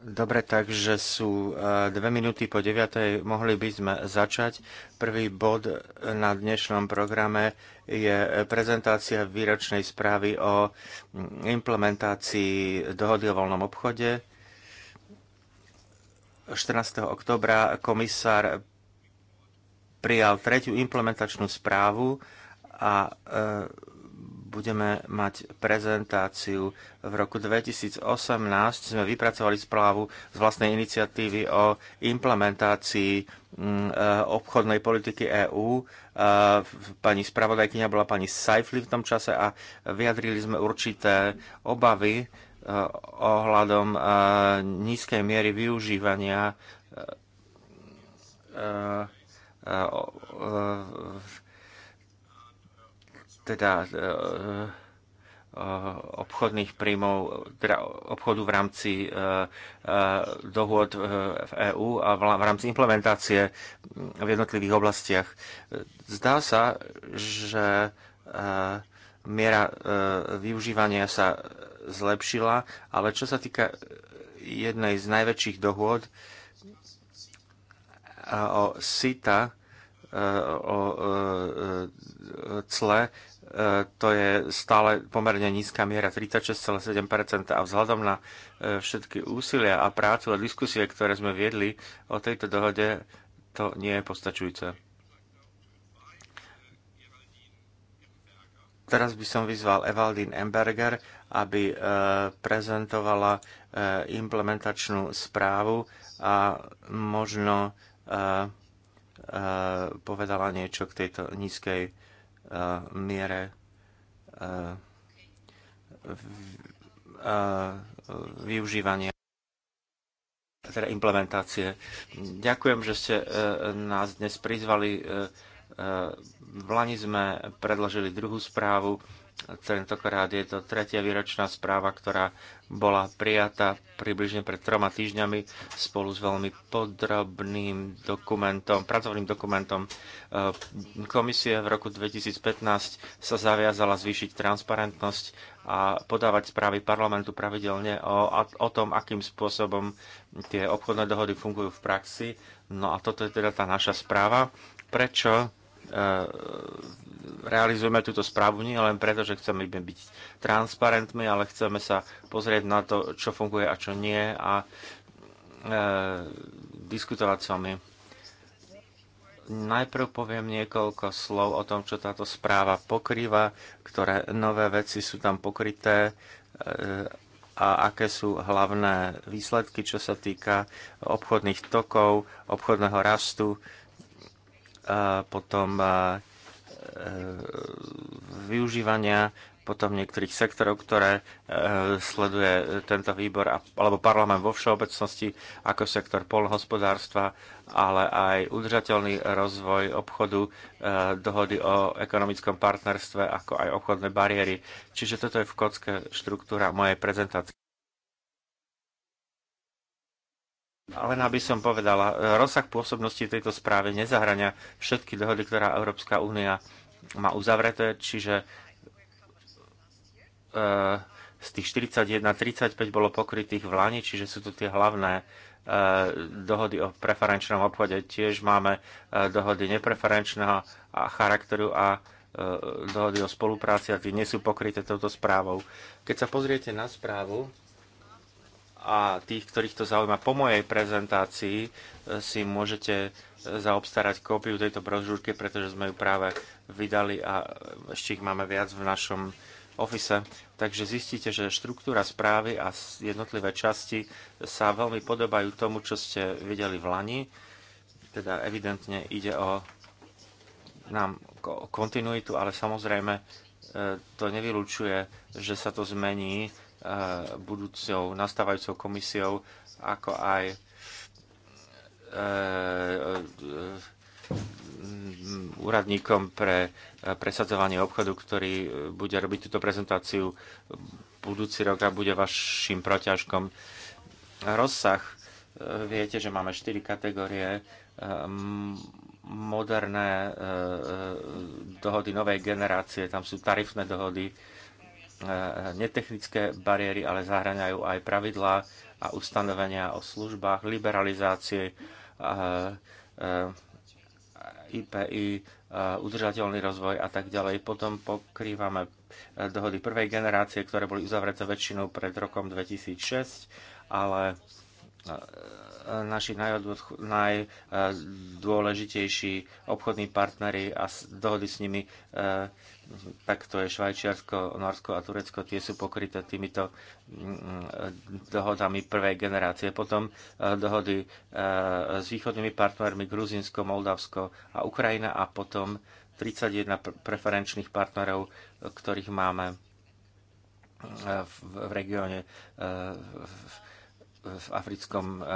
Dobre, takže sú eh, dve minúty po deviatej. Mohli by sme začať. Prvý bod na dnešnom programe je prezentácia výročnej správy o mm, implementácii dohody o voľnom obchode. 14. oktobra komisár prijal tretiu implementačnú správu a eh, budeme mať prezentáciu. V roku 2018 sme vypracovali správu z vlastnej iniciatívy o implementácii mm, e, obchodnej politiky EÚ. E, pani spravodajkynia bola pani Saifli v tom čase a vyjadrili sme určité obavy e, ohľadom nízkej miery využívania teda e, e, obchodných príjmov, teda obchodu v rámci e, dohôd v EÚ a v rámci implementácie v jednotlivých oblastiach. Zdá sa, že miera využívania sa zlepšila, ale čo sa týka jednej z najväčších dohôd o SITA, o cle, to je stále pomerne nízka miera, 36,7%. A vzhľadom na e, všetky úsilia a prácu a diskusie, ktoré sme viedli o tejto dohode, to nie je postačujúce. Teraz by som vyzval Evaldín Emberger, aby e, prezentovala e, implementačnú správu a možno povedala niečo k tejto nízkej Eh, miere eh, eh, využívania teda implementácie. Ďakujem, že ste nás dnes prizvali. V Lani sme predložili druhú správu Tentokrát je to tretia výročná správa, ktorá bola prijatá približne pred troma týždňami spolu s veľmi podrobným dokumentom, pracovným dokumentom. E, Komisie v roku 2015 sa zaviazala zvýšiť transparentnosť a podávať správy parlamentu pravidelne o, o tom, akým spôsobom tie obchodné dohody fungujú v praxi. No a toto je teda tá naša správa. Prečo E, realizujeme túto správu nie len preto, že chceme byť transparentmi, ale chceme sa pozrieť na to, čo funguje a čo nie a e, diskutovať s vami. Najprv poviem niekoľko slov o tom, čo táto správa pokrýva, ktoré nové veci sú tam pokryté e, a aké sú hlavné výsledky, čo sa týka obchodných tokov, obchodného rastu, potom e, využívania potom niektorých sektorov, ktoré e, sleduje tento výbor alebo parlament vo všeobecnosti ako sektor polnohospodárstva, ale aj udržateľný rozvoj obchodu, e, dohody o ekonomickom partnerstve, ako aj obchodné bariéry. Čiže toto je v kocke štruktúra mojej prezentácie. Len aby som povedala, e, rozsah pôsobnosti tejto správy nezahrania všetky dohody, ktorá Európska únia má uzavreté, čiže e, z tých 41, 35 bolo pokrytých v Lani, čiže sú tu tie hlavné e, dohody o preferenčnom obchode. Tiež máme dohody nepreferenčného charakteru a dohody o spolupráci a tie nie sú pokryté touto správou. Keď sa pozriete na správu, a tých, ktorých to zaujíma po mojej prezentácii, e, si môžete e, zaobstarať kópiu tejto brožúrky, pretože sme ju práve vydali a e, ešte ich máme viac v našom office. Takže zistíte, že štruktúra správy a jednotlivé časti sa veľmi podobajú tomu, čo ste videli v Lani. Teda evidentne ide o nám kontinuitu, ale samozrejme to nevylučuje, že sa to zmení Eh, budúcou nastávajúcou komisiou, ako aj eh, úradníkom pre eh, presadzovanie obchodu, ktorý bude robiť túto prezentáciu budúci rok a bude vašim proťažkom. Rozsah. Viete, že máme štyri kategórie. Moderné dohody novej generácie, tam sú tarifné dohody, E, netechnické bariéry, ale zahraňajú aj pravidlá a ustanovenia o službách, liberalizácie, IPI, e, e, udržateľný rozvoj a tak ďalej. Potom pokrývame dohody prvej generácie, ktoré boli uzavreté väčšinou pred rokom 2006, ale E, naši najdôležitejší obchodní partnery a dohody s nimi, e, tak to je Švajčiarsko, Norsko a Turecko, tie sú pokryté týmito mm, e, dohodami prvej generácie. Potom dohody s východnými partnermi Gruzinsko, Moldavsko a Ukrajina a potom 31 preferenčných partnerov, ktorých máme v, regióne v, v africkom eh,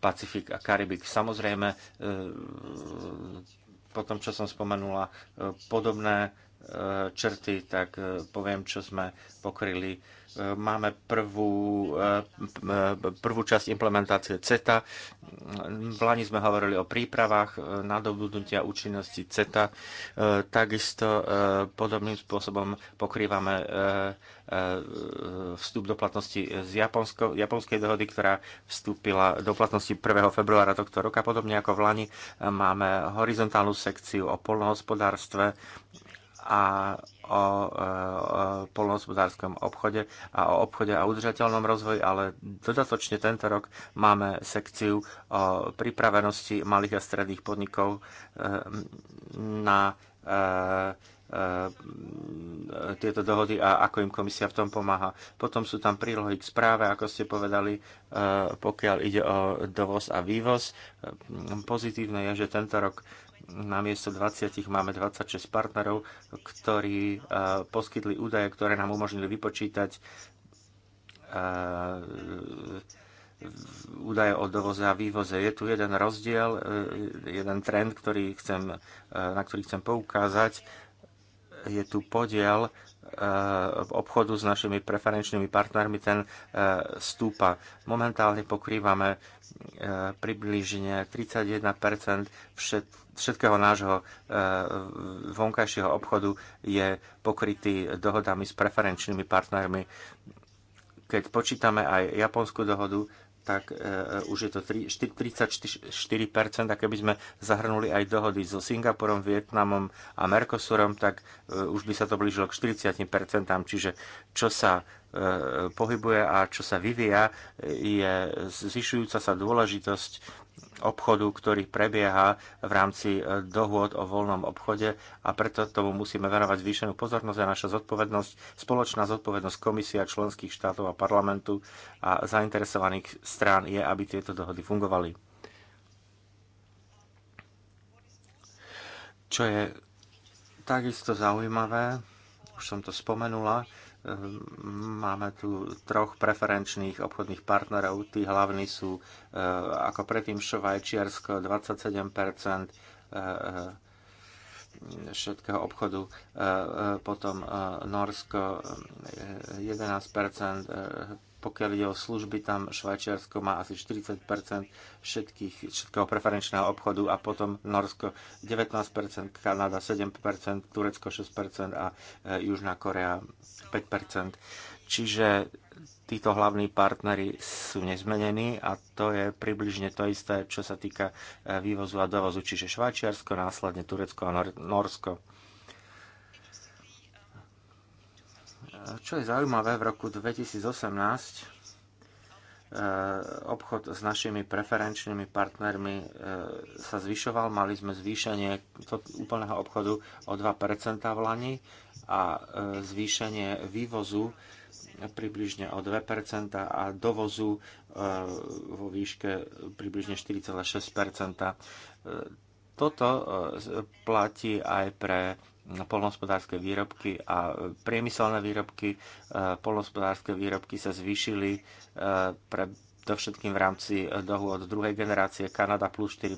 Pacifik a Karibik. Samozrejme, eh, po tom, čo som spomenula, eh, podobné črty, tak poviem, čo sme pokryli Máme prvú, eh, prvú časť implementácie CETA. V Lani sme hovorili o prípravách eh, nadobudnutia účinnosti CETA. Eh, takisto podobným spôsobom pokrývame vstup do platnosti z Japonsko, japonskej dohody, ktorá vstúpila do platnosti 1. februára tohto roka. Podobne ako v Lani máme horizontálnu sekciu o polnohospodárstve a e, o, polnohospodárskom obchode a o obchode a udržateľnom rozvoji, ale dodatočne tento rok máme sekciu o pripravenosti malých a stredných podnikov e, na e, tieto dohody a ako im komisia v tom pomáha. Potom sú tam prílohy k správe, ako ste povedali, pokiaľ ide o dovoz a vývoz. Pozitívne je, že tento rok na miesto 20 máme 26 partnerov, ktorí e, poskytli údaje, ktoré nám umožnili vypočítať e, údaje o dovoze a vývoze. Je tu jeden rozdiel, e, jeden trend, ktorý chcem, na ktorý chcem poukázať. Je tu podiel obchodu s našimi preferenčnými partnermi, ten e, stúpa. Momentálne pokrývame e, približne 31 všetkého nášho e, vonkajšieho obchodu je pokrytý dohodami s preferenčnými partnermi. Keď počítame aj japonskú dohodu, tak e, e, už je to 34%, a keby sme zahrnuli aj dohody so Singapurom, Vietnamom a Mercosurom, tak e, už by sa to blížilo k 40%, čiže čo sa pohybuje a čo sa vyvíja, je zvyšujúca sa dôležitosť obchodu, ktorý prebieha v rámci e, dohôd o voľnom obchode a preto tomu musíme venovať zvýšenú pozornosť a naša zodpovednosť, spoločná zodpovednosť komisia členských štátov a parlamentu a zainteresovaných strán je, aby tieto dohody fungovali. Čo je takisto zaujímavé, už som to spomenula, Máme tu troch preferenčných obchodných partnerov. Tí hlavní sú e, ako predtým Švajčiarsko 27 e, e, všetkého obchodu, potom Norsko 11%, pokiaľ ide o služby, tam Švajčiarsko má asi 40 všetkých, všetkého preferenčného obchodu a potom Norsko 19 Kanada 7 Turecko 6 a e, Južná Korea 5 Čiže títo hlavní partnery sú nezmenení a to je približne to isté, čo sa týka e, vývozu a dovozu, čiže Švajčiarsko, následne Turecko a Norsko. Čo je zaujímavé, v roku 2018 e, obchod s našimi preferenčnými partnermi e, sa zvyšoval. Mali sme zvýšenie úplného obchodu o 2% v Lani a e, zvýšenie vývozu približne o 2% a dovozu vo výške približne 4,6%. Toto platí aj pre polnohospodárske výrobky a e, priemyselné výrobky. E, polnohospodárske výrobky sa zvýšili e, pre to všetkým v rámci dohôd druhej generácie Kanada plus 4%,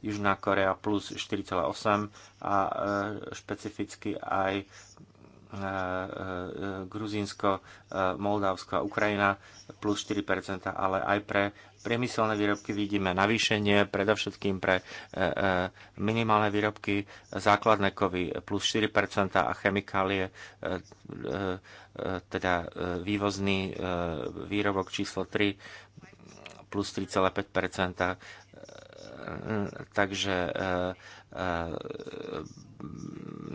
Južná Korea plus 4,8% a špecificky aj E, e, Gruzínsko, e, Moldavsko a Ukrajina plus 4%, ale aj pre priemyselné výrobky vidíme navýšenie, predovšetkým pre minimálne výrobky základné kovy plus 4% a chemikálie, teda vývozný výrobok číslo 3 plus 3,5%. Takže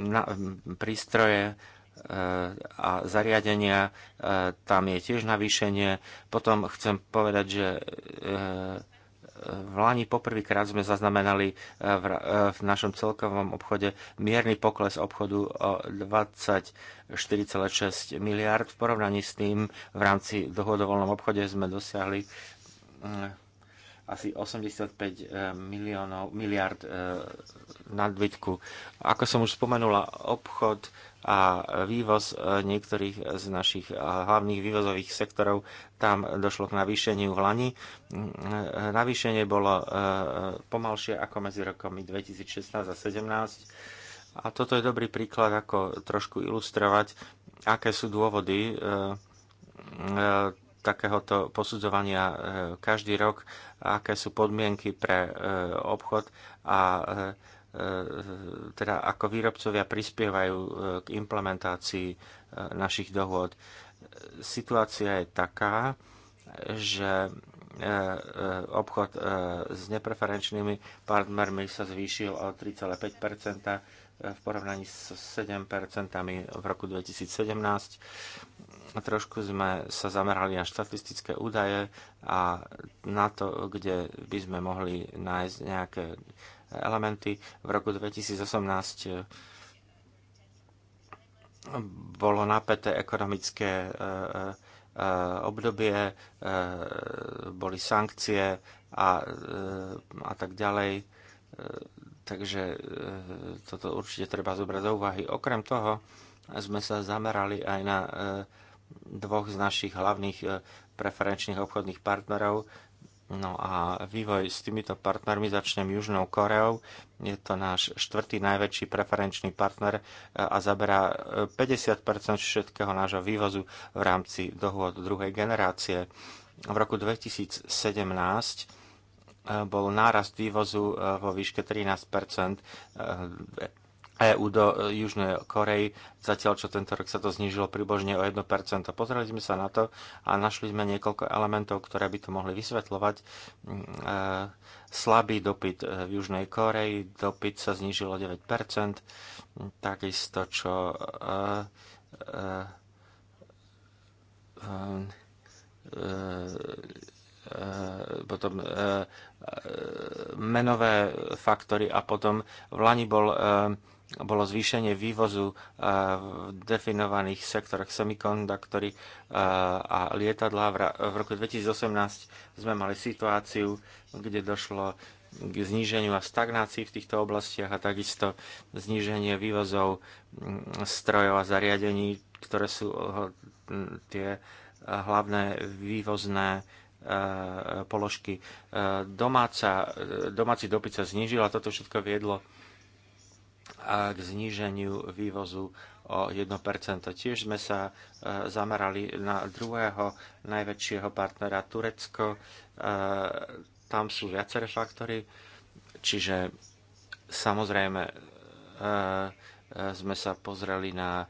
na, prístroje a zariadenia, e, tam je tiež navýšenie. Potom chcem povedať, že e, e, v Lani poprvýkrát sme zaznamenali v, našom celkovom obchode mierny pokles obchodu o 24,6 miliard. V porovnaní s tým v rámci dohodovolnom obchode sme dosiahli mm, asi 85 eh, miliónov, miliard eh, nadbytku. Ako som už spomenula, obchod a vývoz eh, niektorých z našich hlavných vývozových sektorov, tam došlo k navýšeniu v Lani. Mm, navýšenie bolo pomalšie ako medzi rokmi 2016 a 2017. A toto je dobrý príklad, ako trošku ilustrovať, aké sú dôvody takéhoto posudzovania e, každý rok, aké sú podmienky pre e, obchod a e, teda ako výrobcovia prispievajú k implementácii našich dohôd. Situácia je taká, že obchod s nepreferenčnými partnermi sa zvýšil o 3,5 v porovnaní s 7% v roku 2017. Trošku sme sa zamerali na štatistické údaje a na to, kde by sme mohli nájsť nejaké elementy. V roku 2018 bolo napäté ekonomické e, e, e, obdobie, boli sankcie a, a tak ďalej Takže e, toto určite treba zobrať do úvahy. Okrem toho sme sa zamerali aj na e, dvoch z našich hlavných e, preferenčných obchodných partnerov. No a vývoj s týmito partnermi začnem Južnou Koreou. Je to náš štvrtý najväčší preferenčný partner a zaberá 50 všetkého nášho vývozu v rámci dohôd druhej generácie. V roku 2017 bol nárast vývozu e, vo výške 13 EÚ e do e, Južnej Korei, zatiaľ čo tento rok sa to znížilo približne o 1%. Pozreli sme sa na to a našli sme niekoľko elementov, ktoré by to mohli vysvetľovať. Mm, slabý dopyt v Južnej Koreji, dopyt sa znížilo 9%, takisto čo Eh, potom eh, eh, menové faktory a potom v Lani bol bolo zvýšenie vývozu v definovaných sektoroch semikonduktory a lietadlá. V roku 2018 sme mali situáciu, kde došlo k zníženiu a stagnácii v týchto oblastiach a takisto zníženie vývozov mm, strojov a zariadení, ktoré sú tie hlavné vývozné Eh, položky. Eh, domáca, eh, domáci dopyt sa znižil a toto všetko viedlo k zníženiu vývozu o 1%. Tiež sme sa zamerali na druhého najväčšieho partnera Turecko. Tam sú viaceré faktory, čiže samozrejme sme sa pozreli na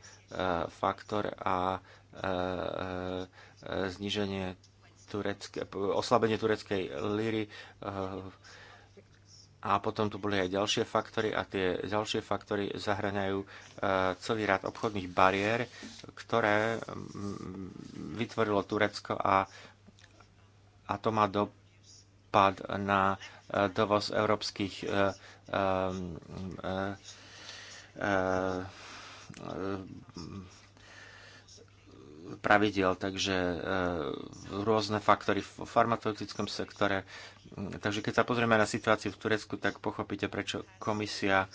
faktor a zníženie turecké, oslabenie tureckej líry eh, a potom tu boli aj ďalšie faktory a tie ďalšie faktory zahraňajú eh, celý rád obchodných bariér, ktoré mm, vytvorilo Turecko a, a to má dopad na eh, dovoz európskych mm, pravidel, takže e, rôzne faktory v farmaceutickom sektore. Takže keď sa pozrieme na situáciu v Turecku, tak pochopíte, prečo komisia e,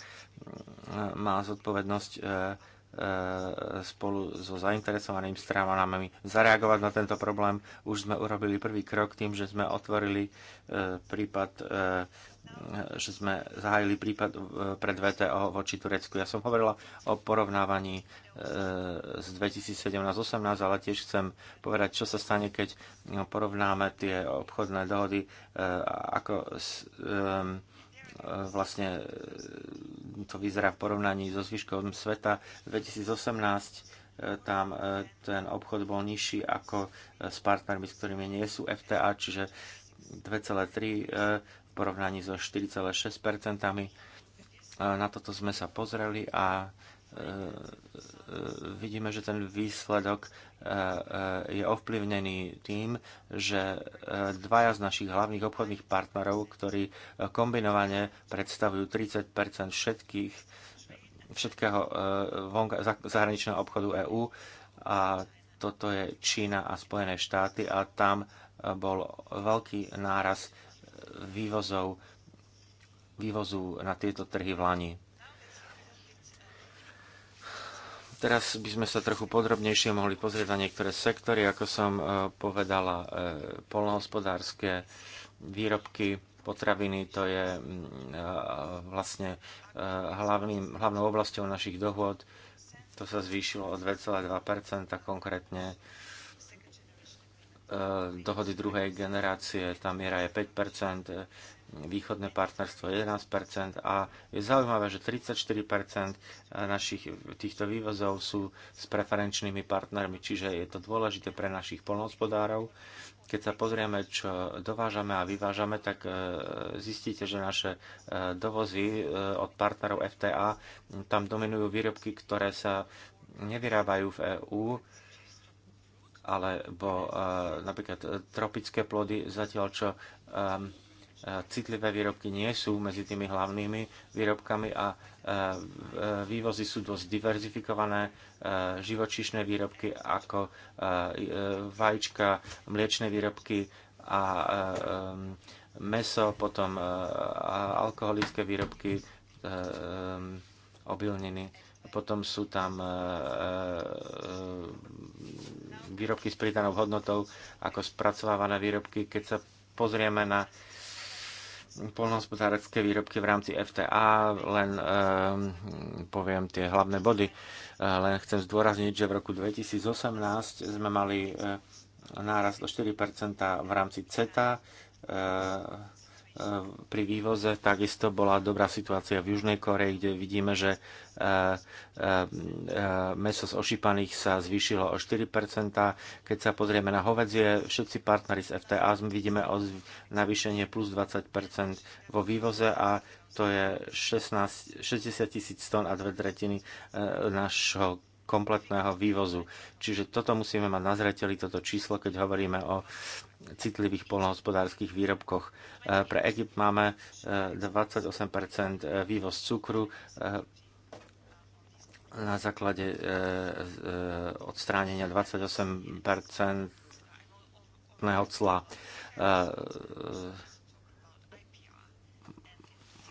má zodpovednosť e, E, spolu so zainteresovanými stranami zareagovať na tento problém. Už sme urobili prvý krok tým, že sme otvorili e, prípad, e, že sme zahájili prípad pred VTO voči Turecku. Ja som hovorila o porovnávaní z 2017-18, ale tiež chcem povedať, čo sa stane, keď no, porovnáme tie obchodné dohody, ako s, vlastne e, to vyzerá v porovnaní so zvyškom sveta. 2018 e, tam e, ten obchod bol nižší ako s partnermi, s ktorými nie sú FTA, čiže 2,3 v porovnaní so 4,6 Na toto sme sa pozreli a E, e, vidíme, že ten výsledok e, je ovplyvnený tým, že dvaja z našich hlavných obchodných partnerov, ktorí kombinovane predstavujú 30 všetkých, všetkého zahraničného obchodu EÚ, a toto je Čína a Spojené štáty a tam bol veľký náraz vývozov, vývozu na tieto trhy v Lani. Teraz by sme sa trochu podrobnejšie mohli pozrieť na niektoré sektory, ako som e, povedala, e, polnohospodárske výrobky, potraviny, to je mm, e, vlastne hlavným, hlavnou oblasťou našich dohôd. To sa zvýšilo o 2,2 konkrétne dohody druhej generácie, tá miera je 5 východné partnerstvo 11% a je zaujímavé, že 34% našich týchto vývozov sú s preferenčnými partnermi, čiže je to dôležité pre našich polnohospodárov. Keď sa pozrieme, čo dovážame a vyvážame, tak e, zistíte, že naše e, dovozy e, od partnerov FTA, tam dominujú výrobky, ktoré sa nevyrábajú v EÚ, alebo napríklad tropické plody, zatiaľ čo citlivé výrobky nie sú medzi tými hlavnými výrobkami a e, e, vývozy sú dosť diverzifikované. E, živočíšne výrobky ako vajíčka, mliečne výrobky a meso, potom alkoholické výrobky, obilniny. Potom sú tam výrobky s pridanou hodnotou ako spracovávané výrobky. Keď sa pozrieme na polnohospodárske výrobky v rámci FTA, len um, poviem tie hlavné body. Eh, len chcem zdôrazniť, že v roku 2018 sme mali eh, nárast o 4 v rámci CETA. Uh, E, pri vývoze. Takisto bola dobrá situácia v Južnej Koreji, kde vidíme, že e, e, meso z ošípaných sa zvýšilo o 4%. Keď sa pozrieme na hovedzie, všetci partnery z FTA vidíme o navýšenie plus 20% vo vývoze a to je 16, 60 tisíc tón a dve tretiny našho kompletného vývozu. Čiže toto musíme mať na zreteli, toto číslo, keď hovoríme o citlivých polnohospodárských výrobkoch. E, pre Egypt máme 28 e, e, vývoz cukru na základe odstránenia 28 cla.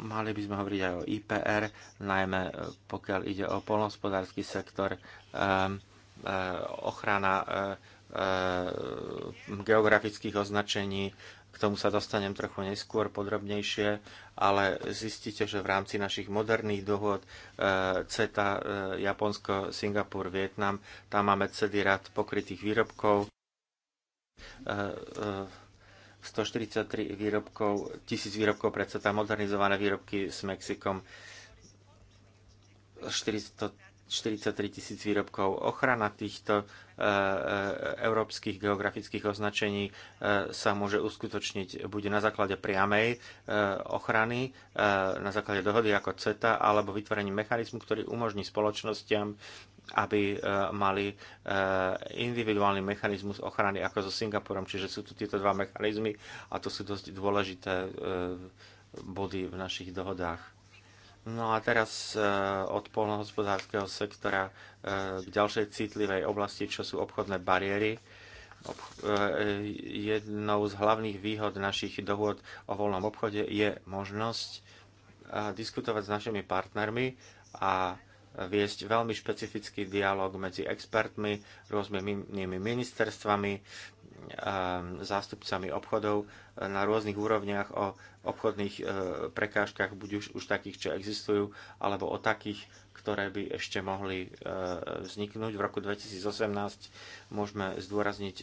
Mali by sme hovoriť aj o IPR, najmä pokiaľ ide o polnohospodársky sektor, ochrana Eh, geografických označení. K tomu sa dostanem trochu neskôr podrobnejšie, ale zistíte, že v rámci našich moderných dohod eh, CETA, eh, Japonsko, Singapur, Vietnam, tam máme celý rad pokrytých výrobkov. 143 výrobkov, 1000 výrobkov pre CETA, modernizované výrobky s Mexikom, 400 43 tisíc výrobkov. Ochrana týchto e, e, európskych geografických označení e, sa môže uskutočniť buď na základe priamej ochrany, na základe dohody ako CETA, alebo vytvorením mechanizmu, ktorý umožní spoločnostiam aby mali individuálny mechanizmus ochrany ako so Singapurom. Čiže sú tu tieto dva mechanizmy a to sú dosť dôležité body v našich dohodách. No a teraz e, od polnohospodárskeho sektora e, k ďalšej citlivej oblasti, čo sú obchodné bariéry. E, jednou z hlavných výhod našich dohôd o voľnom obchode je možnosť diskutovať s našimi partnermi a viesť veľmi špecifický dialog medzi expertmi, rôznymi ministerstvami, eh, zástupcami obchodov eh, na rôznych úrovniach o obchodných eh, prekážkach, buď už, už takých, čo existujú, alebo o takých, ktoré by ešte mohli vzniknúť. V roku 2018 môžeme zdôrazniť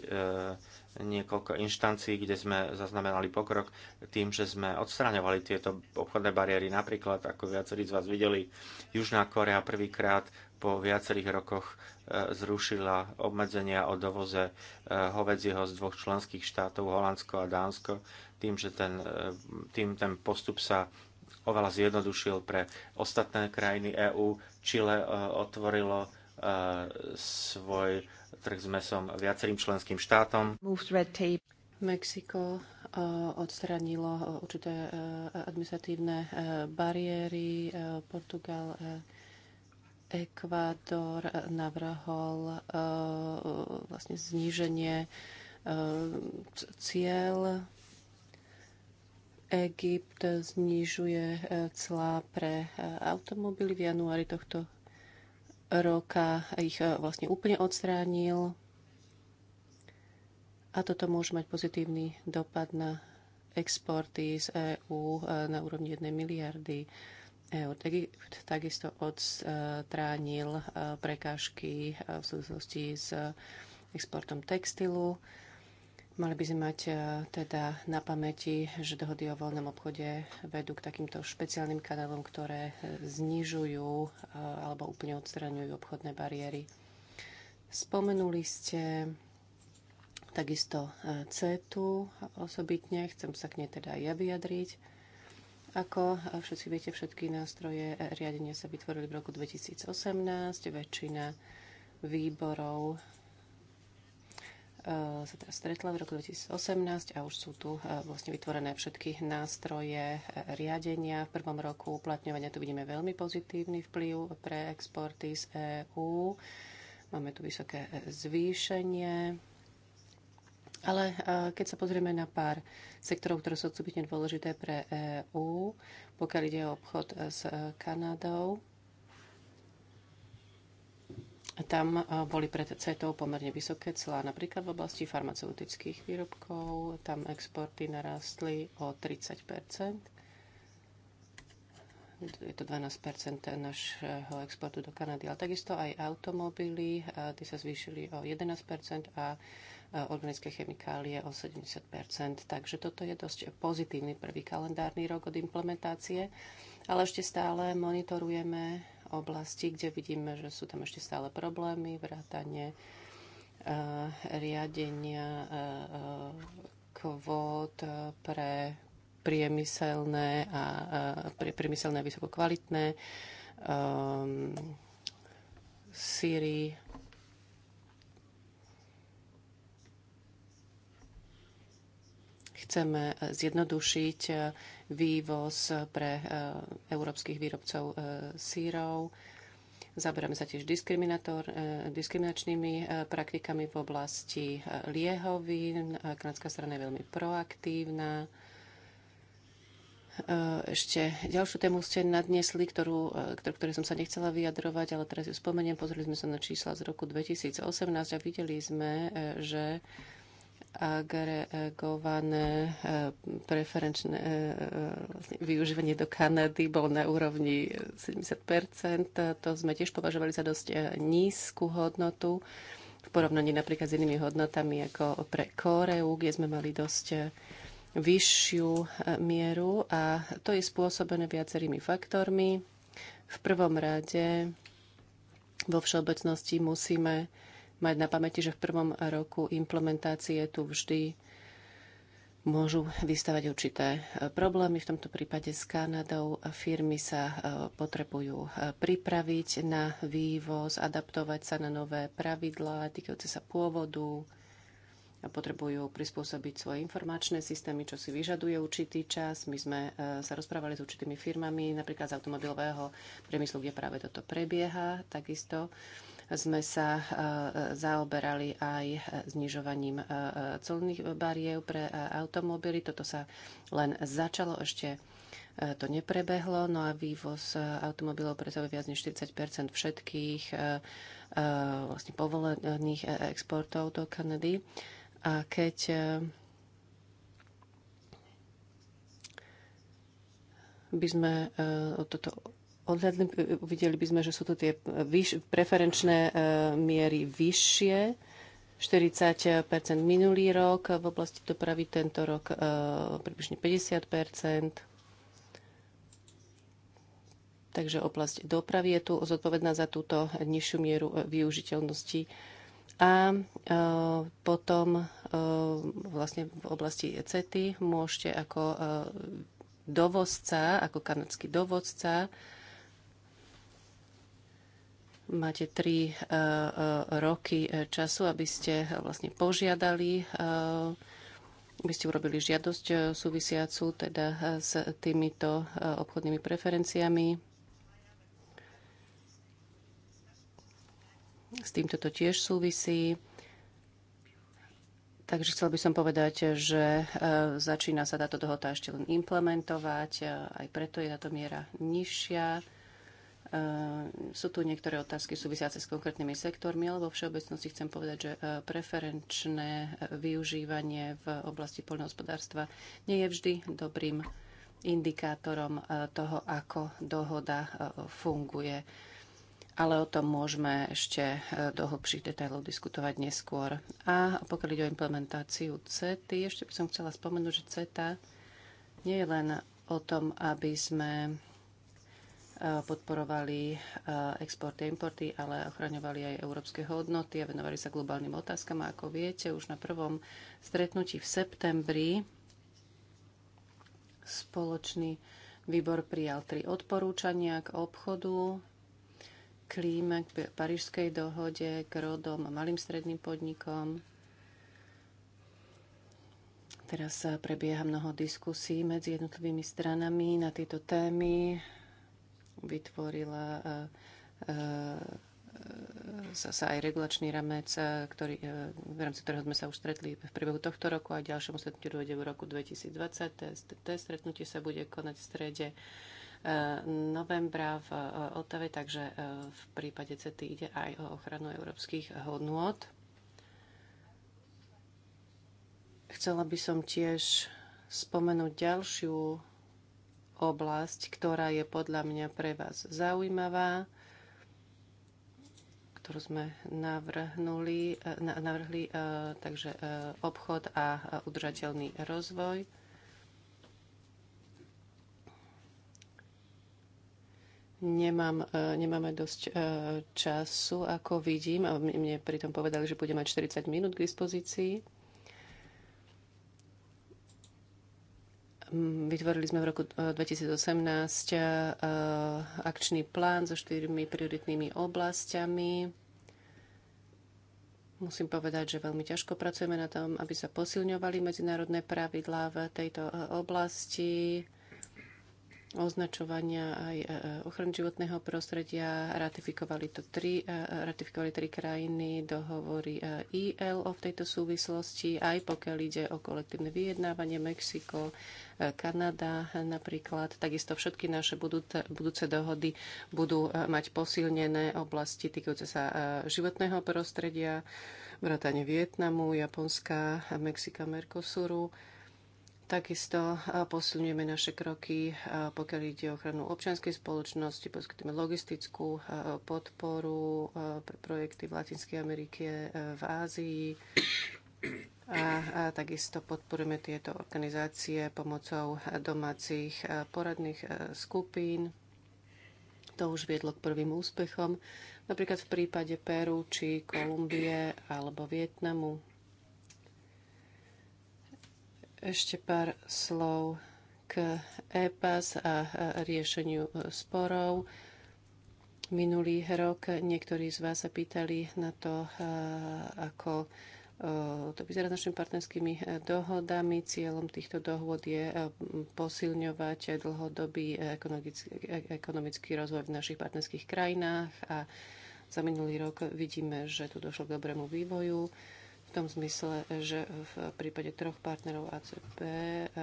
niekoľko inštancií, kde sme zaznamenali pokrok tým, že sme odstraňovali tieto obchodné bariéry. Napríklad, ako viacerí z vás videli, Južná Korea prvýkrát po viacerých rokoch e, zrušila obmedzenia o dovoze e, hovedzieho z dvoch členských štátov, Holandsko a Dánsko, tým, že ten, e, tým ten postup sa oveľa zjednodušil pre ostatné krajiny EÚ. Čile otvorilo E, svoj trh s mesom viacerým členským štátom. Mexiko e, odstranilo e, určité administratívne bariéry. Portugal, Ekvádor navrhol vlastne zníženie cieľ. Egypt znižuje clá pre automobily v januári tohto roka ich e, vlastne úplne odstránil. A toto môže mať pozitívny dopad na exporty z EÚ e, na úrovni 1 miliardy eur. Takisto odstránil e, prekážky v súvislosti s exportom textilu Mali by sme mať e, teda na pamäti, že dohody o voľnom obchode vedú k takýmto špeciálnym kanálom, ktoré e, znižujú e, alebo úplne odstraňujú obchodné bariéry. Spomenuli ste takisto CETu osobitne, chcem sa k nej teda aj ja vyjadriť. Ako všetci viete, všetky nástroje riadenia sa vytvorili v roku 2018, väčšina výborov Eh, sa teraz stretla v roku 2018 a už sú tu eh, vlastne vytvorené všetky nástroje eh, riadenia. V prvom roku uplatňovania tu vidíme veľmi pozitívny vplyv pre exporty z EÚ. Máme tu vysoké zvýšenie. Ale keď sa pozrieme na pár sektorov, ktoré sú odsúbitne dôležité pre EÚ, pokiaľ ide o obchod s Kanadou, tam e, boli pred CETou pomerne vysoké clá, napríklad v oblasti farmaceutických výrobkov. Tam exporty narastli o 30 je to 12 nášho exportu do Kanady, ale takisto aj automobily, e, ty sa zvýšili o 11 a e, organické chemikálie o 70 Takže toto je dosť pozitívny prvý kalendárny rok od implementácie, ale ešte stále monitorujeme oblasti, kde vidíme, že sú tam ešte stále problémy, vrátanie eh, riadenia eh, eh, kvót pre priemyselné a pre priemyselné vysokokvalitné um, síry Chceme zjednodušiť e, vývoz pre e, európskych výrobcov e, sírov. Zaberáme sa tiež diskriminačnými praktikami v oblasti liehovín. Kanadská strana je veľmi proaktívna. Ešte ďalšiu tému ste nadnesli, ktorú, ktorú som sa nechcela vyjadrovať, ale teraz ju spomeniem. Pozreli sme sa na čísla z roku 2018 a videli sme, že agregované eh, preferenčné eh, eh, vlastne využívanie do Kanady bolo na úrovni 70 To sme tiež považovali za dosť nízku hodnotu v porovnaní napríklad s inými hodnotami ako pre Koreu, kde sme mali dosť vyššiu mieru a to je spôsobené viacerými faktormi. V prvom rade vo všeobecnosti musíme mať na pamäti, že v prvom roku implementácie tu vždy môžu vystavať určité e, problémy. V tomto prípade s Kanadou firmy sa e, potrebujú e, pripraviť na vývoz, adaptovať sa na nové pravidlá týkajúce sa pôvodu, potrebujú prispôsobiť svoje informačné systémy, čo si vyžaduje určitý čas. My sme sa rozprávali s určitými firmami, napríklad z automobilového priemyslu, kde práve toto prebieha takisto sme sa e, e, zaoberali aj e, znižovaním colných bariér pre automobily. Toto sa len začalo ešte to neprebehlo, no a vývoz automobilov predstavuje viac než 40 všetkých vlastne povolených exportov do Kanady. A keď by sme toto odhľadli, videli by sme, že sú to tie vyš, preferenčné e, miery vyššie, 40 minulý rok, v oblasti dopravy tento rok e, približne 50 Takže oblasť dopravy je tu zodpovedná za túto nižšiu mieru e, využiteľnosti. A potom vlastne v oblasti CETY môžete ako dovozca, ako kanadský dovozca, Máte tri e, e, roky e, času, aby ste vlastne požiadali aby ste urobili žiadosť súvisiacu teda s týmito obchodnými preferenciami. S týmto to tiež súvisí. Takže chcel by som povedať, že začína sa táto dohoda ešte len implementovať, aj preto je táto miera nižšia. Ehm, sú tu niektoré otázky súvisiace s konkrétnymi sektormi, ale vo všeobecnosti chcem povedať, že e, preferenčné e, využívanie v oblasti poľnohospodárstva nie je vždy dobrým indikátorom e, toho, ako dohoda funguje. Ale o tom môžeme ešte do hlbších detailov diskutovať neskôr. A pokiaľ ide o implementáciu CETY, ešte by som chcela spomenúť, že CETA nie je len o tom, aby sme podporovali eh, exporty a importy, ale ochraňovali aj európske hodnoty a venovali sa globálnym otázkam. A ako viete, už na prvom stretnutí v septembri spoločný výbor prijal tri odporúčania k obchodu, klíme, k Parížskej dohode, k rodom a malým stredným podnikom. Teraz eh, prebieha mnoho diskusí medzi jednotlivými stranami na tieto témy vytvorila e, e, sa, sa aj regulačný ramec, e, ktorý, v rámci ktorého sme sa už stretli v priebehu tohto roku a ďalšiemu stretnutiu dôjde v roku 2020. Té stretnutie sa bude konať v strede novembra v Otave, takže v prípade CETI ide aj o ochranu európskych hodnôt. Chcela by som tiež spomenúť ďalšiu oblasť, ktorá je podľa mňa pre vás zaujímavá, ktorú sme navrhnuli, eh, navrhli, eh, takže eh, obchod a udržateľný rozvoj. Nemám, nemáme dosť času, ako vidím. Mne pritom povedali, že budem mať 40 minút k dispozícii. Vytvorili sme v roku 2018 eh, eh, akčný plán so štyrmi prioritnými oblastiami. Musím povedať, že veľmi ťažko pracujeme na tom, aby sa posilňovali medzinárodné pravidlá v tejto eh, oblasti označovania aj e, e, ochrany životného prostredia. Ratifikovali to tri, e, ratifikovali tri krajiny dohovory ILO v tejto súvislosti, aj pokiaľ ide o kolektívne vyjednávanie Mexiko, Kanada napríklad. Takisto všetky naše budúce, budúce dohody budú mať posilnené oblasti týkajúce sa životného prostredia, vrátane Vietnamu, Japonska, Mexika, Mercosuru Takisto e, posilňujeme naše kroky, e, pokiaľ ide o ochranu občianskej spoločnosti, poskytujeme logistickú e, podporu pre projekty v Latinskej Amerike, v Ázii a, a takisto podporujeme tieto organizácie pomocou domácich poradných skupín. To už viedlo k prvým úspechom, napríklad v prípade Peru či Kolumbie alebo Vietnamu. Ešte pár slov k EPAS a riešeniu sporov. Minulý rok niektorí z vás sa pýtali na to, ako to vyzerá našimi partnerskými dohodami. Cieľom týchto dohôd je posilňovať dlhodobý ekonomický rozvoj v našich partnerských krajinách a za minulý rok vidíme, že tu došlo k dobrému vývoju v tom zmysle, že v prípade troch partnerov ACP e, e,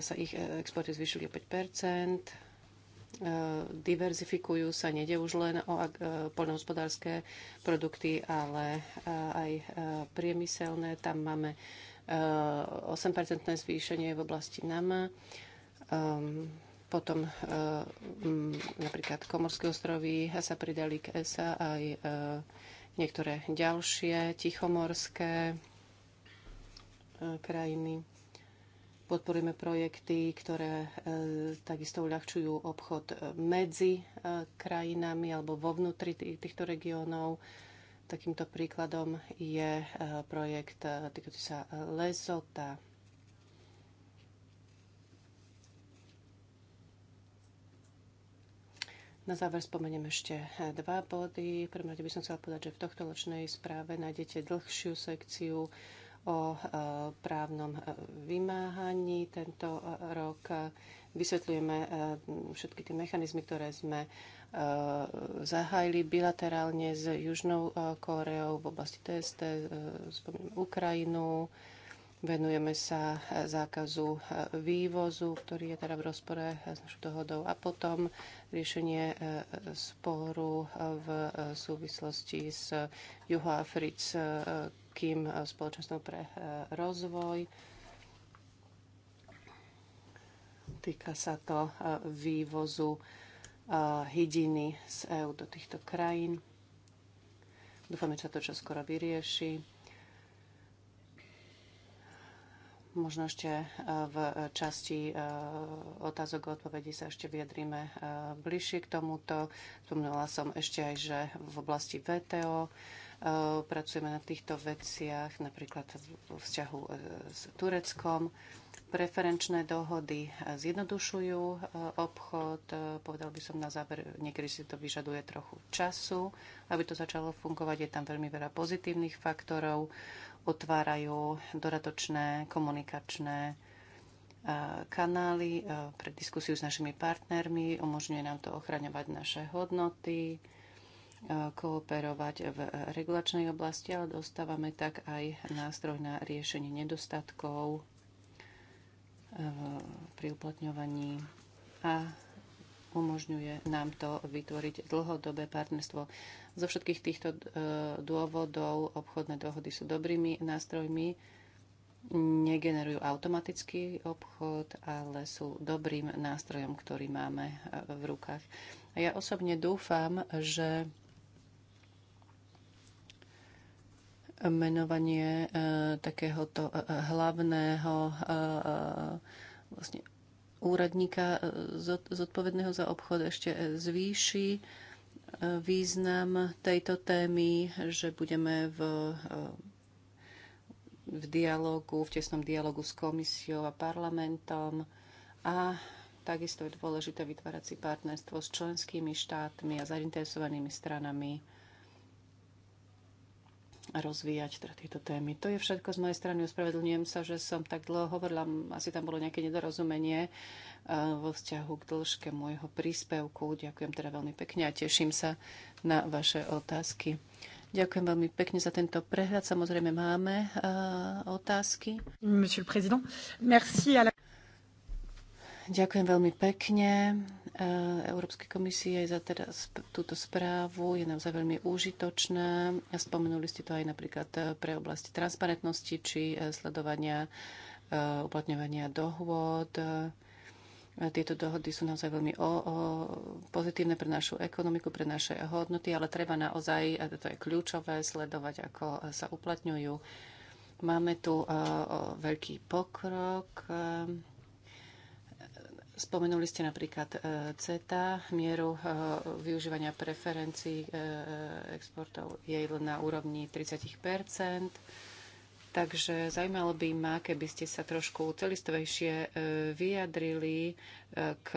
sa ich e, exporty zvýšili o 5 diverzifikujú sa, nede už len o poľnohospodárske produkty, ale aj priemyselné. Tam máme 8-percentné zvýšenie v oblasti NAMA. Ehm, potom napríklad Komorské ostrovy sa pridali k ESA aj niektoré ďalšie tichomorské e, krajiny. Podporujeme projekty, ktoré e, takisto uľahčujú obchod e, medzi krajinami alebo vo vnútri týchto regiónov. Takýmto príkladom je projekt týkajúci sa Lesota. Na záver spomeniem ešte eh, dva body. V prvom rade by som chcela povedať, že v tohto ročnej správe nájdete dlhšiu sekciu o eh, právnom eh, vymáhaní. Tento rok vysvetľujeme všetky tie mechanizmy, ktoré sme zahájili bilaterálne s Južnou Koreou v oblasti TST, spomínam Ukrajinu, Venujeme sa zákazu vývozu, ktorý je teda v rozpore s našou dohodou a potom riešenie e, sporu e, v e, súvislosti s juhoafrickým spoločenstvom pre rozvoj. Týka sa to vývozu hydiny z EÚ do týchto krajín. Dúfame, že sa to čoskoro vyrieši. Možno ešte e, v časti e, otázok a odpovedí sa ešte vyjadríme e, bližšie k tomuto. Spomínala som ešte aj, že v oblasti VTO pracujeme na týchto veciach, napríklad vo vzťahu s Tureckom. Preferenčné dohody zjednodušujú obchod. Povedal by som na záver, niekedy si to vyžaduje trochu času, aby to začalo fungovať. Je tam veľmi veľa pozitívnych faktorov otvárajú dodatočné komunikačné e, kanály e, pre diskusiu s našimi partnermi, umožňuje nám to ochraňovať naše hodnoty, e, kooperovať v regulačnej oblasti, ale dostávame tak aj nástroj na riešenie nedostatkov pri uplatňovaní a umožňuje nám to vytvoriť dlhodobé partnerstvo. Zo všetkých týchto e, dôvodov obchodné dohody sú dobrými nástrojmi, negenerujú automatický obchod, ale sú dobrým nástrojom, ktorý máme e, v rukách. A ja osobne dúfam, že menovanie e, takéhoto hlavného vlastne úradníka e, zodpovedného za obchod ešte e, zvýši e, význam tejto témy, že budeme v, v dialogu, v tesnom dialogu s komisiou a parlamentom a takisto je dôležité vytvárať si partnerstvo s členskými štátmi a zainteresovanými stranami rozvíjať teda tieto témy. To je všetko z mojej strany. Ospravedlňujem sa, že som tak dlho hovorila. Asi tam bolo nejaké nedorozumenie eh, vo vzťahu k dĺžke môjho príspevku. Ďakujem teda veľmi pekne a teším sa na vaše otázky. Ďakujem veľmi pekne za tento prehľad. Samozrejme máme eh, otázky. Monsieur le Président, merci. À la... Ďakujem veľmi pekne. Eh, Európskej komisie za teda túto správu. Je naozaj veľmi užitočná. Spomenuli ste to aj napríklad eh, pre oblasti transparentnosti či eh, sledovania uplatňovania dohôd. Tieto dohody sú naozaj veľmi o, o, pozitívne pre našu ekonomiku, pre naše hodnoty, ale treba naozaj, a to je kľúčové, sledovať, ako sa uplatňujú. Máme tu o, o, veľký pokrok. Spomenuli ste napríklad e, CETA, mieru e, využívania preferencií e, exportov je na úrovni 30 Takže zaujímalo by ma, keby ste sa trošku celistvejšie vyjadrili k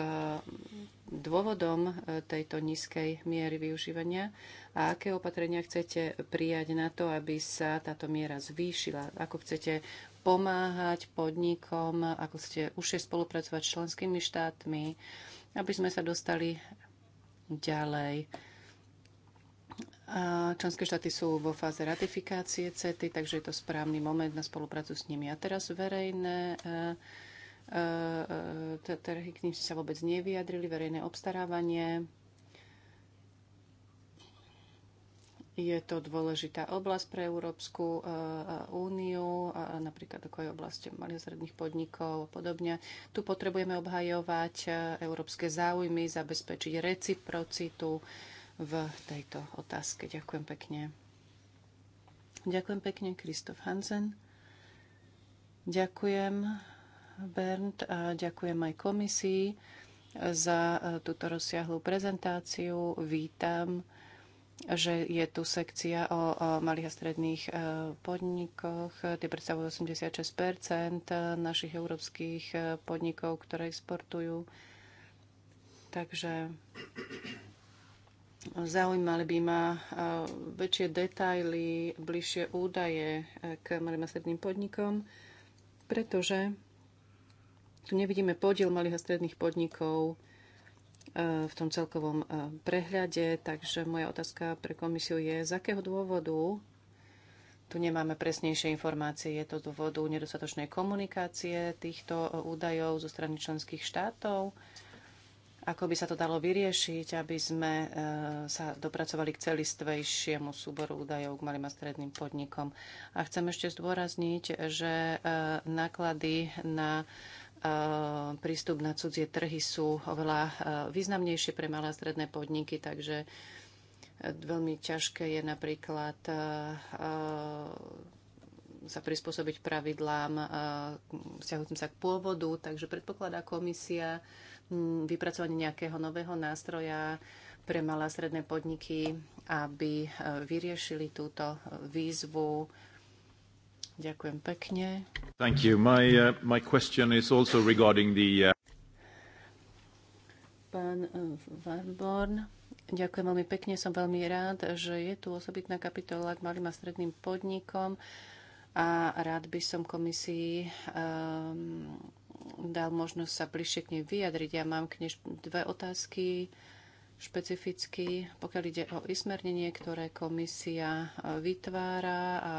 dôvodom tejto nízkej miery využívania a aké opatrenia chcete prijať na to, aby sa táto miera zvýšila. Ako chcete pomáhať podnikom, ako ste užšie spolupracovať s členskými štátmi, aby sme sa dostali ďalej. A členské štáty sú vo fáze ratifikácie CETY, takže je to správny moment na spoluprácu s nimi. A teraz verejné e, e, e, trhy, k ním ste sa vôbec nevyjadrili, verejné obstarávanie. Je to dôležitá oblasť pre Európsku eh, úniu, napríklad ako aj oblasť malých zredných podnikov a podobne. Tu potrebujeme obhajovať eh, európske záujmy, zabezpečiť reciprocitu v tejto otázke. Ďakujem pekne. Ďakujem pekne, Kristof Hansen. Ďakujem, Bernd, a ďakujem aj komisii za eh, túto rozsiahlú prezentáciu. Vítam že je tu sekcia o, malých a stredných e, podnikoch. Tie predstavujú 86 našich európskych e, podnikov, ktoré exportujú. Takže zaujímali by ma e, väčšie detaily, bližšie údaje k malým a stredným podnikom, pretože tu nevidíme podiel malých a stredných podnikov E, v tom celkovom e, prehľade. Takže moja otázka pre komisiu je, z akého dôvodu tu nemáme presnejšie informácie. Je to z dôvodu nedostatočnej komunikácie týchto e, údajov zo strany členských štátov. Ako by sa to dalo vyriešiť, aby sme sa dopracovali k celistvejšiemu súboru údajov k malým a stredným podnikom. A chcem ešte zdôrazniť, že náklady na E, prístup na cudzie trhy sú oveľa e, významnejšie pre malé a stredné podniky, takže e, veľmi ťažké je napríklad sa prispôsobiť pravidlám vzťahujúcim sa k pôvodu, takže predpokladá komisia vypracovanie nejakého nového nástroja pre malé a stredné podniky, aby vyriešili túto výzvu Ďakujem pekne. Thank you. My, uh, my question is also regarding the... Uh... Pán uh, Warborn, ďakujem veľmi pekne. Som veľmi rád, že je tu osobitná kapitola k malým a stredným podnikom a rád by som komisii um, dal možnosť sa bližšie k nej vyjadriť. Ja mám k nej dve otázky špecificky, pokiaľ ide o ismernenie, ktoré komisia uh, vytvára a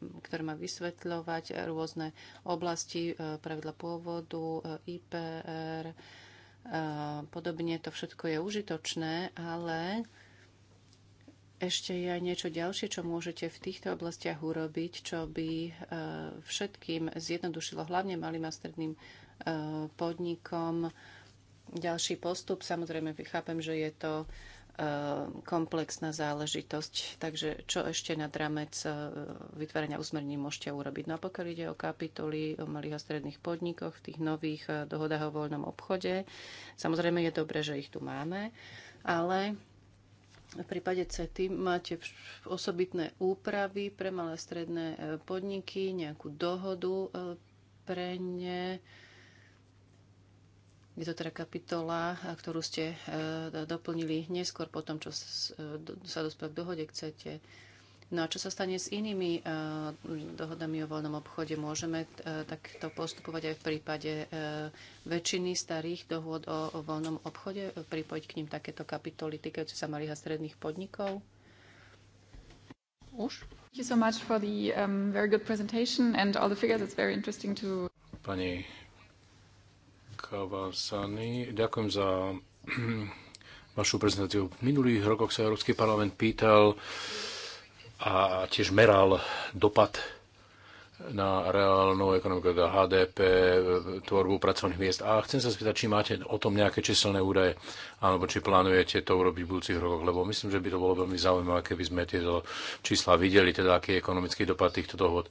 ktoré má vysvetľovať rôzne oblasti, e, pravidla pôvodu, e, IPR, e, podobne. To všetko je užitočné, ale ešte je aj niečo ďalšie, čo môžete v týchto oblastiach urobiť, čo by všetkým zjednodušilo, hlavne malým a stredným podnikom. Ďalší postup, samozrejme, chápem, že je to Ehm, komplexná záležitosť. Takže čo ešte nad rámec e, vytvárania usmerní môžete urobiť? No a pokiaľ ide o kapitoly o malých a stredných podnikoch, v tých nových e, dohodách o voľnom obchode, samozrejme je dobré, že ich tu máme, ale v prípade CETY máte osobitné úpravy pre malé a stredné e, podniky, nejakú dohodu pre ne je to teda kapitola, ktorú ste e, doplnili neskôr po tom, čo e, sa dospel k dohode chcete. No a čo sa stane s inými e, dohodami o voľnom obchode? Môžeme takto postupovať aj v prípade väčšiny starých dohod o voľnom obchode? Pripojiť k ním takéto kapitoly týkajúce sa malých a stredných podnikov? Už? Thank you so much for the um, very good presentation and all the figures. It's very interesting to... Pani Kavasany. Ďakujem za vašu prezentáciu. V minulých rokoch sa Európsky parlament pýtal a tiež meral dopad na reálnu ekonomiku, teda HDP, tvorbu pracovných miest. A chcem sa spýtať, či máte o tom nejaké číselné údaje, alebo či plánujete to urobiť v budúcich rokoch, lebo myslím, že by to bolo veľmi zaujímavé, keby sme tieto čísla videli, teda aký je ekonomický dopad týchto dohod.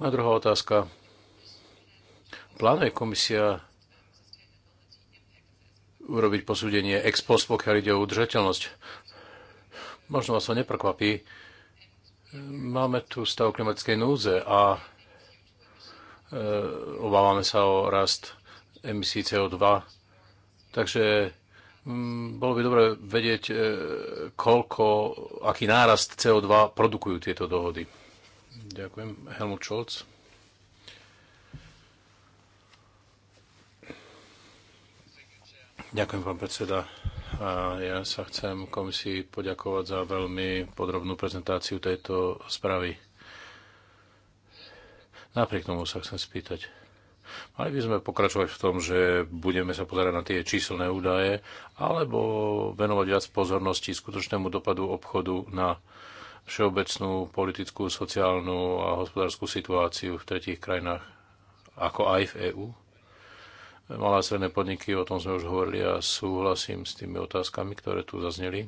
Moja druhá otázka. Plánuje komisia urobiť posúdenie ex post, pokiaľ ide o udržateľnosť. Možno vás to neprekvapí. Máme tu stav klimatickej núze a e, obávame sa o rast emisí CO2. Takže mm, bolo by dobre vedieť, e, koľko, aký nárast CO2 produkujú tieto dohody. Ďakujem. Helmut Scholz. Ďakujem, pán predseda. A ja sa chcem komisii poďakovať za veľmi podrobnú prezentáciu tejto správy. Napriek tomu sa chcem spýtať. Mali by sme pokračovať v tom, že budeme sa pozerať na tie číselné údaje, alebo venovať viac pozornosti skutočnému dopadu obchodu na všeobecnú politickú, sociálnu a hospodárskú situáciu v tretích krajinách, ako aj v EÚ? Malé a stredné podniky, o tom sme už hovorili a súhlasím s tými otázkami, ktoré tu zazneli.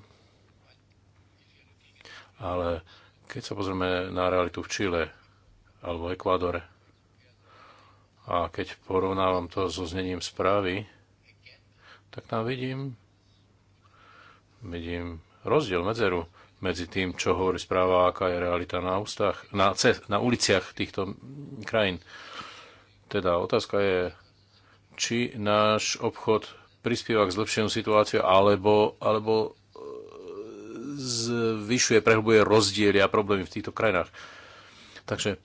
Ale keď sa pozrieme na realitu v Čile alebo Ekvádore a keď porovnávam to so znením správy, tak tam vidím, vidím rozdiel, medzeru medzi tým, čo hovorí správa, aká je realita na, ústach, na, na uliciach týchto krajín. Teda otázka je, či náš obchod prispieva k zlepšeniu situáciu alebo, alebo e, zvyšuje, prehlbuje rozdiely a problémy v týchto krajinách. Takže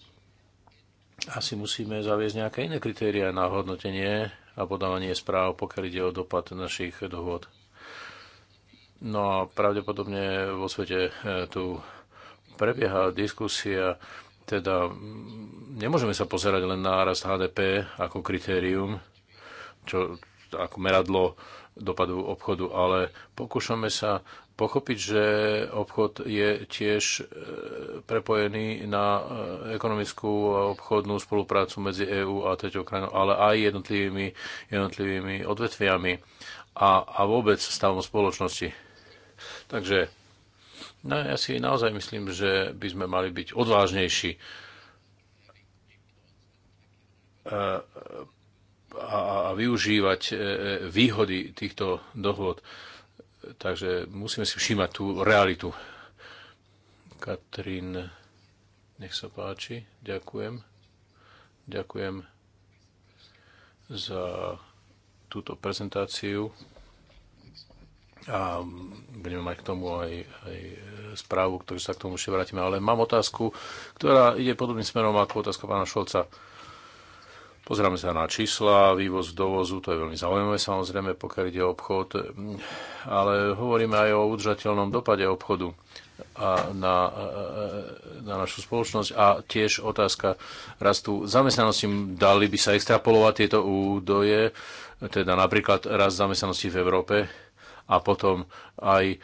asi musíme zaviesť nejaké iné kritéria na hodnotenie a podávanie správ, pokiaľ ide o dopad našich dohôd. No a pravdepodobne vo svete e, tu prebieha diskusia, teda nemôžeme sa pozerať len na rast HDP ako kritérium, čo, ako meradlo dopadu obchodu, ale pokúšame sa pochopiť, že obchod je tiež e, prepojený na e, ekonomickú a obchodnú spoluprácu medzi EÚ a treťou krajinou, ale aj jednotlivými, jednotlivými odvetviami a, a vôbec stavom spoločnosti. Takže no, ja si naozaj myslím, že by sme mali byť odvážnejší. E a, a využívať e, e, výhody týchto dohôd. Takže musíme si všímať tú realitu. Katrin, nech sa páči. Ďakujem. Ďakujem za túto prezentáciu a budeme mať k tomu aj, aj správu, ktorú sa k tomu ešte vrátime. Ale mám otázku, ktorá ide podobným smerom ako otázka pána Šolca Pozrieme sa na čísla, vývoz, dovozu, to je veľmi zaujímavé samozrejme, pokiaľ ide o obchod, ale hovoríme aj o udržateľnom dopade obchodu a na, na našu spoločnosť a tiež otázka rastu zamestnanosti. Dali by sa extrapolovať tieto údoje, teda napríklad rast zamestnanosti v Európe a potom aj e,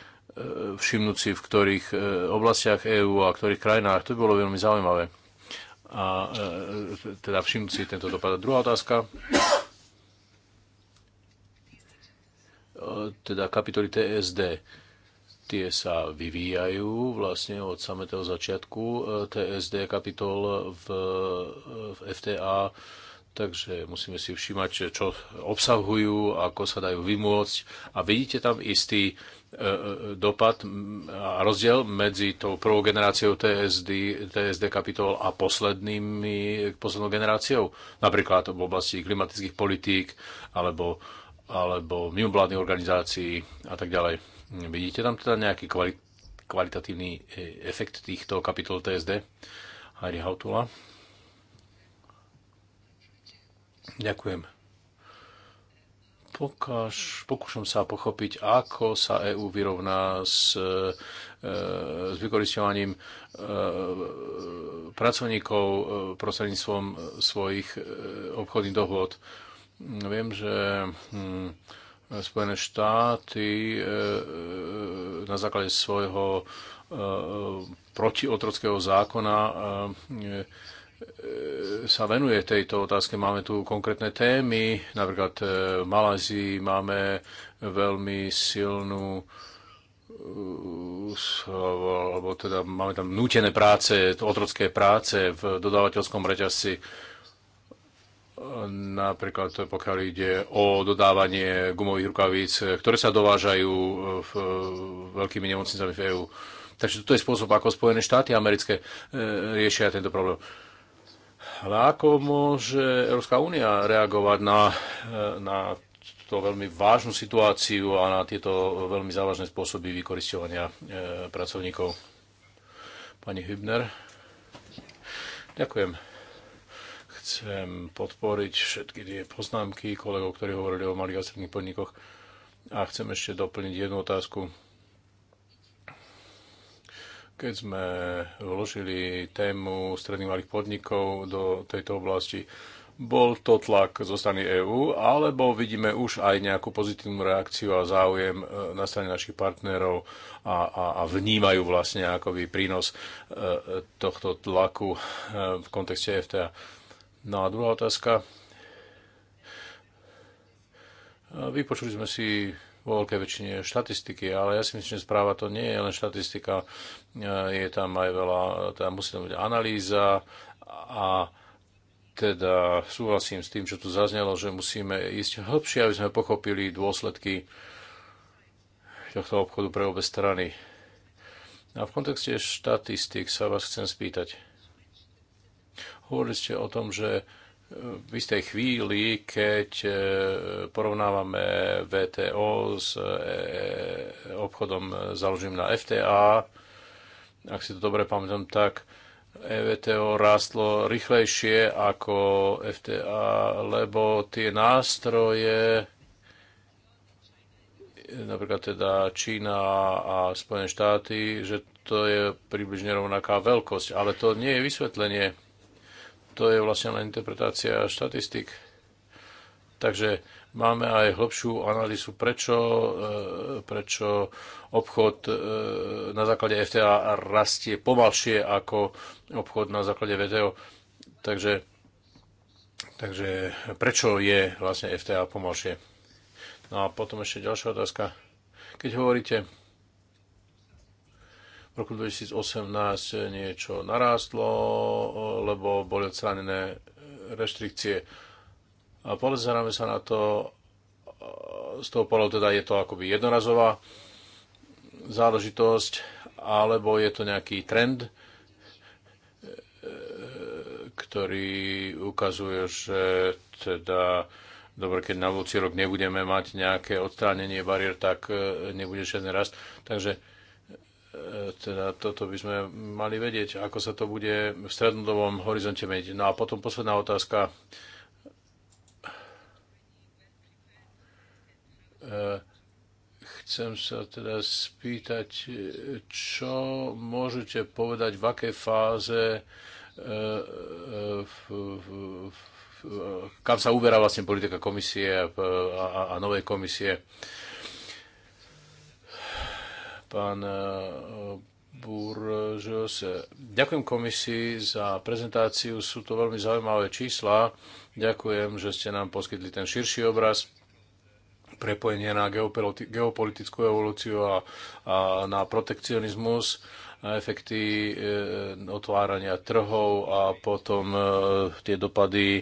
všimnúci, v ktorých e, oblastiach EÚ a v ktorých krajinách. To by bolo veľmi zaujímavé a e, e, teda všimnúť si tento dopad. Druhá otázka. E, teda kapitoly TSD. Tie sa vyvíjajú vlastne od samého začiatku TSD kapitol v, v FTA, takže musíme si všimať, čo obsahujú, ako sa dajú vymôcť a vidíte tam istý E, e, dopad a rozdiel medzi tou prvou generáciou TSD, TSD kapitol a poslednými, poslednou generáciou, napríklad v oblasti klimatických politík alebo, alebo mimovládnych organizácií a tak ďalej. Vidíte tam teda nejaký kvalit, kvalitatívny e, efekt týchto kapitol TSD? Harry Hautula. Ďakujem pokáž, pokúšam sa pochopiť, ako sa EÚ vyrovná s, e, e, s vykoristovaním e, pracovníkov prostredníctvom svojich obchodných dohôd. Viem, že hm, Spojené štáty na základe svojho protiotrockého zákona sa venuje tejto otázke. Máme tu konkrétne témy, napríklad e, v Malázii máme veľmi silnú e, alebo teda máme tam nútené práce, otrocké práce v dodávateľskom reťazci. Napríklad pokiaľ ide o dodávanie gumových rukavíc, ktoré sa dovážajú v e, veľkými nemocnicami v EÚ. Takže toto je spôsob, ako Spojené štáty americké riešia tento problém. Ale ako môže Európska únia reagovať na, eh, na túto veľmi vážnu situáciu a na tieto veľmi závažné spôsoby vykoristovania eh, pracovníkov? Pani Hübner. Ďakujem. Chcem podporiť všetky tie poznámky kolegov, ktorí hovorili o malých a stredných podnikoch. A chcem ešte doplniť jednu otázku keď sme vložili tému stredných malých podnikov do tejto oblasti, bol to tlak zo strany EÚ, alebo vidíme už aj nejakú pozitívnu reakciu a záujem e, na strane našich partnerov a, a, a vnímajú vlastne by prínos e, tohto tlaku e, v kontexte FTA. No a druhá otázka. Vypočuli sme si vo veľkej väčšine štatistiky, ale ja si myslím, že správa to nie je len štatistika, e, je tam aj veľa, teda musí tam byť analýza a teda súhlasím s tým, čo tu zaznelo, že musíme ísť hĺbšie, aby sme pochopili dôsledky tohto obchodu pre obe strany. A v kontexte štatistik sa vás chcem spýtať. Hovorili ste o tom, že v istej chvíli, keď e, porovnávame VTO s e, e, obchodom založeným na FTA, ak si to dobre pamätám, tak VTO rástlo rýchlejšie ako FTA, lebo tie nástroje, napríklad teda Čína a Spojené štáty, že to je približne rovnaká veľkosť. Ale to nie je vysvetlenie to je vlastne len interpretácia štatistik. Takže máme aj hlbšiu analýzu, prečo, e, prečo obchod e, na základe FTA rastie pomalšie ako obchod na základe VTO. Takže, takže prečo je vlastne FTA pomalšie? No a potom ešte ďalšia otázka. Keď hovoríte v roku 2018 niečo narástlo, e, lebo boli odstránené e, reštrikcie. A pozeráme sa na to, e, z toho pohľadu teda je to akoby jednorazová záležitosť, alebo je to nejaký trend, ktorý ukazuje, že teda dobre, keď na budúci rok nebudeme mať nejaké odstránenie bariér, tak nebude žiadny rast. Takže teda toto by sme mali vedieť, ako sa to bude v strednodobom horizonte meniť. No a potom posledná otázka. Chcem sa teda spýtať, čo môžete povedať, v akej fáze e, e, e, kam sa uberá vlastne politika komisie a, a, a novej komisie pán eh, Buržos. Ďakujem komisii za prezentáciu, sú to veľmi zaujímavé čísla. Ďakujem, že ste nám poskytli ten širší obraz prepojenie na geopolitickú evolúciu a, a na protekcionizmus, a efekty e, otvárania trhov a potom e, tie dopady e,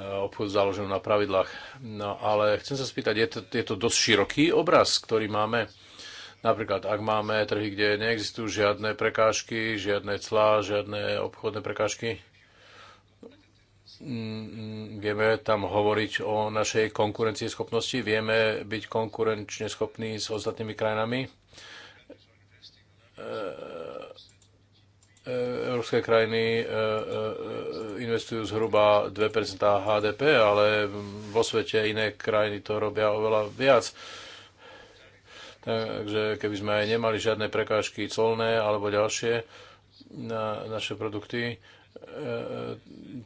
obchod založený na pravidlách. No ale chcem sa spýtať, je to, je to dosť široký obraz, ktorý máme? Napríklad, ak máme trhy, kde neexistujú žiadne prekážky, žiadne clá, žiadne obchodné prekážky, mm, vieme tam hovoriť o našej konkurencieschopnosti, vieme byť konkurenčne schopní s ostatnými krajinami. E, e, európske krajiny e, investujú zhruba 2% HDP, ale vo svete iné krajiny to robia oveľa viac Takže keby sme aj nemali žiadne prekážky colné alebo ďalšie na naše produkty, e,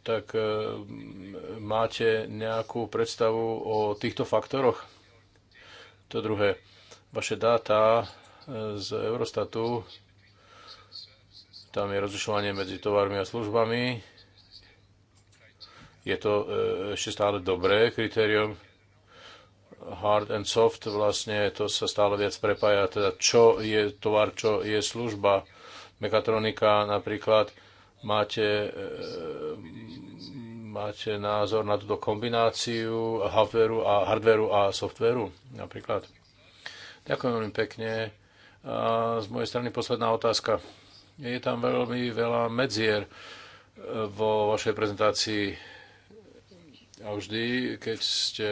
tak e, máte nejakú predstavu o týchto faktoroch? To druhé, vaše dáta e, z Eurostatu, tam je rozlišovanie medzi tovarmi a službami. Je to ešte stále dobré kritérium? hard and soft, vlastne to sa stále viac prepája, teda čo je tovar, čo je služba. Mekatronika napríklad, máte, e, máte názor na túto kombináciu hardwareu a, hardwareu a softwareu napríklad. Ďakujem veľmi pekne. A z mojej strany posledná otázka. Je tam veľmi veľa medzier e, vo vašej prezentácii. A vždy, keď ste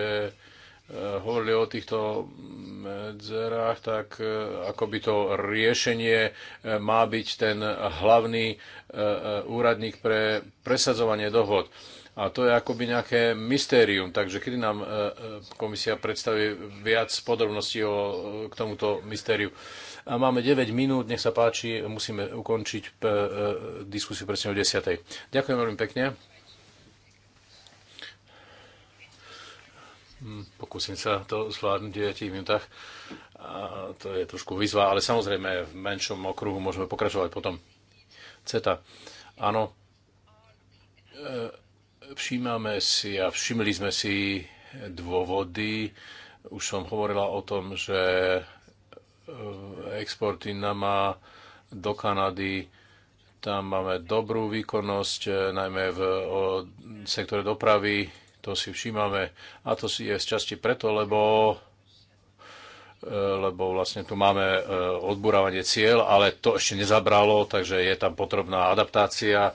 Eh, hovorili o týchto medzerách, tak eh, akoby to riešenie eh, má byť ten hlavný úradník pre presadzovanie dohod. A to je akoby nejaké mystérium, takže kedy nám komisia predstaví viac podrobností o, k tomuto mystériu. A máme 9 minút, nech sa páči, musíme ukončiť diskusiu presne o 10. Ďakujem veľmi pekne. Hm, pokúsim sa to zvládnuť v 9 minútach. A to je trošku výzva, ale samozrejme v menšom okruhu môžeme pokračovať potom. CETA. Áno, e, všímame si a všimli sme si dôvody. Už som hovorila o tom, že e, export Inama do Kanady tam máme dobrú výkonnosť, e, najmä v sektore dopravy to si všímame. A to si je z časti preto, lebo e, lebo vlastne tu máme e, odburávanie cieľ, ale to ešte nezabralo, takže je tam potrebná adaptácia e,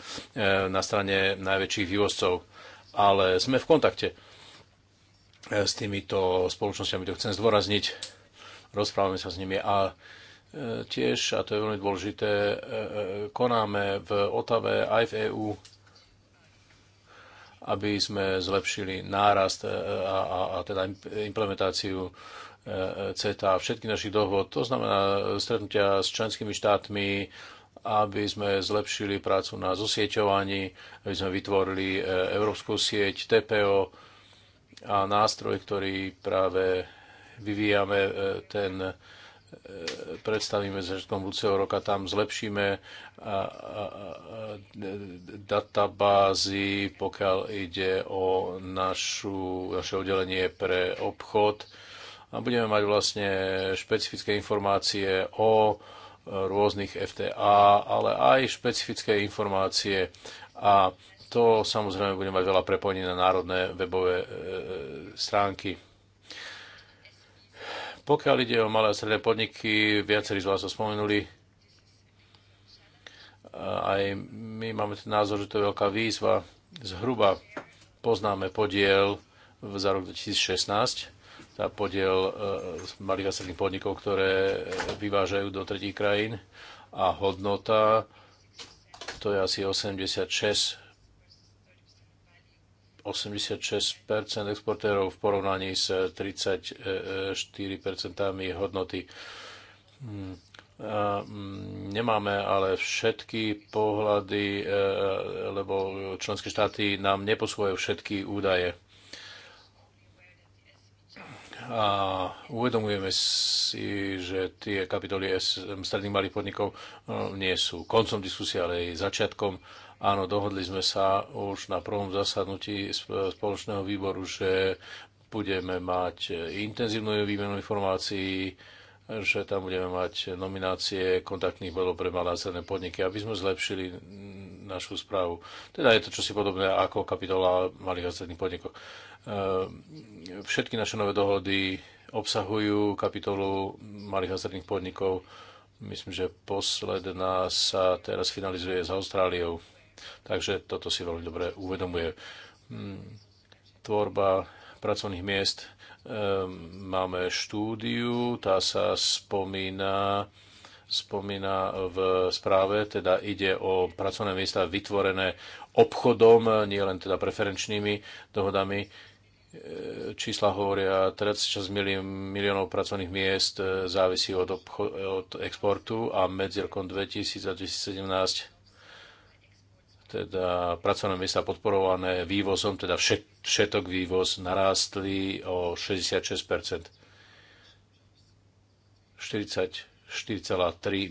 na strane najväčších vývozcov. Ale sme v kontakte s týmito spoločnosťami, to chcem zdôrazniť, rozprávame sa s nimi a tiež, a to je veľmi dôležité, konáme v Otave aj v EÚ aby sme zlepšili nárast e, a, a, a teda implementáciu e, e, CETA a všetkých našich dohod. To znamená stretnutia s členskými štátmi, aby sme zlepšili prácu na zosieťovaní, aby sme vytvorili európsku sieť TPO a nástroj, ktorý práve vyvíjame, ten predstavíme začiatkom budúceho roka, tam zlepšíme databázy, pokiaľ ide o našu, naše oddelenie pre obchod. A budeme mať vlastne špecifické informácie o rôznych FTA, ale aj špecifické informácie a to samozrejme bude mať veľa prepojení na národné webové e, e, stránky. Pokiaľ ide o malé a stredné podniky, viacerí z vás to spomenuli, aj my máme ten názor, že to je veľká výzva. Zhruba poznáme podiel za rok 2016, tá podiel e, e, malých a stredných podnikov, ktoré vyvážajú do tretích krajín a hodnota to je asi 86 86 exportérov v porovnaní s 34 hodnoty. Hmm. Mm, nemáme ale všetky pohľady, e, e, lebo členské štáty nám neposúvajú všetky údaje. A uvedomujeme si, že tie kapitoly stredných malých podnikov e, nie sú koncom diskusie, ale aj začiatkom Áno, dohodli sme sa už na prvom zasadnutí spoločného výboru, že budeme mať intenzívnu výmenu informácií, že tam budeme mať nominácie kontaktných bodov pre malé a stredné podniky, aby sme zlepšili našu správu. Teda je to čosi podobné ako kapitola malých a stredných podnikov. Ehm, všetky naše nové dohody obsahujú kapitolu malých a stredných podnikov. Myslím, že posledná sa teraz finalizuje s Austráliou. Takže toto si veľmi dobre uvedomuje. Mm, tvorba pracovných miest. Ehm, máme štúdiu, tá sa spomína, spomína v správe, teda ide o pracovné miesta vytvorené obchodom, nielen teda preferenčnými dohodami. E, čísla hovoria, 36 miliónov pracovných miest e, závisí od, obcho- od exportu a medzi rokom 2000 a 2017 teda pracovné miesta podporované vývozom, teda všet, všetok vývoz narástli o 66 44,3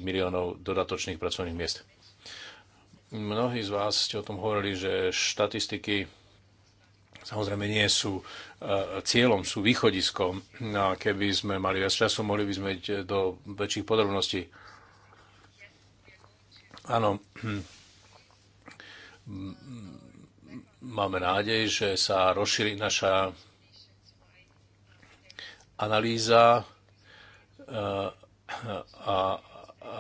miliónov dodatočných pracovných miest. Mnohí z vás ste o tom hovorili, že štatistiky samozrejme nie sú e, cieľom, sú východiskom. No a keby sme mali viac času, mohli by sme ísť do väčších podrobností. Áno, Máme nádej, že sa rozšíri naša analýza eh, a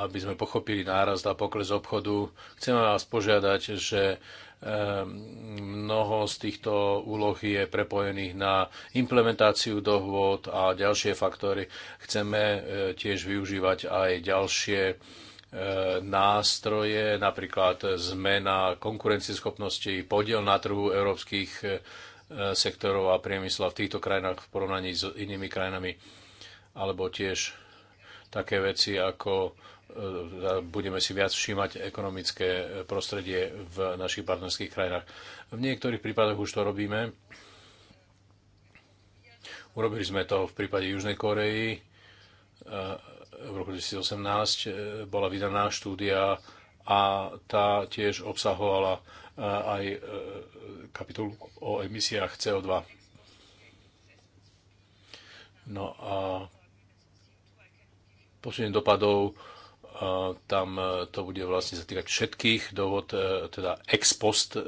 aby sme pochopili nárast a pokles obchodu. Chceme vás požiadať, že eh, mnoho z týchto úloh je prepojených na implementáciu dohôd a ďalšie faktory. Chceme eh, tiež využívať aj ďalšie E, nástroje, napríklad zmena konkurencieschopnosti, podiel na trhu európskych e, sektorov a priemysla v týchto krajinách v porovnaní s inými krajinami, alebo tiež také veci ako e, budeme si viac všímať ekonomické prostredie v našich partnerských krajinách. V niektorých prípadoch už to robíme. Urobili sme to v prípade Južnej Koreji, v roku 2018 e, bola vydaná štúdia a tá tiež obsahovala e, aj e, kapitolu o emisiách CO2. No a posledným dopadov tam to bude vlastne zatýkať všetkých dovod, teda ex post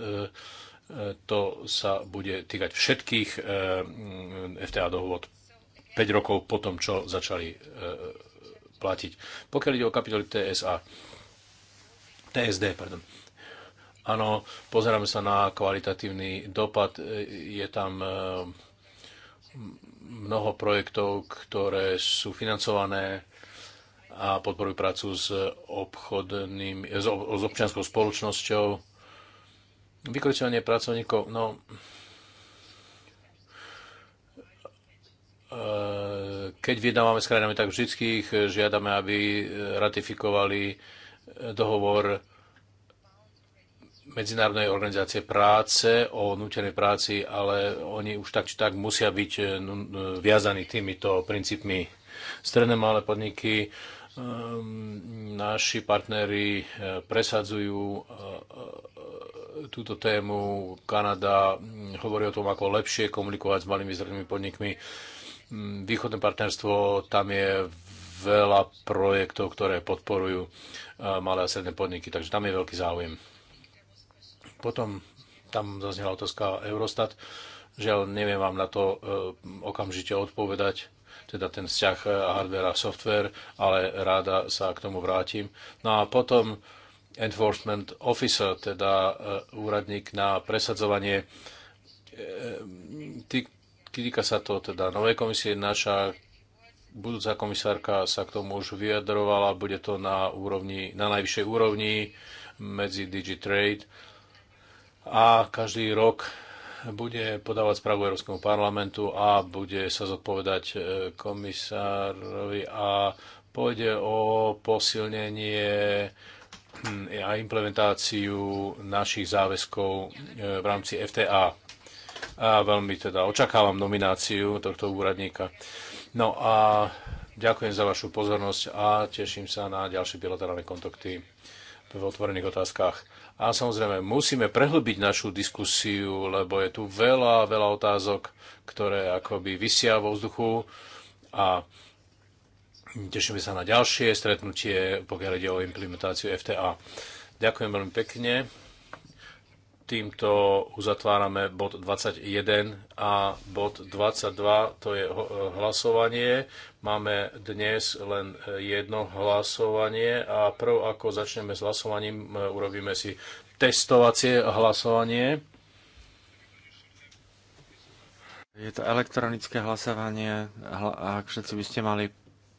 to sa bude týkať všetkých FTA dohôd 5 rokov po tom, čo začali platiť. Pokiaľ ide o kapitoly TSA, TSD, pardon. Áno, pozeráme sa na kvalitatívny dopad. Je tam e, mnoho projektov, ktoré sú financované a podporujú prácu s, obchodným, s, občianskou spoločnosťou. Vykoľčovanie pracovníkov, no... E, keď vydávame s krajinami, tak vždy ich eh, žiadame, aby eh, ratifikovali eh, dohovor Medzinárodnej organizácie práce o nutenej práci, ale oni už tak či tak musia byť viazaní týmito princípmi. Stredné malé podniky ehm, naši partnery presadzujú túto tému. Kanada hm, hovorí o tom, ako lepšie komunikovať s malými strednými podnikmi Mm, východné partnerstvo, tam je veľa projektov, ktoré podporujú eh, malé a stredné podniky, takže tam je veľký záujem. Potom tam zaznela otázka Eurostat. Žiaľ, neviem vám na to eh, okamžite odpovedať, teda ten vzťah eh, hardware a software, ale ráda sa k tomu vrátim. No a potom enforcement officer, teda úradník na presadzovanie. Tí, Týka sa to teda novej komisie. Naša budúca komisárka sa k tomu už vyjadrovala. Bude to na, úrovni, na najvyššej úrovni medzi DigiTrade. A každý rok bude podávať správu Európskemu parlamentu a bude sa zodpovedať e, komisárovi a pôjde o posilnenie hm, a implementáciu našich záväzkov e, v rámci FTA a veľmi teda očakávam nomináciu tohto úradníka. No a ďakujem za vašu pozornosť a teším sa na ďalšie bilaterálne kontakty v otvorených otázkach. A samozrejme, musíme prehlbiť našu diskusiu, lebo je tu veľa, veľa otázok, ktoré akoby vysia vo vzduchu a tešíme sa na ďalšie stretnutie, pokiaľ ide o implementáciu FTA. Ďakujem veľmi pekne. Týmto uzatvárame bod 21 a bod 22, to je hlasovanie. Máme dnes len jedno hlasovanie a prv ako začneme s hlasovaním, e, urobíme si testovacie hlasovanie. Je to elektronické hlasovanie a ak všetci by ste mali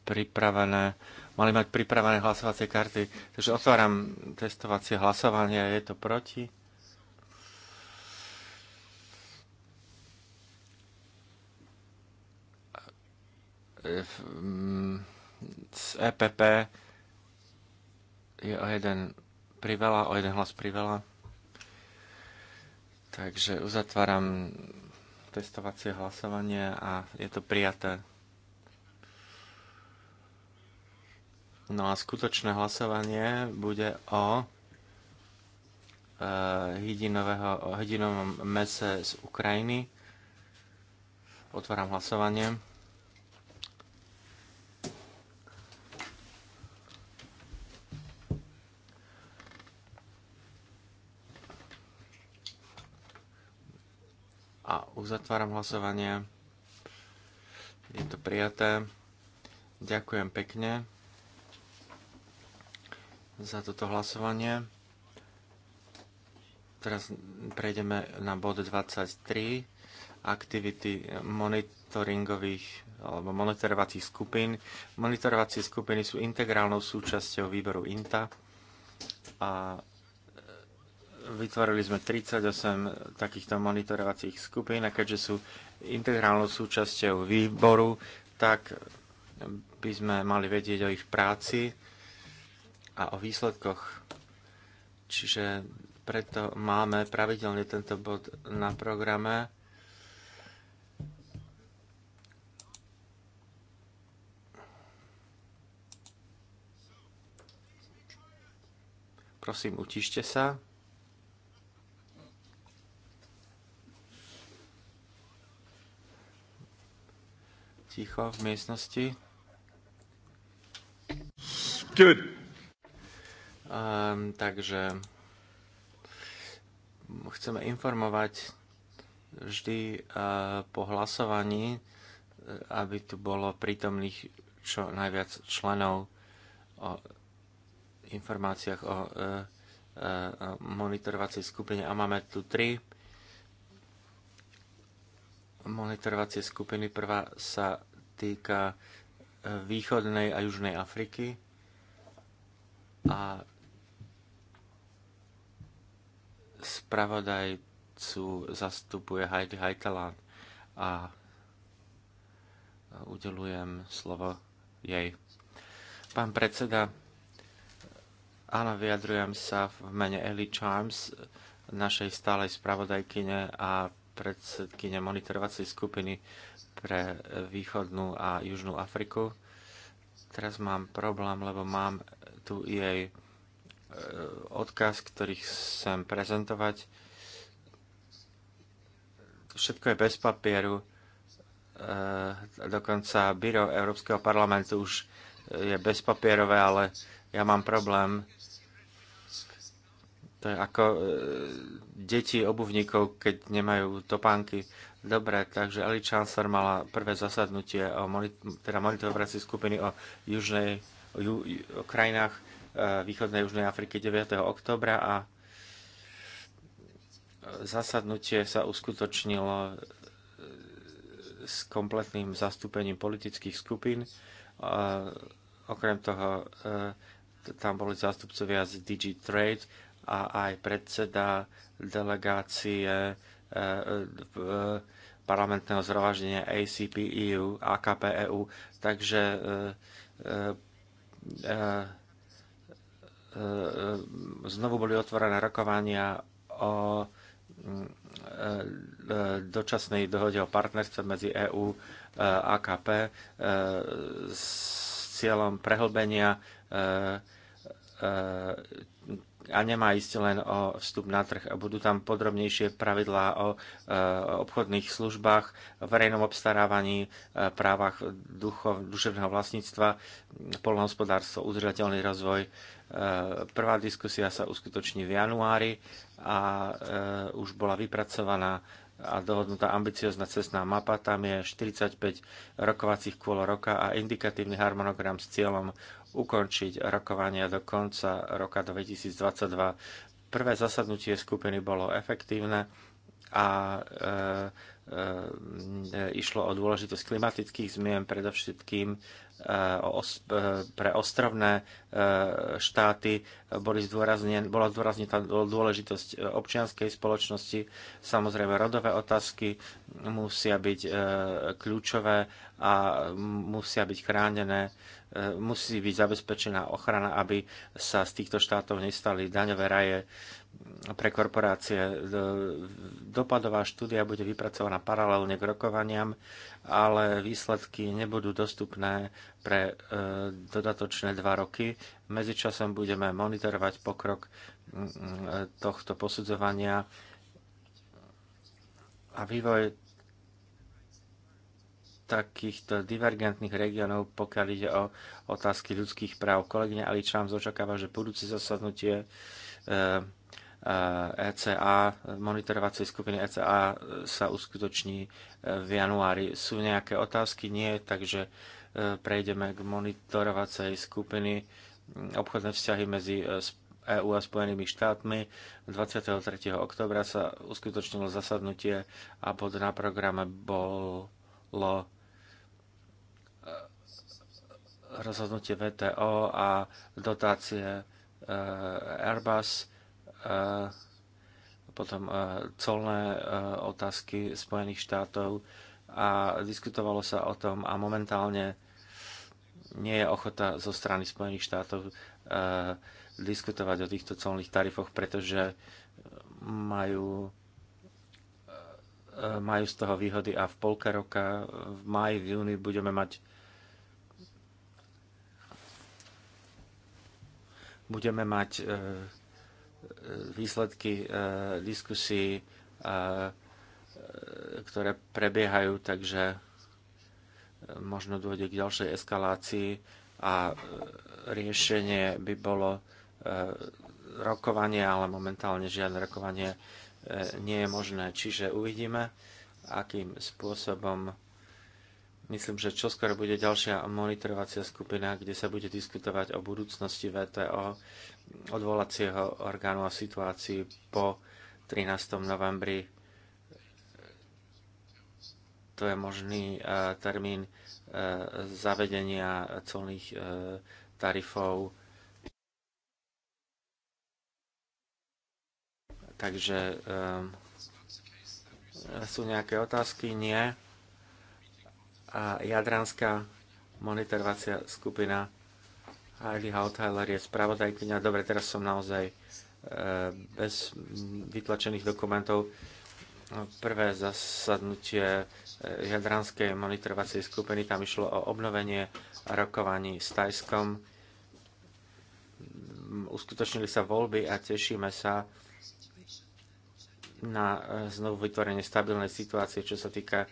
pripravené, mali mať pripravené hlasovacie karty. Takže otváram testovacie hlasovanie, je to proti? Mm, z EPP je o jeden priveľa, o jeden hlas priveľa. Takže uzatváram testovacie hlasovanie a je to prijaté. No a skutočné hlasovanie bude o e, hydinového, hydinovom mese z Ukrajiny. Otváram hlasovanie. A uzatváram hlasovanie. Je to prijaté. Ďakujem pekne za toto hlasovanie. Teraz prejdeme na bod 23. Aktivity monitoringových alebo monitorovacích skupín. Monitorovacie skupiny sú integrálnou súčasťou výboru INTA a Vytvorili sme 38 takýchto monitorovacích skupín a keďže sú integrálnou súčasťou výboru, tak by sme mali vedieť o ich práci a o výsledkoch. Čiže preto máme pravidelne tento bod na programe. Prosím, utište sa. ticho v miestnosti. Good. Um, takže chceme informovať vždy uh, po hlasovaní, eh, aby tu bolo prítomných čo najviac členov o informáciách o uh, uh, monitorovacej skupine. A máme tu tri monitorovacie skupiny. Prvá sa týka e, východnej a južnej Afriky a spravodajcu zastupuje Heidi Heitelan a udelujem slovo jej. Pán predseda, áno, vyjadrujem sa v mene Ellie Charms, našej stálej spravodajkyne a predsedkynia monitorovacej skupiny pre východnú a južnú Afriku. Teraz mám problém, lebo mám tu jej e, odkaz, ktorý chcem prezentovať. Všetko je bez papieru. E, dokonca biro Európskeho parlamentu už e, je bezpapierové, ale ja mám problém to je ako e, deti obuvníkov, keď nemajú topánky. Dobre, takže Ali Chancellor mala prvé zasadnutie o monit- teda monitorovací skupiny o, južnej, o, ju, o krajinách e, východnej Južnej Afriky 9. oktobra a zasadnutie sa uskutočnilo e, s kompletným zastúpením politických skupín. E, okrem toho e, tam boli zástupcovia z DigiTrade, a aj predseda delegácie eh, eh, parlamentného zhromaždenia ACP EU, AKP EU. Takže eh, znovu boli otvorené rokovania o mm, dočasnej dohode o partnerstve medzi EU a AKP s cieľom prehlbenia a nemá ísť len o vstup na trh. Budú tam podrobnejšie pravidlá o e, obchodných službách, verejnom obstarávaní, e, právach duchov, duševného vlastníctva, polnohospodárstvo, udržateľný rozvoj. E, prvá diskusia sa uskutoční v januári a už bola vypracovaná a dohodnutá ambiciozna cestná mapa. Tam je 45 rokovacích kôl roka a indikatívny harmonogram s cieľom ukončiť rokovania do konca roka 2022. Prvé zasadnutie skupiny bolo efektívne a e, e, išlo o dôležitosť klimatických zmien, predovšetkým e, os, e, pre ostrovné e, štáty boli zdôraznen, bola zdôraznitá dôležitosť občianskej spoločnosti. Samozrejme, rodové otázky musia byť e, kľúčové a musia byť chránené. E, E, musí byť zabezpečená ochrana, aby sa z týchto štátov nestali daňové raje pre korporácie. E, dopadová štúdia bude vypracovaná paralelne k rokovaniam, ale výsledky nebudú dostupné pre e, dodatočné dva roky. Medzičasom budeme monitorovať pokrok mm, tohto posudzovania a vývoj takýchto divergentných regiónov, pokiaľ ide o otázky ľudských práv. Kolegyňa Ali Čams zočakáva, že budúce zasadnutie ECA, e, e monitorovacej skupiny ECA e, sa uskutoční v januári. Sú nejaké otázky? Nie, takže prejdeme k monitorovacej skupiny obchodné vzťahy medzi EU a Spojenými štátmi. 23. oktobra sa uskutočnilo zasadnutie a bod na programe bolo rozhodnutie VTO a dotácie e, Airbus, e, potom e, colné otázky Spojených štátov a diskutovalo sa o tom a momentálne nie je ochota zo strany Spojených štátov diskutovať o týchto colných tarifoch, pretože majú majú z toho výhody a v polke roka, v maji, v júni budeme mať budeme mať e, e, výsledky e, diskusí, ktoré prebiehajú, takže možno dôjde k ďalšej eskalácii a riešenie by bolo rokovanie, ale momentálne žiadne rokovanie nie je možné. Čiže uvidíme, akým spôsobom Myslím, že čoskoro bude ďalšia monitorovacia skupina, kde sa bude diskutovať o budúcnosti VTO, odvolacieho orgánu a situácii po 13. novembri. To je možný e, termín e, zavedenia colných e, tarifov. Takže sú nejaké otázky? Nie a Jadranská monitorovacia skupina Heidi Hautheiler je spravodajkyňa. Dobre, teraz som naozaj e, bez vytlačených dokumentov. No, prvé zasadnutie e, Jadranskej monitorovacej skupiny, tam išlo o obnovenie rokovaní s Tajskom. Uskutočnili sa voľby a tešíme sa na e, znovu vytvorenie stabilnej situácie, čo sa týka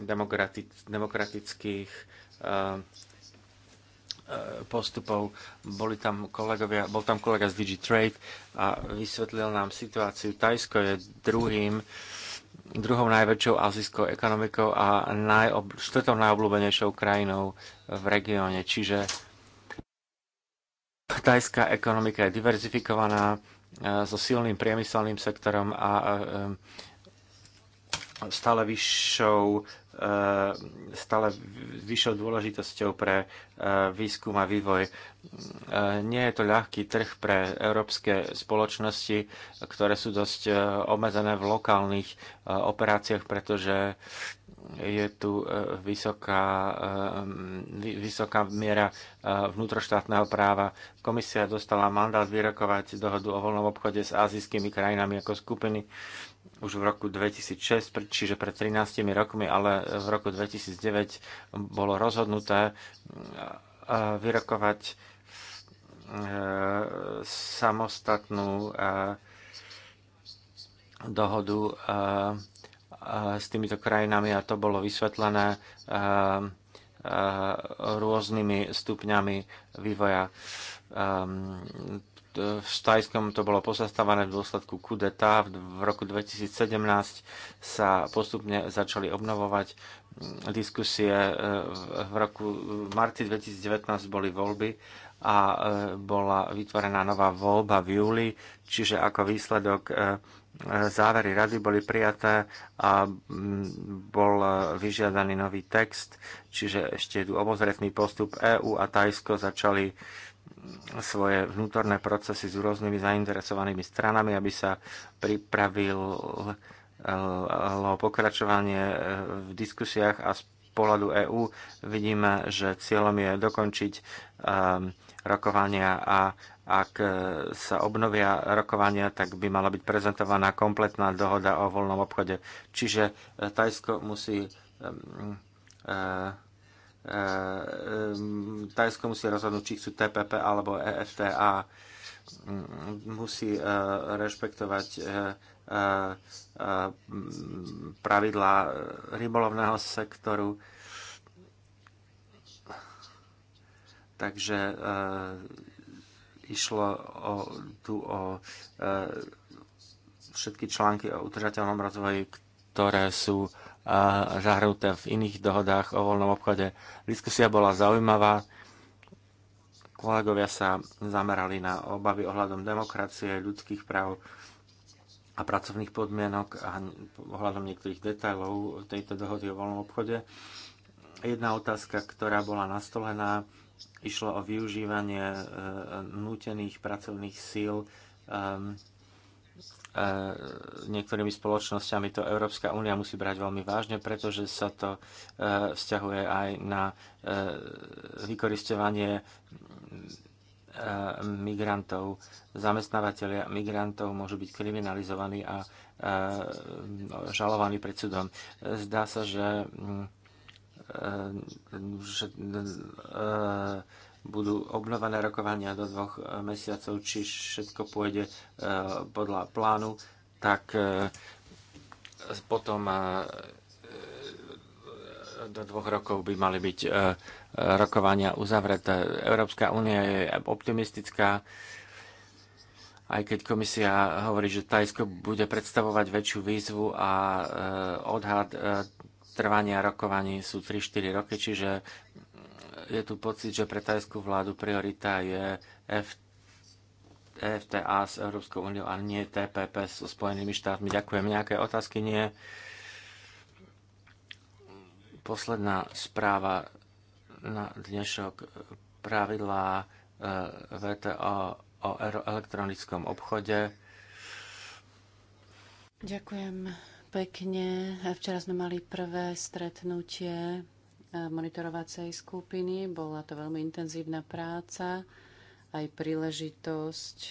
demokratických eh, eh, postupov. Boli tam kolegovia, bol tam kolega z DigiTrade a vysvetlil nám situáciu. Tajsko je druhým druhou najväčšou azijskou ekonomikou a najob, štvrtou najobľúbenejšou krajinou v regióne. Čiže tajská ekonomika je diverzifikovaná eh, so silným priemyselným sektorom a stále vyššou E, stále vyššou dôležitosťou pre e, výskum a vývoj. E, nie je to ľahký trh pre európske spoločnosti, ktoré sú dosť obmedzené v lokálnych operáciách, pretože je tu vysoká, vysoká miera vnútroštátneho práva. Komisia dostala mandát vyrokovať dohodu o voľnom obchode s azijskými krajinami ako skupiny už v roku 2006, čiže pred 13 rokmi, ale v roku 2009 bolo rozhodnuté mm, vyrokovať e, samostatnú e, dohodu e, s týmito krajinami a to bolo vysvetlené rôznymi stupňami vývoja v Tajskom to bolo pozastávané v dôsledku kudeta. V roku 2017 sa postupne začali obnovovať mm, diskusie. E, v roku v marci 2019 boli voľby a e, bola vytvorená nová voľba v júli, čiže ako výsledok e, závery rady boli prijaté a mm, bol vyžiadaný nový text, čiže ešte tu obozretný postup EÚ a Tajsko začali svoje vnútorné procesy s rôznymi zainteresovanými stranami, aby sa pripravil eh, pokračovanie eh, v diskusiách a z pohľadu EÚ vidíme, že cieľom je dokončiť eh, rokovania a ak sa obnovia rokovania, tak by mala byť prezentovaná kompletná dohoda o voľnom obchode. Čiže Tajsko musí Ehm, Tajsko musí rozhodnúť, či chcú TPP alebo EFTA. Mm, musí eh, rešpektovať eh, eh, pravidlá rybolovného sektoru. Takže išlo o, tu o e, všetky články o udržateľnom rozvoji, ktoré sú e, zahrnuté v iných dohodách o voľnom obchode. Diskusia bola zaujímavá. Kolegovia sa zamerali na obavy ohľadom demokracie, ľudských práv a pracovných podmienok a ohľadom niektorých detajlov tejto dohody o voľnom obchode. Jedna otázka, ktorá bola nastolená, išlo o využívanie e, nútených pracovných síl e, E, niektorými spoločnosťami to Európska únia musí brať veľmi vážne, pretože sa to e, vzťahuje aj na e, vykoristovanie migrantov. Zamestnávateľia migrantov môžu byť kriminalizovaní a žalovaní pred súdom. Zdá sa, že mm, že budú obnovené rokovania do dvoch eh, mesiacov, či všetko pôjde eh, podľa plánu, tak eh, potom do dvoch rokov by mali byť rokovania uzavreté. Európska únia je optimistická, aj keď komisia hovorí, že Tajsko bude predstavovať väčšiu výzvu a odhad trvania rokovaní sú 3-4 roky, čiže je tu pocit, že pre tajskú vládu priorita je F- EFTA s Európskou úniou a nie TPP so Spojenými štátmi. Ďakujem. Nejaké otázky? Nie. Posledná správa na dnešok pravidlá e, VTO o elektronickom obchode. Ďakujem pekne. Včera sme mali prvé stretnutie monitorovacej skupiny. Bola to veľmi intenzívna práca, aj príležitosť e,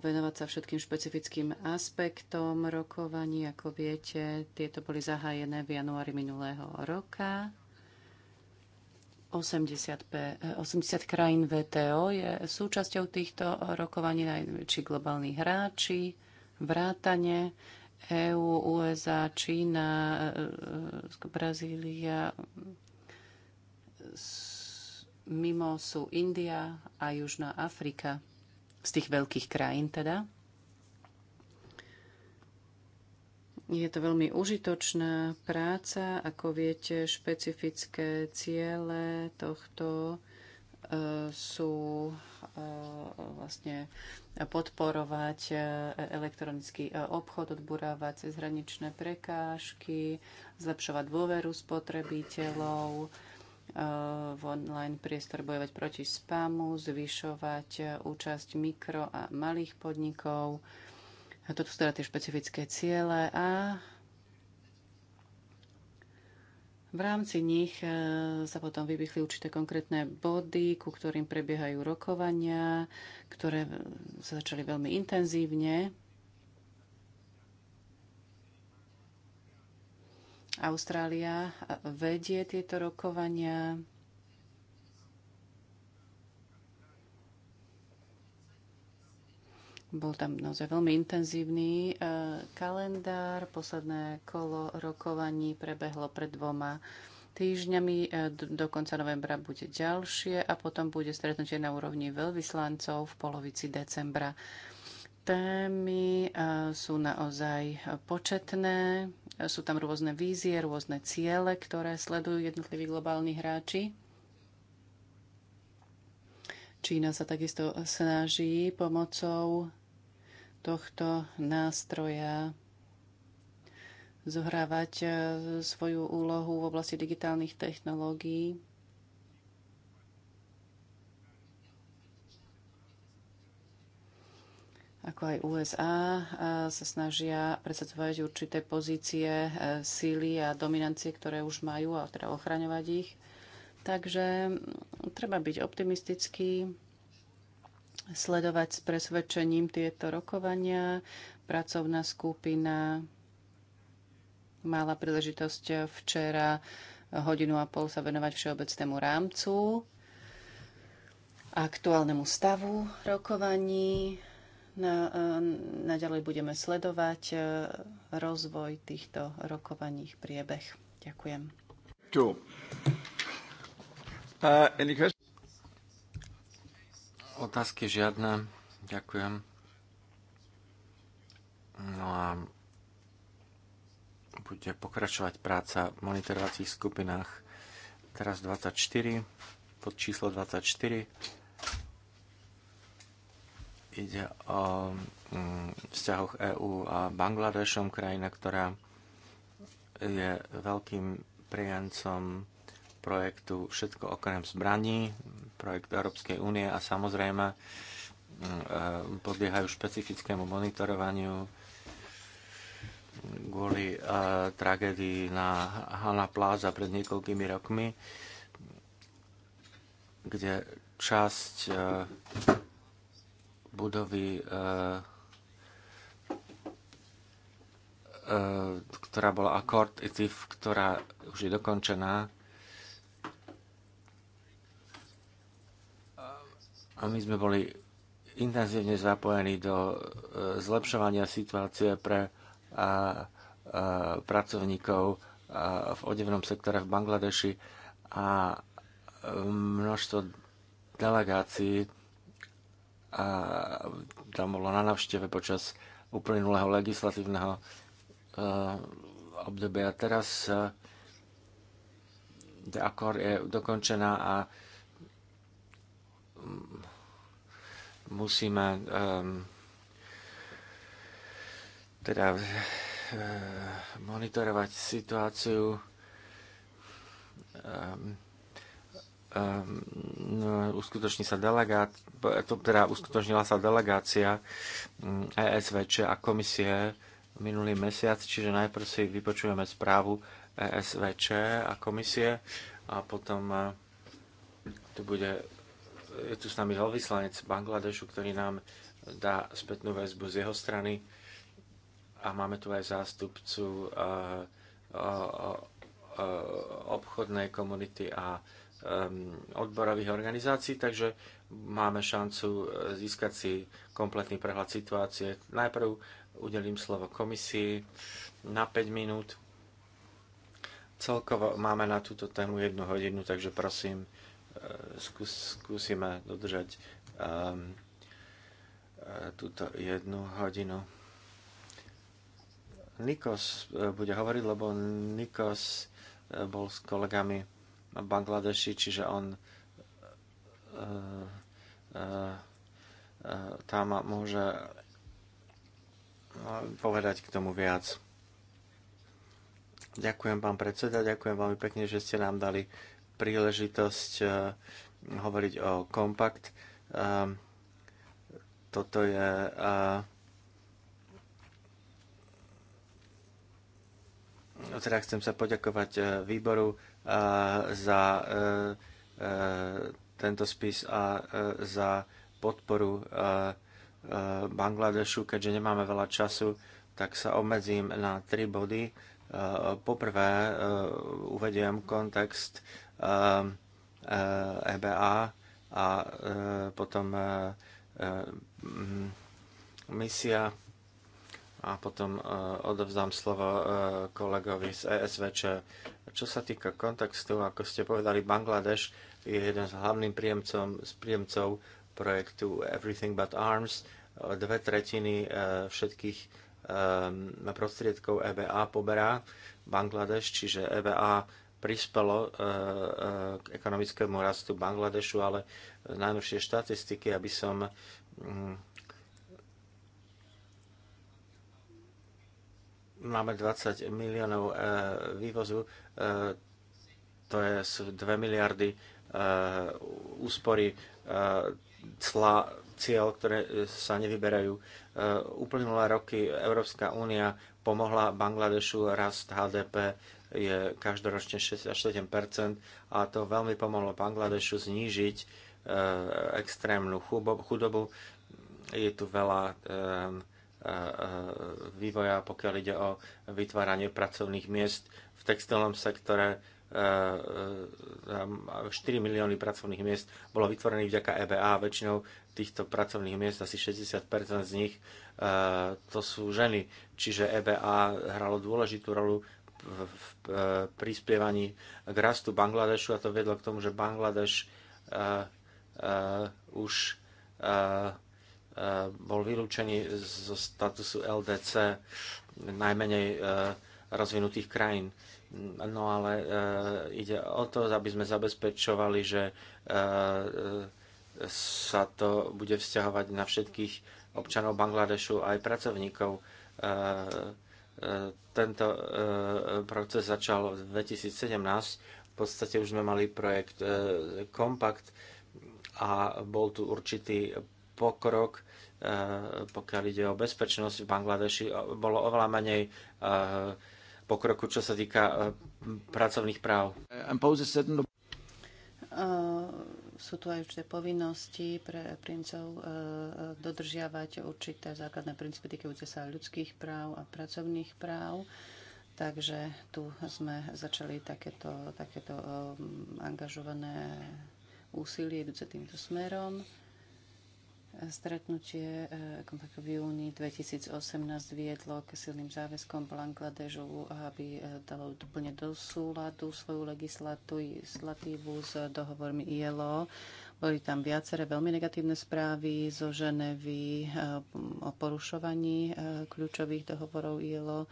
venovať sa všetkým špecifickým aspektom rokovaní. Ako viete, tieto boli zahájené v januári minulého roka. 80, 80 e, krajín VTO je súčasťou týchto rokovaní, najväčší globálni hráči, vrátane EÚ, USA, Čína, e, e, Brazília, mimo sú India a Južná Afrika, z tých veľkých krajín teda. Je to veľmi užitočná práca, ako viete, špecifické ciele tohto sú e, vlastne podporovať e, elektronický e, obchod, odburávať cezhraničné prekážky, zlepšovať dôveru spotrebiteľov, v online priestor bojovať proti spamu, zvyšovať účasť mikro a malých podnikov. Toto sú teda tie špecifické ciele a v rámci nich e, sa potom vybychli určité konkrétne body, ku ktorým prebiehajú rokovania, ktoré e, sa začali veľmi intenzívne. Austrália e, vedie tieto rokovania. Bol tam naozaj veľmi intenzívny e, kalendár. Posledné kolo rokovaní prebehlo pred dvoma týždňami. E, do konca novembra bude ďalšie a potom bude stretnutie na úrovni veľvyslancov v polovici decembra. Témy e, sú naozaj početné, sú tam rôzne vízie, rôzne ciele, ktoré sledujú jednotliví globálni hráči. Čína sa takisto snaží pomocou tohto nástroja zohrávať e, svoju úlohu v oblasti digitálnych technológií. ako aj USA e, sa snažia presadzovať určité pozície e, síly a dominancie, ktoré už majú, a teda ochraňovať ich. Takže treba byť optimistický, sledovať s presvedčením tieto rokovania. Pracovná skupina mala príležitosť včera hodinu a pol sa venovať všeobecnému rámcu, aktuálnemu stavu rokovaní. Na, eh, naďalej budeme sledovať eh, rozvoj týchto rokovaní, priebeh. Ďakujem. Ďakujem. Uh, Otázky žiadne. Ďakujem. No a bude pokračovať práca v monitorovacích skupinách. Teraz 24, pod číslo 24. Ide o mm, vzťahoch EÚ a Bangladešom, krajina, ktorá je veľkým prijancom projektu Všetko okrem zbraní, projekt Európskej únie a samozrejme mm, e, podliehajú špecifickému monitorovaniu kvôli e, tragédii na Hanna Pláza pred niekoľkými rokmi, kde časť e, budovy, ktorá bola akord, ktorá už je dokončená, A my sme boli intenzívne zapojení do e, zlepšovania situácie pre a, a, pracovníkov a, v odevnom sektore v Bangladeši a e, množstvo delegácií a tam bolo na navšteve počas uplynulého legislatívneho e, obdobia. Teraz akor je dokončená a musíme um, teda eh, monitorovať situáciu um, uskutoční sa delegát, teda uskutočnila sa delegácia mm, ESVČ a komisie minulý mesiac, čiže najprv si vypočujeme správu ESVČ a komisie a potom eh, tu bude je tu s nami veľvyslanec Bangladešu, ktorý nám dá spätnú väzbu z jeho strany a máme tu aj zástupcu eh, eh, eh, obchodnej komunity a odborových organizácií, takže máme šancu získať si kompletný prehľad situácie. Najprv udelím slovo komisii na 5 minút. Celkovo máme na túto tému jednu hodinu, takže prosím, E, skúsime dodržať um, túto jednu hodinu. Nikos e, bude hovoriť, lebo Nikos bol s kolegami v Bangladeši, čiže on uh, uh, tam môže povedať k tomu viac. Ďakujem, pán predseda, ďakujem veľmi pekne, že ste nám dali príležitosť eh, hovoriť o kompakt. Ehm, toto je eh, teda chcem sa poďakovať eh, výboru za tento spis a za podporu Bangladešu, keďže nemáme veľa času, tak sa obmedzím na tri body. Poprvé uvediem kontext Um, uh, EBA a uh, potom uh, mm, misia a potom odovzdám slovo kolegovi z ESVČ. Čo sa týka kontextu, ako ste povedali, Bangladeš je jeden z hlavných príjemcom, z príjemcov projektu Everything But Arms. Dve tretiny všetkých um, prostriedkov EBA poberá Bangladeš, čiže EBA prispelo eh, eh, k ekonomickému rastu Bangladešu, ale najnovšie štatistiky, aby som mm, máme 20 miliónov eh, vývozu, to je 2 miliardy úspory cla, cieľ, ktoré sa nevyberajú. Uplynulé roky Európska únia pomohla Bangladešu rast HDP je každoročne 67% a to veľmi pomohlo Bangladešu znížiť e, extrémnu chudobu. Je tu veľa e, e, vývoja, pokiaľ ide o vytváranie pracovných miest v textilnom sektore. 4 milióny pracovných miest bolo vytvorených vďaka EBA. Väčšinou týchto pracovných miest, asi 60% z nich, to sú ženy. Čiže EBA hralo dôležitú rolu v e, prispievaní k rastu Bangladešu a to vedlo k tomu, že Bangladeš e, e, už bol vylúčený zo statusu LDC najmenej rozvinutých krajín. No ale ide o to, aby sme zabezpečovali, že sa to bude vzťahovať na všetkých občanov Bangladešu aj pracovníkov E, tento e, proces začal v 2017. V podstate už sme mali projekt Compact e, a bol tu určitý pokrok, pokiaľ ide o bezpečnosť v Bangladeši. Bolo oveľa menej pokroku, čo sa týka pracovných práv sú tu aj určité povinnosti pre princov e, e, dodržiavať určité základné princípy týkajúce sa ľudských práv a pracovných práv. Takže tu sme začali takéto, takéto e, angažované úsilie idúce týmto smerom. Stretnutie v e, júni 2018 viedlo k silným záväzkom Bangladežu, aby e, dalo úplne do súladu svoju legislatívu s dohovormi ILO. Boli tam viaceré veľmi negatívne správy zo Ženevy e, o porušovaní kľúčových dohovorov ILO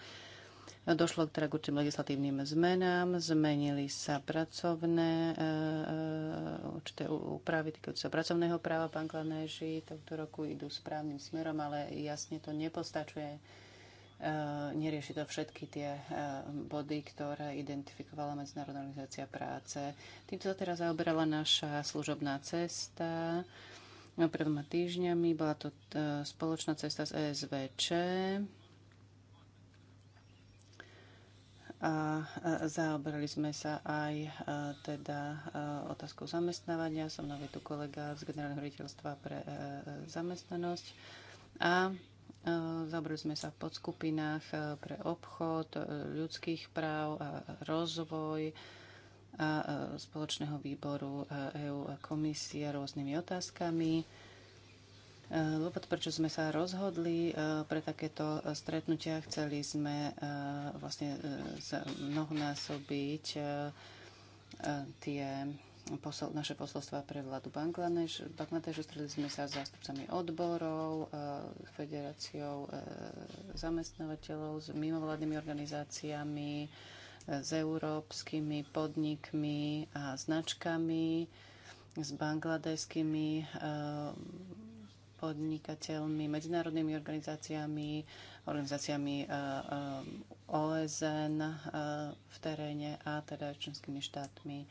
Došlo teda k určitým legislatívnym zmenám, zmenili sa pracovné, e, e, určité úpravy týkajúce sa pracovného práva. Pán Klanéži tohto roku idú správnym smerom, ale jasne to nepostačuje. E, nerieši to všetky tie body, ktoré identifikovala Medzinárodná organizácia práce. Týmto sa teraz zaoberala naša služobná cesta no, pred dvoma týždňami. Bola to spoločná cesta s ESVČ A zaoberali sme sa aj teda otázkou zamestnávania. Som nový tu kolega z Generálneho riaditeľstva pre e, e, zamestnanosť. A zaoberali sme sa v podskupinách e, pre obchod, ľudských práv a rozvoj a spoločného výboru EU a komisie rôznymi otázkami. Eh, dôvod, prečo sme sa rozhodli eh, pre takéto eh, stretnutia, chceli sme vlastne mnohonásobiť tie posol, naše posolstva pre vládu Bangladeš. Bangladešu stretli sme sa s zástupcami odborov, federáciou zamestnávateľov, s mimovládnymi organizáciami, s európskymi podnikmi a značkami, s bangladeskými podnikateľmi, medzinárodnými organizáciami, organizáciami eh, eh, OSN eh, v teréne a teda členskými štátmi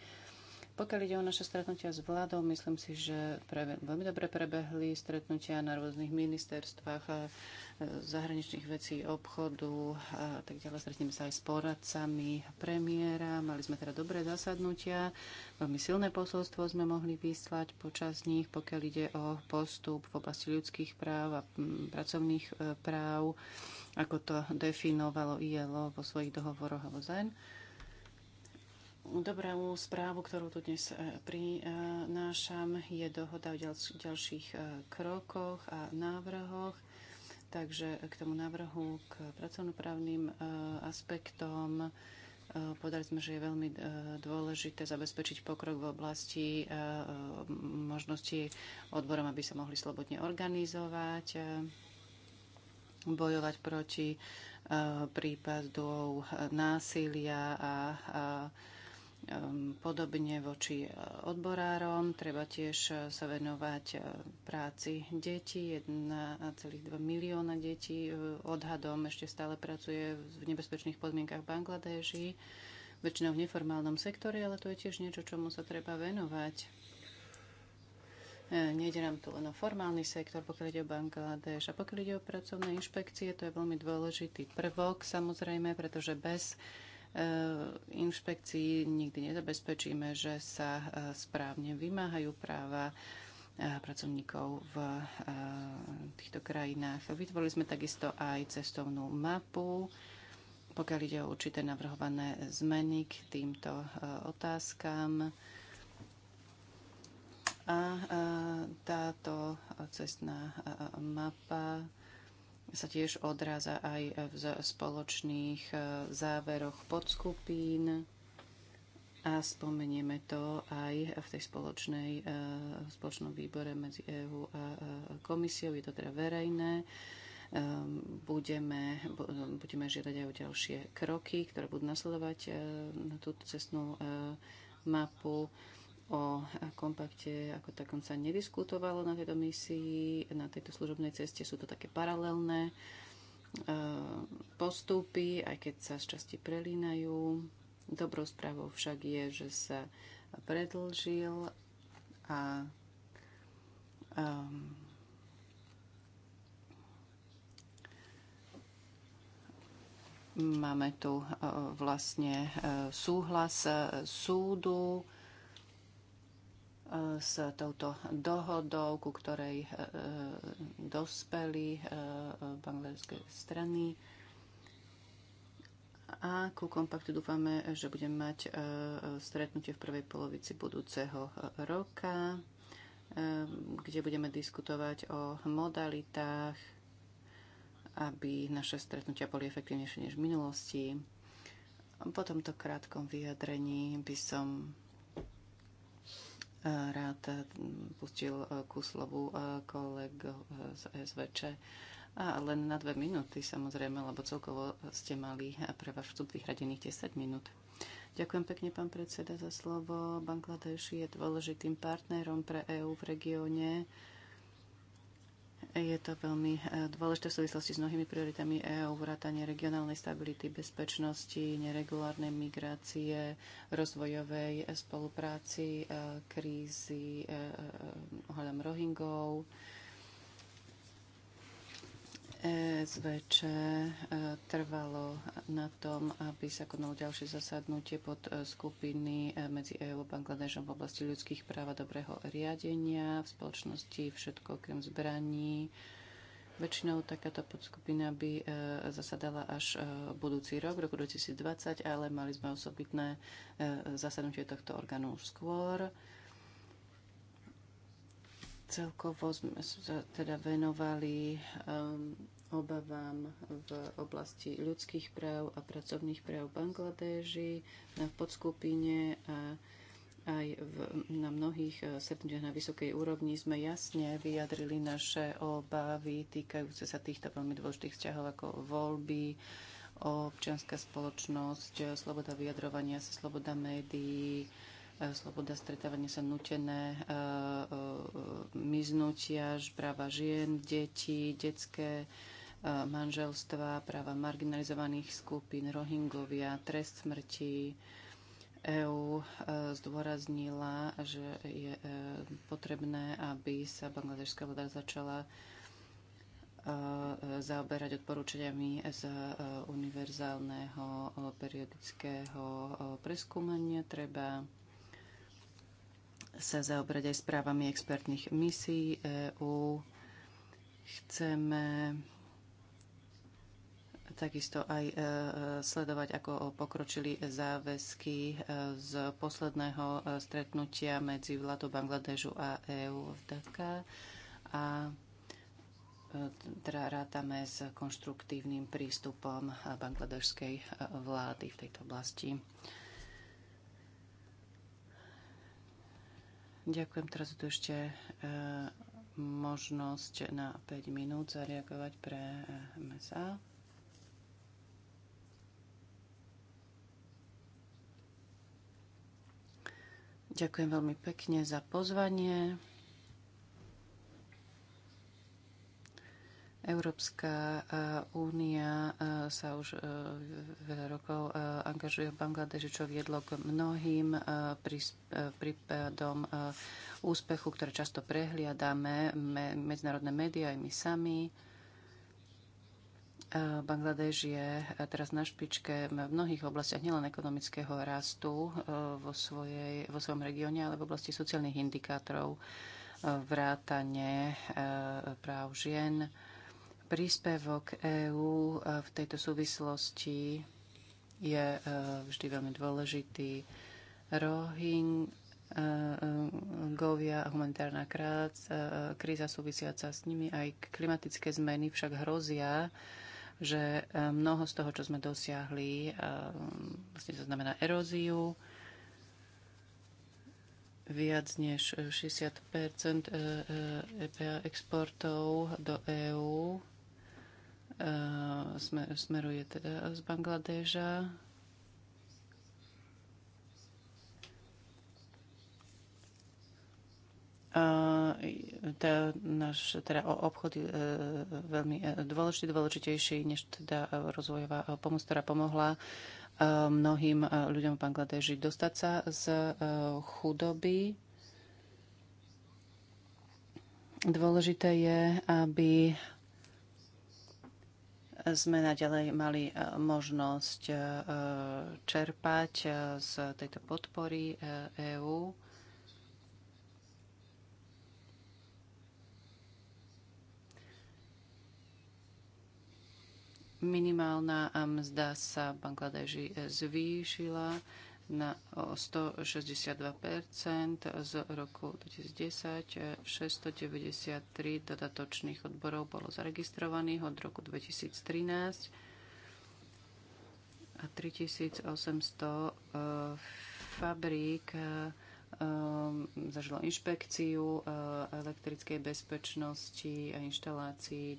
pokiaľ ide o naše stretnutia s vládou, myslím si, že pre, veľmi dobre prebehli stretnutia na rôznych ministerstvách e, zahraničných vecí, obchodu a tak ďalej. Stretneme sa aj s poradcami premiéra. Mali sme teda dobré zasadnutia. Veľmi silné posolstvo sme mohli vyslať počas nich, pokiaľ ide o postup v oblasti ľudských práv a pracovných e, práv, ako to definovalo ILO vo svojich dohovoroch a OZN. Dobrú správu, ktorú tu dnes e, prinášam, je dohoda o ďalších e, krokoch a návrhoch. Takže k tomu návrhu, k pracovnoprávnym e, aspektom, podali sme, že je veľmi dôležité zabezpečiť pokrok v oblasti možnosti odborom, aby sa mohli slobodne organizovať, bojovať proti prípadov násilia a, a Podobne voči e, odborárom treba tiež e, sa venovať e, práci detí. 1,2 milióna detí odhadom ešte stále pracuje v nebezpečných podmienkach v Bangladeži, väčšinou v neformálnom sektore, ale to je tiež niečo, čomu sa treba venovať. Nejde nám tu len o formálny sektor, pokiaľ ide o Bangladeš a pokiaľ ide o pracovné inšpekcie, to je veľmi dôležitý prvok samozrejme, pretože bez Eh, inšpekcií nikdy nezabezpečíme, že sa eh, správne vymáhajú práva eh, pracovníkov v týchto krajinách. Vytvorili sme takisto aj cestovnú mapu, pokiaľ ide o určité navrhované zmeny k týmto otázkam. A táto cestná mapa sa tiež odráza aj v spoločných e, záveroch podskupín a spomenieme to aj v tej spoločnej, e, v spoločnom výbore medzi EÚ a e, komisiou. Je to teda verejné. Budeme, budeme žiadať aj o ďalšie kroky, ktoré budú nasledovať na túto cestnú mapu. O kompakte ako takom sa nediskutovalo na tejto misii, na tejto služobnej ceste sú to také paralelné e, postupy, aj keď sa z časti prelínajú. Dobrou správou však je, že sa predlžil a um, Máme tu e, vlastne e, súhlas súdu s touto dohodou, ku ktorej e, e, dospeli e, bangladeské strany. A ku kompaktu dúfame, že budeme mať stretnutie v prvej polovici budúceho roka, kde budeme diskutovať o modalitách, aby naše stretnutia boli efektívnejšie než v minulosti. Po tomto krátkom vyjadrení by som rád eh, pustil eh, ku slovu eh, kolego z SVČ. A len na dve minúty samozrejme, lebo celkovo ste mali pre váš vstup vyhradených 10 minút. Ďakujem pekne, pán predseda, za slovo. Bangladeš je dôležitým partnerom pre EÚ v regióne je to veľmi e, dôležité v súvislosti s mnohými prioritami EÚ, vrátanie regionálnej stability, bezpečnosti, neregulárnej migrácie, rozvojovej e, spolupráci, e, krízy ohľadom Rohingov, ESVČ e, trvalo na tom, aby sa konalo ďalšie zasadnutie pod e, skupiny e, medzi EU a Bangladežom v oblasti ľudských práv a dobrého riadenia v spoločnosti všetko okrem zbraní. Väčšinou takáto podskupina by zasadala až budúci rok, v roku 2020, ale mali sme osobitné zasadnutie tohto orgánu už skôr Celkovo sme sa teda venovali um, obavám v oblasti ľudských práv a pracovných práv v Bangladeži, na podskupine a aj v, na mnohých e, sedmiach na vysokej úrovni sme jasne vyjadrili naše obavy týkajúce sa týchto veľmi dôležitých vzťahov ako voľby, občianská spoločnosť, e, sloboda vyjadrovania sa, sloboda médií, E, sloboda stretávania sa nutené e, e, miznutia, práva žien, detí, detské manželstva, práva marginalizovaných skupín, rohingovia, trest smrti. EÚ zdôraznila, že je potrebné, aby sa bangladežská voda začala zaoberať odporúčaniami z univerzálneho periodického preskúmania. Treba sa zaobrať aj správami expertných misií EÚ. Chceme takisto aj e, sledovať, ako pokročili záväzky e, z posledného e, stretnutia medzi vládou Bangladežu a EÚ v Dhaka a teda rátame s konštruktívnym prístupom bangladežskej vlády v tejto oblasti. Ďakujem. Teraz tu ešte e, možnosť na 5 minút zareagovať pre e, MSA. Ďakujem veľmi pekne za pozvanie. Európska e, únia e, sa už e, veľa rokov angažuje v Bangladeži, čo viedlo k mnohým prípadom úspechu, ktoré často prehliadame, medzinárodné médiá aj my sami. Bangladež je teraz na špičke v mnohých oblastiach nielen ekonomického rastu vo, svojej, vo svojom regióne, ale v oblasti sociálnych indikátorov, vrátane práv žien, Príspevok EÚ e, v tejto súvislosti je e, vždy veľmi dôležitý. Rohing, e, govia, a humanitárna krác, kríza súvisiaca s nimi, aj klimatické zmeny však hrozia, že mnoho z toho, čo sme dosiahli, vlastne to znamená eróziu, viac než 60 EPA exportov do EÚ Eh, smer, smeruje teda z Bangladeža. A Tá, náš teda obchod je eh, veľmi eh, dôležitý, dôležitejší než teda rozvojová pomoc, ktorá pomohla mnohým ľuďom v Bangladeži dostať sa z chudoby. Dôležité je, aby sme naďalej mali e, možnosť e, čerpať e, z tejto podpory EÚ. Minimálna mzda sa v Bangladeži zvýšila na 162 z roku 2010. 693 e, dodatočných odborov bolo zaregistrovaných od roku 2013 a 3800 e, fabrík e, zažilo inšpekciu elektrickej bezpečnosti a inštalácií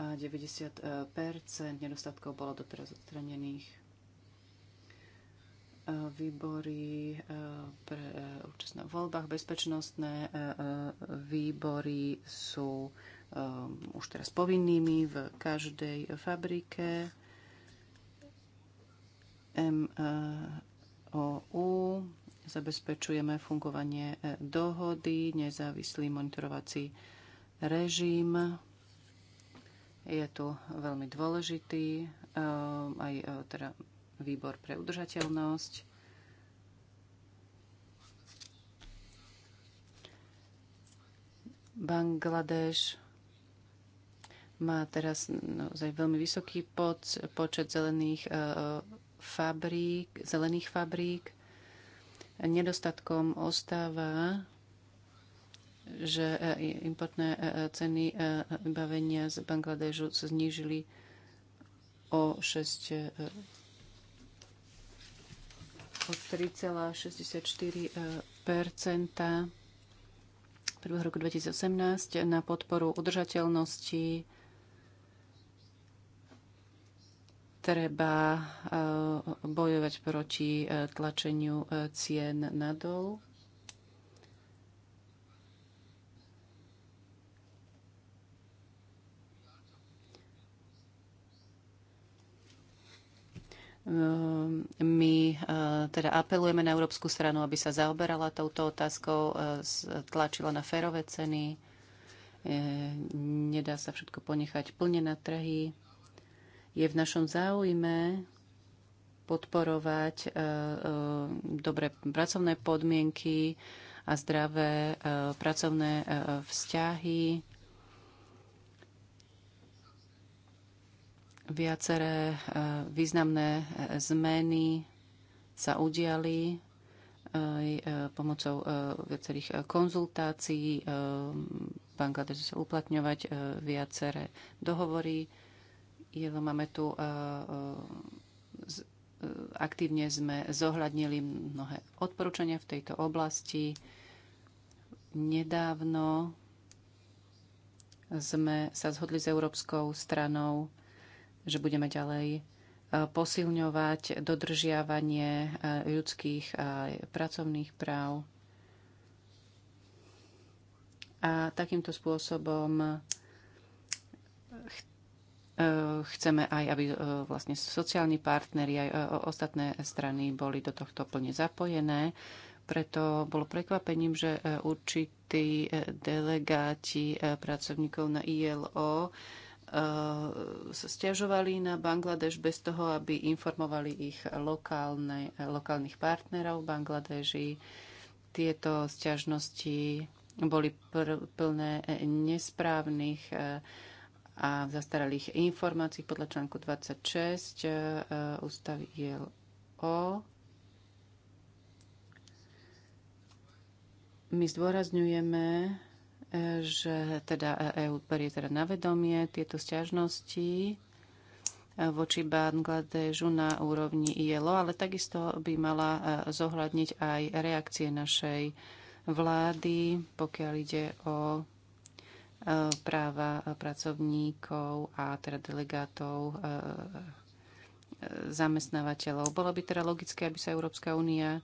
a 90 nedostatkov bolo doteraz odstranených výbory eh, pre eh, účasť na voľbách, bezpečnostné eh, výbory sú už teraz povinnými v každej fabrike. MOU e zabezpečujeme fungovanie dohody, nezávislý monitorovací režim je tu veľmi dôležitý, aj teda výbor pre udržateľnosť. Bangladeš má teraz naozaj veľmi vysoký poč- počet zelených e, e, fabrík, zelených fabrík. Nedostatkom ostáva, že e, importné e, ceny vybavenia z Bangladežu sa znížili o 6 o 3,64 prvého roku 2018 na podporu udržateľnosti treba eh, bojovať proti eh, tlačeniu eh, cien nadol. Ehm, my eh, teda apelujeme na Európsku stranu, aby sa zaoberala touto otázkou, eh, tlačila na férové ceny. Eh, nedá sa všetko ponechať plne na trhy. Je v našom záujme podporovať dobré pracovné podmienky a zdravé pracovné vzťahy Viaceré e, významné e, zmeny sa udiali aj e, pomocou viacerých konzultácií. Bangladeš sa uplatňovať viaceré dohovory. Jedno máme tu aktívne sme zohľadnili mnohé odporúčania v tejto oblasti. Nedávno sme sa zhodli s Európskou stranou že budeme ďalej e, posilňovať dodržiavanie e, ľudských a pracovných práv. A takýmto spôsobom e, chceme aj, aby vlastne sociálni partneri aj ostatné strany boli do tohto plne zapojené. Preto bolo prekvapením, že určití delegáti pracovníkov na ILO E, sa stiažovali na Bangladeš bez toho, aby informovali ich lokálne, lokálnych partnerov v Bangladeži. Tieto stiažnosti boli pr- plné nesprávnych e, a zastaralých informácií podľa článku 26 ústavy ILO. My zdôrazňujeme, že teda EU e berie teda na vedomie tieto sťažnosti e, voči Bangladežu na úrovni ILO, ale takisto by mala e, zohľadniť aj reakcie našej vlády, pokiaľ ide o práva pracovníkov a teda delegátov zamestnávateľov. Bolo by teda logické, aby sa Európska únia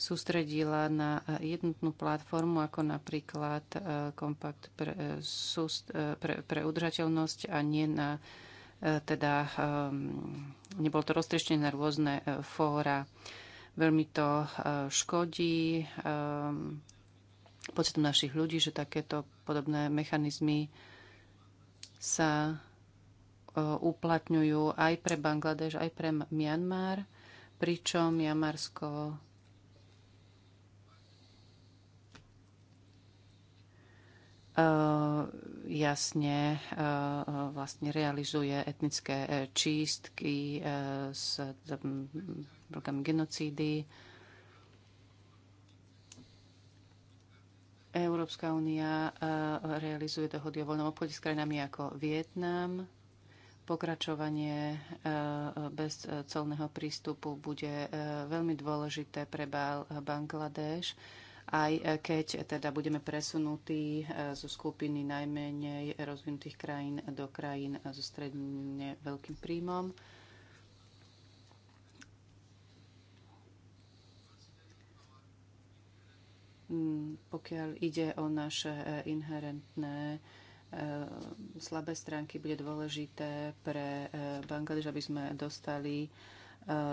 sústredila na e, jednotnú platformu, ako napríklad e, kompakt pre, e, súst, pre, pre udržateľnosť a nie na teda nebol to roztrieštené na rôzne fóra. Veľmi to škodí pocitom našich ľudí, že takéto podobné mechanizmy sa uplatňujú aj pre Bangladeš, aj pre Myanmar, pričom Jamarsko Eh, jasne eh, vlastne realizuje etnické eh, čistky s program genocídy. Európska únia realizuje dohody o voľnom obchode s krajinami ako Vietnam. Pokračovanie bez celného prístupu bude veľmi dôležité pre Bangladeš. Bangladeš aj e, keď teda budeme presunutí e, zo skupiny najmenej rozvinutých krajín do krajín e, so stredne veľkým príjmom. Mm, pokiaľ ide o naše inherentné slabé stránky, bude dôležité pre Bangladeš, aby sme dostali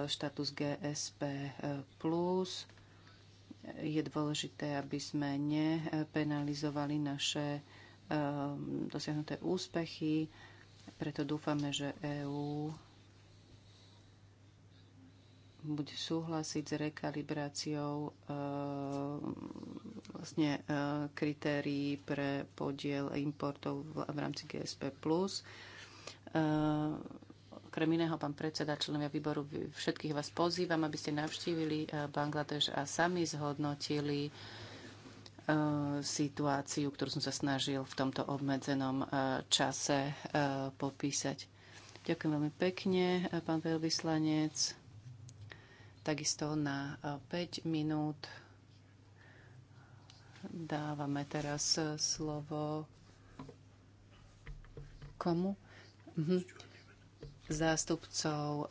štatus GSP+. plus je dôležité, aby sme nepenalizovali naše ehm, dosiahnuté úspechy, preto dúfame, že EÚ bude súhlasiť s rekalibráciou ehm, vlastne ehm, kritérií pre podiel importov v rámci GSP+. Okrem iného, pán predseda, členovia výboru, všetkých vás pozývam, aby ste navštívili e, Bangladeš a sami zhodnotili e, situáciu, ktorú som sa snažil v tomto obmedzenom e, čase popísať. Ďakujem veľmi pekne, pán veľvyslanec. Takisto na 5 minút dávame teraz slovo komu? Mhm zástupcov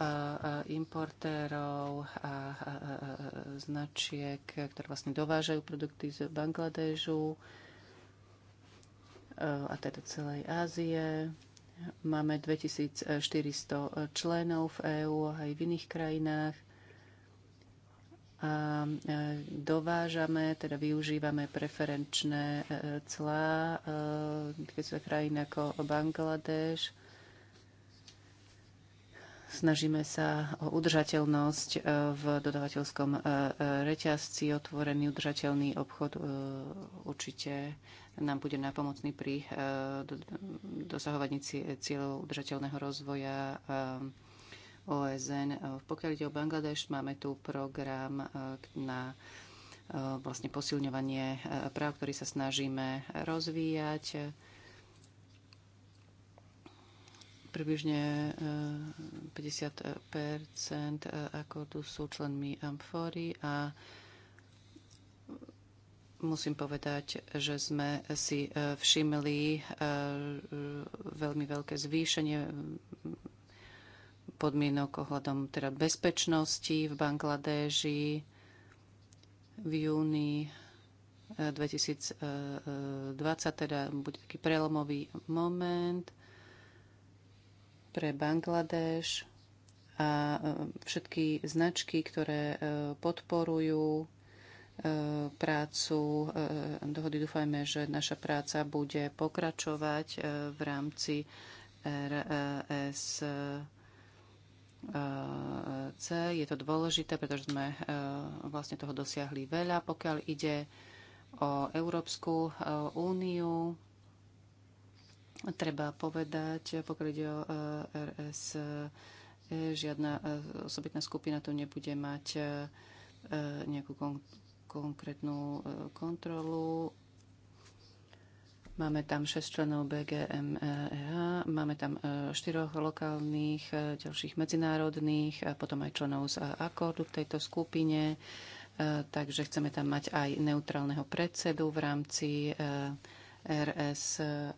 importérov a značiek, ktoré vlastne dovážajú produkty z Bangladežu a teda celej Ázie. Máme 2400 členov v EÚ aj v iných krajinách a e, dovážame, teda využívame preferenčné e, clá, keď sa krajín ako Bangladeš, Snažíme sa o udržateľnosť e, v dodavateľskom e, e, reťazci. Otvorený udržateľný obchod určite nám bude napomocný pri dosahovaní cieľov udržateľného rozvoja OSN. Pokiaľ ide o Bangladeš, máme tu program na vlastne posilňovanie práv, ktorý sa snažíme rozvíjať približne 50 eh, eh, ako tu sú členmi Amfory a musím povedať, že sme si eh, všimli veľmi veľké zvýšenie mm, podmienok ohľadom teda bezpečnosti v Bangladeži v júni 2020, teda bude taký prelomový moment pre Bangladeš a e, všetky značky, ktoré e, podporujú e, prácu. Dohody dúfajme, že naša práca bude pokračovať v rámci RSC. Je to dôležité, pretože sme vlastne toho dosiahli veľa. Pokiaľ ide o Európsku úniu, Treba povedať, pokiaľ ide o e, RS, e, žiadna e, osobitná skupina tu nebude mať nejakú kon- konkrétnu kontrolu. Máme tam 6 členov BGMEH, máme tam 4 lokálnych, ďalších medzinárodných a potom aj členov z akordu v tejto skupine. Takže chceme tam mať aj neutrálneho predsedu v rámci RSE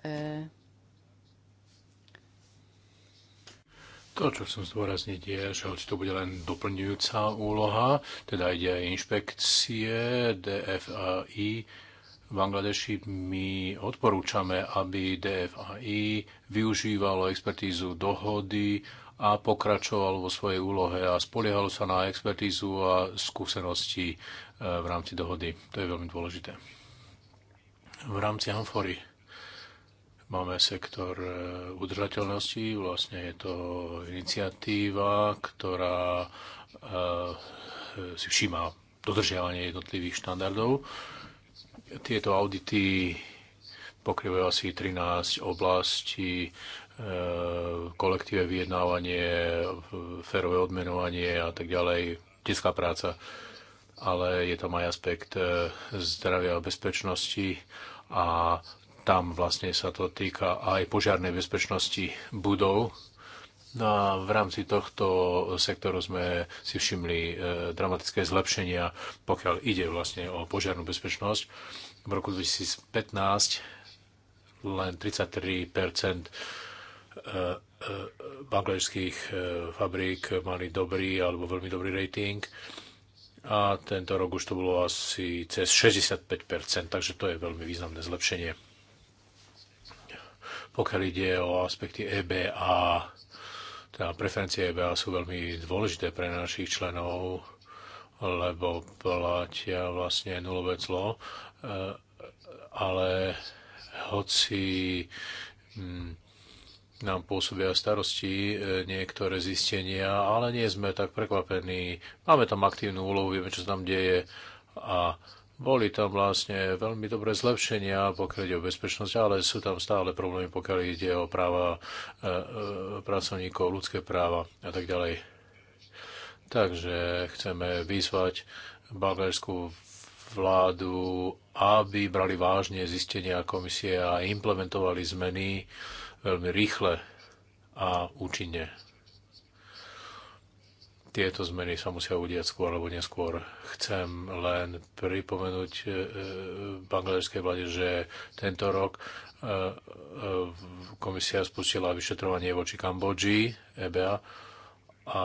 To, čo chcem zdôrazniť, je, že hoci to bude len doplňujúca úloha, teda ide aj inšpekcie DFAI v Bangladeši, my odporúčame, aby DFAI využívalo expertízu dohody a pokračovalo vo svojej úlohe a spoliehalo sa na expertízu a skúsenosti eh, v rámci dohody. To je veľmi dôležité. V rámci Amfory Máme sektor e, udržateľnosti, vlastne je to iniciatíva, ktorá e, si všíma dodržiavanie jednotlivých štandardov. Tieto audity pokrývajú asi 13 oblastí, e, kolektíve vyjednávanie, férové odmenovanie a tak ďalej, detská práca, ale je tam aj aspekt zdravia a bezpečnosti a tam vlastne sa to týka aj požiarnej bezpečnosti budov. No a v rámci tohto sektoru sme si všimli e, dramatické zlepšenia, pokiaľ ide vlastne o požiarnú bezpečnosť. V roku 2015 len 33 e, e, bangladežských fabrík mali dobrý alebo veľmi dobrý rating a tento rok už to bolo asi cez 65%, takže to je veľmi významné zlepšenie. Pokiaľ ide o aspekty EBA, teda preferencie EBA sú veľmi dôležité pre našich členov, lebo platia vlastne nulové clo, eh, ale hoci hm, nám pôsobia starosti eh, niektoré zistenia, ale nie sme tak prekvapení. Máme tam aktívnu úlohu, vieme, čo sa tam deje a boli tam vlastne veľmi dobré zlepšenia, pokiaľ ide o bezpečnosť, ale sú tam stále problémy, pokiaľ ide o práva e, e, pracovníkov, ľudské práva a tak ďalej. Takže chceme vyzvať bangladeskú vládu, aby brali vážne zistenia komisie a implementovali zmeny veľmi rýchle a účinne. Tieto zmeny sa musia udiať skôr alebo neskôr. Chcem len pripomenúť e, e, bangladeskej vláde, že tento rok e, komisia spustila vyšetrovanie voči Kambodži, EBA, a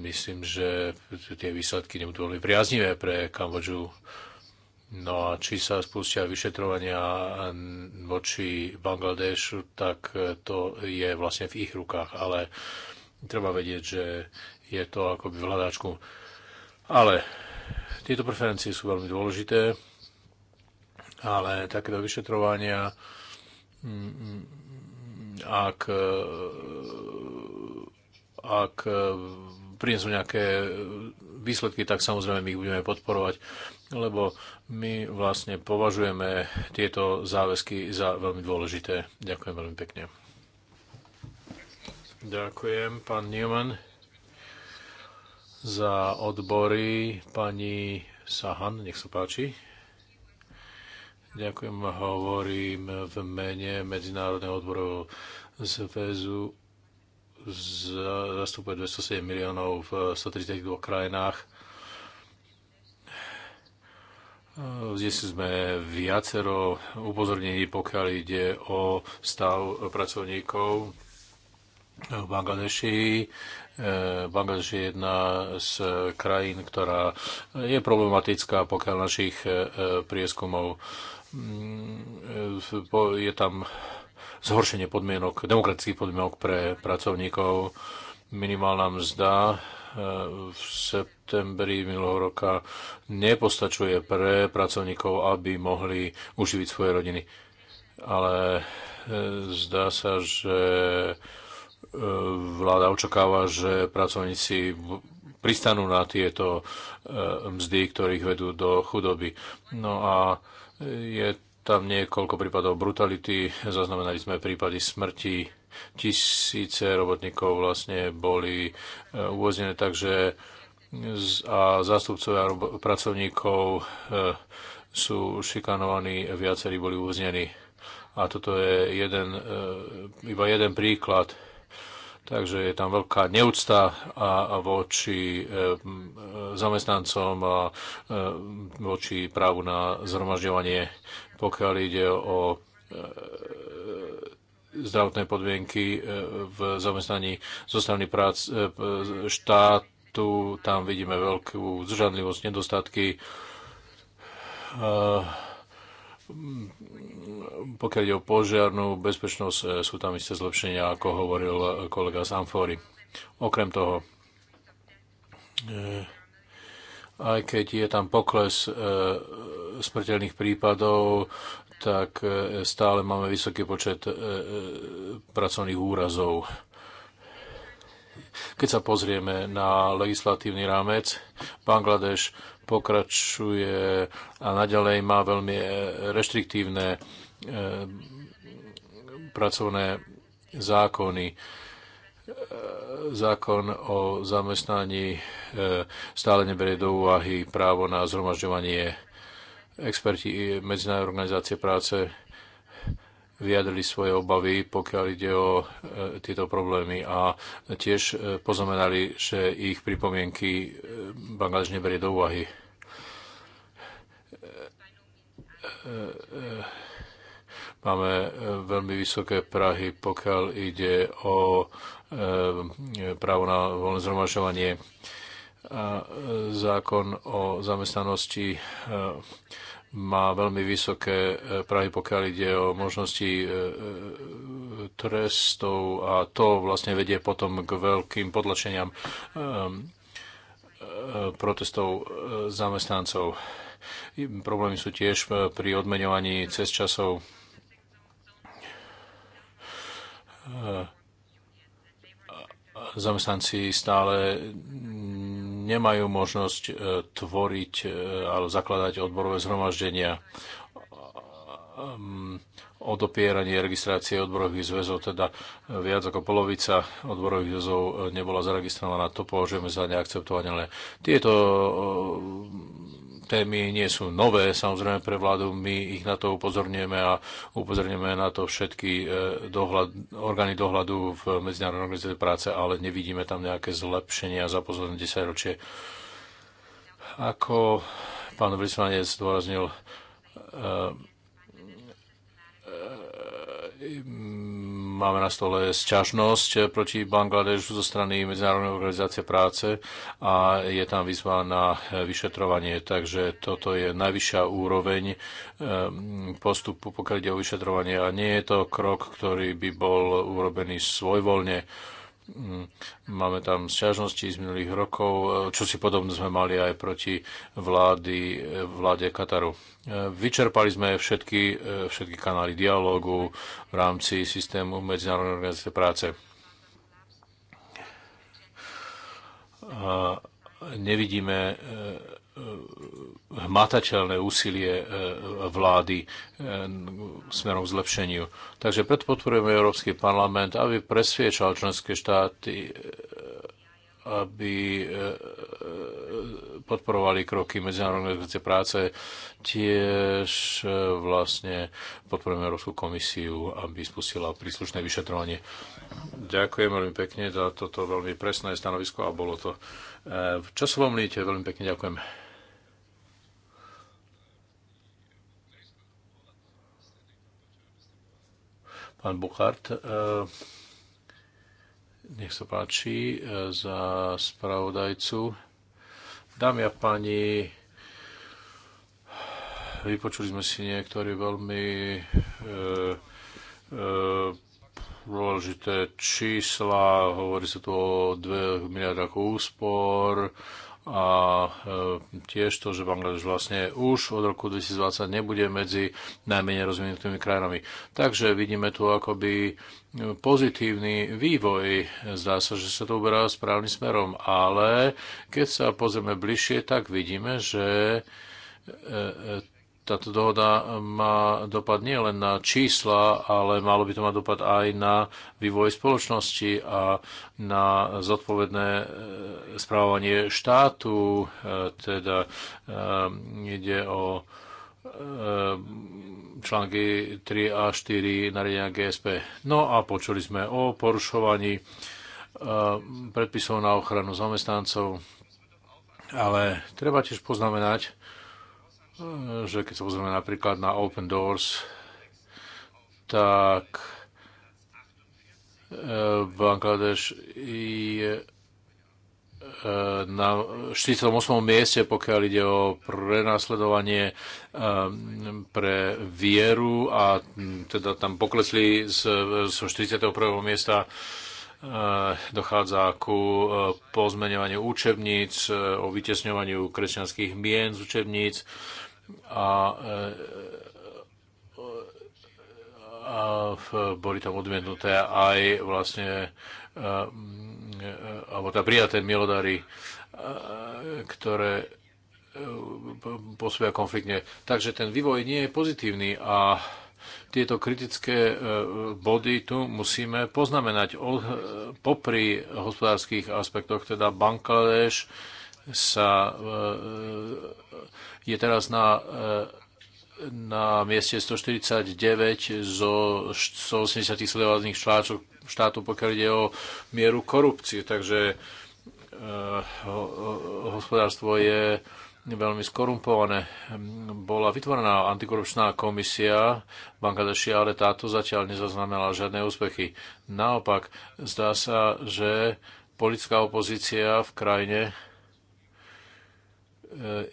myslím, že tie výsledky nebudú veľmi priaznivé pre Kambodžu. No a či sa spustia vyšetrovania voči Bangladešu, tak to je vlastne v ich rukách, ale treba vedieť, že je to akoby v hľadáčku. Ale tieto preferencie sú veľmi dôležité, ale takéto vyšetrovania, mm, mm, ak, eh, ak eh, prinesú nejaké výsledky, tak samozrejme my ich budeme podporovať, lebo my vlastne považujeme tieto záväzky za veľmi dôležité. Ďakujem veľmi pekne. Ďakujem, pán Newman za odbory pani Sahan, nech sa páči. Ďakujem, hovorím v mene Medzinárodného odboru zväzu zastupuje 207 miliónov v 132 krajinách. Zistili sme viacero upozornení, pokiaľ ide o stav pracovníkov v Bangladeši Eh, Bangladeš je jedna z krajín, ktorá je problematická, pokiaľ našich eh, eh, prieskumov mm, je tam zhoršenie podmienok, demokratických podmienok pre pracovníkov. Minimálna mzda v septembri minulého roka nepostačuje pre pracovníkov, aby mohli uživiť svoje rodiny. Ale zdá sa, že E, vláda očakáva, že pracovníci pristanú na tieto e, mzdy, ktorých vedú do chudoby. No a je tam niekoľko prípadov brutality, zaznamenali sme prípady smrti, tisíce robotníkov vlastne boli e, uvoznené, takže a zástupcovia pracovníkov sú šikanovaní, viacerí boli uvoznení. A toto je jeden, iba jeden príklad Takže je tam veľká neúcta voči zamestnancom a voči právu na zhromažďovanie, pokiaľ ide o e, zdravotné podmienky e, v zamestnaní zo strany prác e, štátu. Tam vidíme veľkú zdržanlivosť, nedostatky pokiaľ ide o požiarnú bezpečnosť, e, sú tam isté zlepšenia, ako hovoril kolega z Amfory. Okrem toho, e, aj keď je tam pokles e, smrteľných prípadov, tak stále máme vysoký počet pracovných úrazov. Keď sa pozrieme na legislatívny rámec, Bangladeš pokračuje a naďalej má veľmi reštriktívne E, pracovné zákony, e, zákon o zamestnaní e, stále neberie do úvahy právo na zhromažďovanie. Experti Medzinárodnej organizácie práce vyjadrili svoje obavy, pokiaľ ide o tieto problémy a tiež poznamenali, že ich pripomienky Bangladeš neberie do úvahy. E, e, e, Máme e, veľmi vysoké prahy, pokiaľ ide o e, právo na voľné zhromažovanie a e, zákon o zamestnanosti má veľmi vysoké prahy, pokiaľ ide o možnosti trestov a to vlastne vedie potom k veľkým podlačeniam protestov zamestnancov. Problémy sú tiež pri odmeňovaní cez časov Eh, zamestnanci stále nemajú možnosť eh, tvoriť eh, alebo zakladať odborové zhromaždenia. Ehm, odopieranie registrácie odborových zväzov, teda viac ako polovica odborových zväzov nebola zaregistrovaná, to považujeme za neakceptovateľné. Tieto témy nie sú nové, samozrejme pre vládu, my ich na to upozorňujeme a upozorňujeme na to všetky e, dohľad, orgány dohľadu v Medzinárodnej organizácii práce, ale nevidíme tam nejaké zlepšenia za posledné 10 ročie. Ako pán vyslanec zdôraznil, e, e, Máme na stole sťažnosť eh, proti Bangladešu zo strany Medzinárodnej organizácie práce a je tam výzva na eh, vyšetrovanie. Takže toto je najvyššia úroveň eh, postupu, pokiaľ ide o vyšetrovanie. A nie je to krok, ktorý by bol urobený svojvoľne Mm. Máme tam sťažnosti z minulých rokov, e, čo si podobne sme mali aj proti vlády, e, vláde Kataru. E, vyčerpali sme všetky, všetky kanály dialogu v rámci systému Medzinárodnej organizácie práce. A nevidíme E, hmatateľné úsilie e, vlády e, smerom k zlepšeniu. Takže preto podporujeme Európsky parlament, aby presviečal členské štáty, aby podporovali kroky Medzinárodnej organizácie práce. Tiež vlastne podporujeme Európsku komisiu, aby spustila príslušné vyšetrovanie. Ďakujem veľmi pekne za toto veľmi presné stanovisko a bolo to v časovom líte. Veľmi pekne ďakujem. Pán Buchart, e, nech sa páči e, za spravodajcu. Dámy a páni, vypočuli sme si niektoré veľmi e, e, dôležité čísla, hovorí sa tu o 2 miliardách úspor, a e, tiež to, že Bangladeš vlastne už od roku 2020 nebude medzi najmenej rozvinutými krajinami. Takže vidíme tu akoby pozitívny vývoj. Zdá sa, že sa to uberá správnym smerom, ale keď sa pozrieme bližšie, tak vidíme, že e, e, táto dohoda má dopad nie len na čísla, ale malo by to mať dopad aj na vývoj spoločnosti a na zodpovedné e, správanie štátu. E, teda e, ide o články 3 a 4 nariadenia GSP. No a počuli sme o porušovaní predpisov na ochranu zamestnancov, ale treba tiež poznamenať, že keď sa pozrieme napríklad na Open Doors, tak e, Bangladeš je e, na 48. mieste, pokiaľ ide o prenasledovanie e, pre vieru a teda tam poklesli z, z 41. miesta dochádza ku pozmeňovaniu učebníc, o vytesňovaniu kresťanských mien z učebníc a, e, e, a boli tam odmietnuté aj vlastne e, alebo tá prijaté milodary, ktoré pôsobia konfliktne. Takže ten vývoj nie je pozitívny a tieto kritické body tu musíme poznamenať popri hospodárskych aspektoch, teda Bangladeš sa je teraz na, e, na mieste 149 zo 180 sledovaných štátov, štátov, pokiaľ ide o mieru korupcie. Takže e, hospodárstvo je veľmi skorumpované. Bola vytvorená antikorupčná komisia v Bangladeši, ale táto zatiaľ nezaznamenala žiadne úspechy. Naopak, zdá sa, že politická opozícia v krajine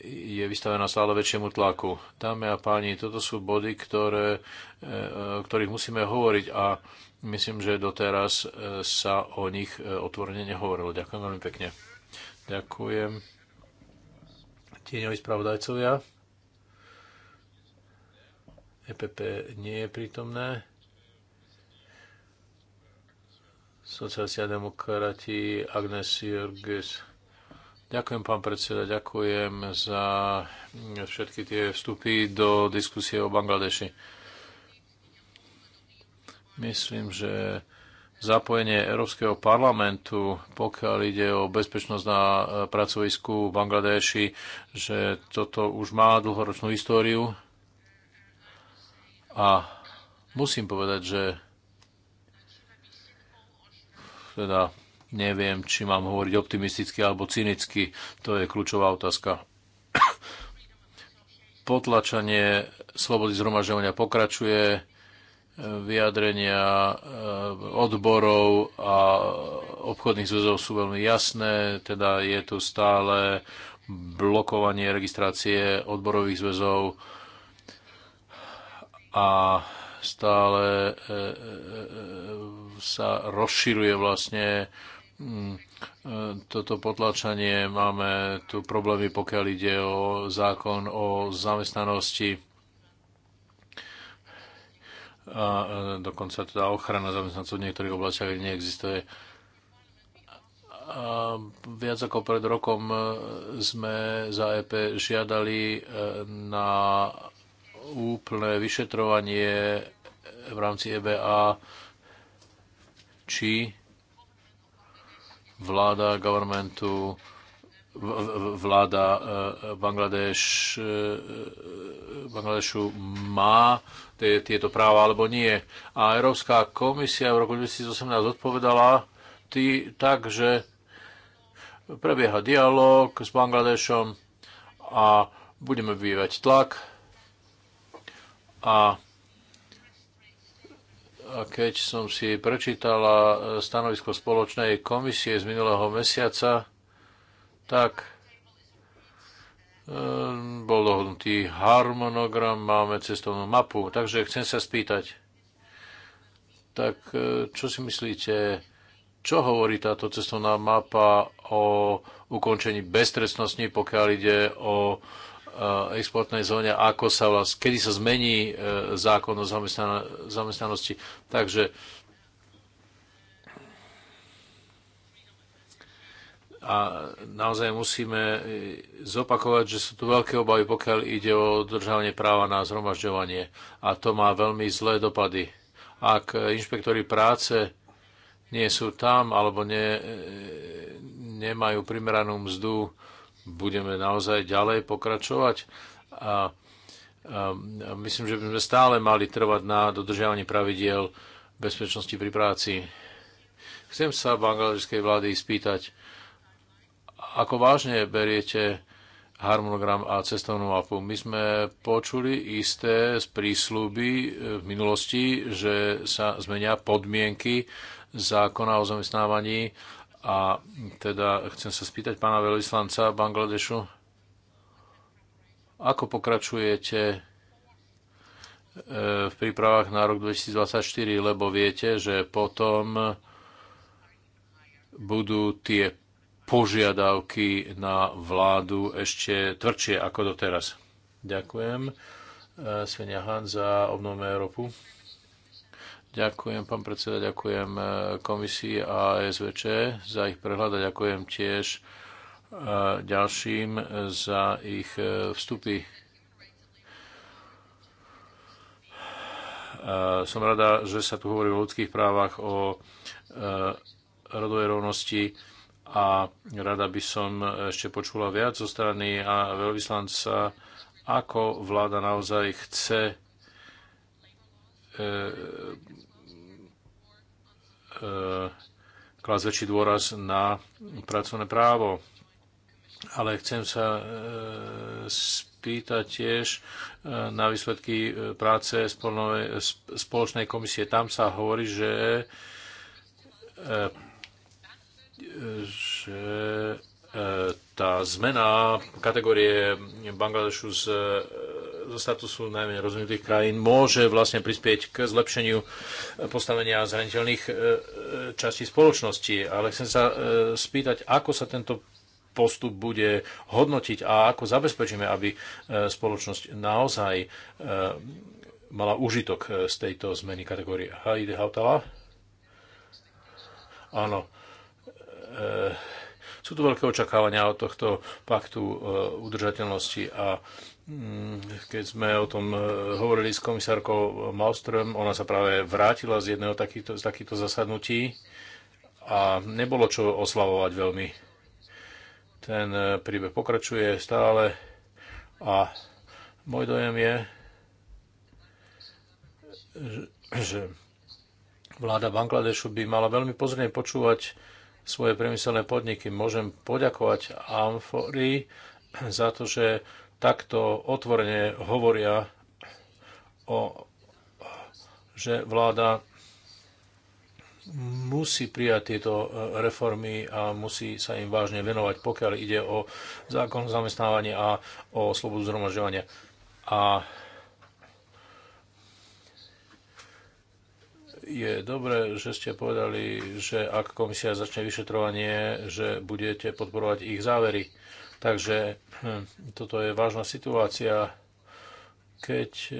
je vystavená stále väčšiemu tlaku. Dámy a páni, toto sú body, ktoré, e, o ktorých musíme hovoriť a myslím, že doteraz e, sa o nich e, otvorene nehovorilo. Ďakujem veľmi pekne. Ďakujem. Tieňoví spravodajcovia. EPP nie je prítomné. Sociálci a demokrati Agnes Jörges Ďakujem, pán predseda, ďakujem za všetky tie vstupy do diskusie o Bangladeši. Myslím, že zapojenie Európskeho parlamentu, pokiaľ ide o bezpečnosť na e, pracovisku v Bangladeši, že toto už má dlhoročnú históriu. A musím povedať, že teda Neviem, či mám hovoriť optimisticky alebo cynicky. To je kľúčová otázka. Potlačanie slobody zhromažďovania pokračuje, e, vyjadrenia e, odborov a obchodných zväzov sú veľmi jasné, teda je tu stále blokovanie registrácie odborových zväzov a stále e, sa rozširuje vlastne Mm, e, toto potlačanie, máme tu problémy, pokiaľ ide o zákon o zamestnanosti a e, dokonca teda ochrana zamestnancov v niektorých oblastiach neexistuje. A viac ako pred rokom e, sme za EP žiadali na úplné vyšetrovanie v rámci EBA, či vláda governmentu, vláda e, Bangladeš, e, e, Bangladešu má tieto práva alebo nie. A Európska komisia v roku 2018 odpovedala tý, tak, že prebieha dialog s Bangladešom a budeme vyvíjať tlak a a keď som si prečítala eh, stanovisko spoločnej komisie z minulého mesiaca, tak eh, bol dohodnutý harmonogram, máme cestovnú mapu. Takže chcem sa spýtať, tak eh, čo si myslíte, čo hovorí táto cestovná mapa o ukončení beztrestnosti, pokiaľ ide o Eh, exportnej zóne, ako sa vlast, kedy sa zmení eh, zákon o zamestnanosti. Takže a naozaj musíme eh, zopakovať, že sú tu veľké obavy, pokiaľ ide o dodržanie práva na zhromažďovanie. A to má veľmi zlé dopady. Ak inšpektori práce nie sú tam alebo ne, nemajú primeranú mzdu, budeme naozaj ďalej pokračovať a, a, a myslím, že by sme stále mali trvať na dodržiavaní pravidiel bezpečnosti pri práci. Chcem sa bangladežskej vlády spýtať, ako vážne beriete harmonogram a cestovnú mapu. My sme počuli isté z prísľuby e, v minulosti, že sa zmenia podmienky zákona o zamestnávaní a teda chcem sa spýtať pána veľvyslanca Bangladešu, ako pokračujete e, v prípravách na rok 2024, lebo viete, že potom budú tie požiadavky na vládu ešte tvrdšie ako doteraz. Ďakujem. E, Svenia Han za obnovu Európu. Ďakujem, pán predseda, ďakujem e, komisii a SVČ za ich prehľad a ďakujem tiež e, ďalším za ich e, vstupy. Som rada, že sa tu hovorí o ľudských právach, o rodovej rovnosti a rada by som ešte počula viac zo strany a veľvyslanca, ako vláda naozaj chce E, klas väčší dôraz na pracovné právo. Ale chcem sa e, spýtať tiež e, na výsledky práce spoločnej komisie. Tam sa hovorí, že, že tá zmena kategórie Bangladešu z zo statusu najmenej rozvinutých krajín môže vlastne prispieť k zlepšeniu e, postavenia zraniteľných e, e, častí spoločnosti. Ale chcem sa spýtať, ako sa tento postup bude hodnotiť a ako zabezpečíme, aby spoločnosť naozaj mala užitok z tejto zmeny kategórie. Haide Hautala? Áno. sú tu veľké očakávania od tohto paktu udržateľnosti a Mm, keď sme o tom e, hovorili s komisárkou Malström, ona sa práve vrátila z jedného takýto, z takýchto zasadnutí a nebolo čo oslavovať veľmi. Ten e, príbeh pokračuje stále a môj dojem je, že vláda Bangladešu by mala veľmi pozorne počúvať svoje priemyselné podniky. Môžem poďakovať Amfory za to, že takto otvorene hovoria o že vláda musí prijať tieto e, reformy a musí sa im vážne venovať, pokiaľ ide o zákon o zamestnávanie a o slobodu zhromažďovania. A je dobré, že ste povedali, že ak komisia začne vyšetrovanie, že budete podporovať ich závery. Takže hm, toto je vážna situácia. Keď eh,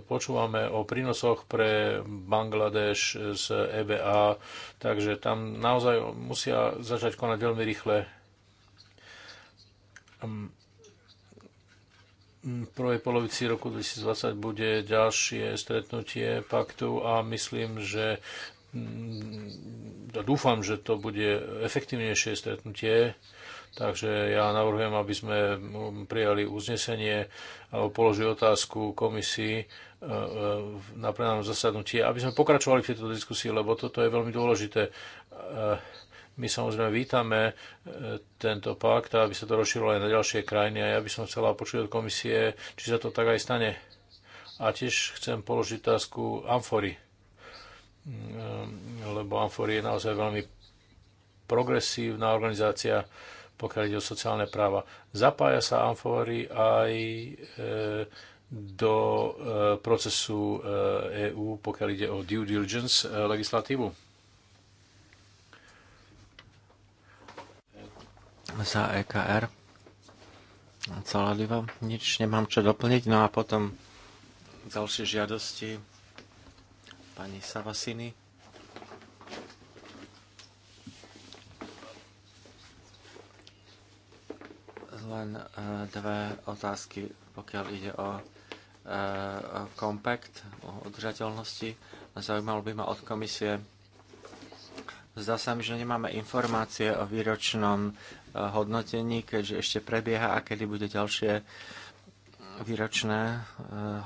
počúvame o prínosoch pre Bangladeš z EBA, takže tam naozaj musia začať konať veľmi rýchle. Hm, hm, v prvej polovici roku 2020 bude ďalšie stretnutie paktu a myslím, že dúfam, že to bude efektívnejšie stretnutie Takže ja navrhujem, aby sme mm, prijali uznesenie alebo položili otázku komisii e, e, na plenárnom zasadnutí, aby sme pokračovali v tejto diskusii, lebo toto je veľmi dôležité. E, my samozrejme vítame tento pakt, aby sa to rozšírilo aj na ďalšie krajiny a ja by som chcela počuť od komisie, či sa to tak aj stane. A tiež chcem položiť otázku Amfory, mm, lebo Amfory je naozaj veľmi progresívna organizácia, pokiaľ ide o sociálne práva. Zapája sa Amfory aj e, do e, procesu EÚ, e pokiaľ ide o due diligence legislatívu? Za EKR. Celá diva. Nič nemám čo doplniť. No a potom ďalšie žiadosti pani Savasiny. Len e, dve otázky, pokiaľ ide e, o kompakt o udržateľnosti. Zaujímalo by ma od komisie. Zdá sa mi, že nemáme informácie o výročnom e, hodnotení, keďže ešte prebieha a kedy bude ďalšie výročné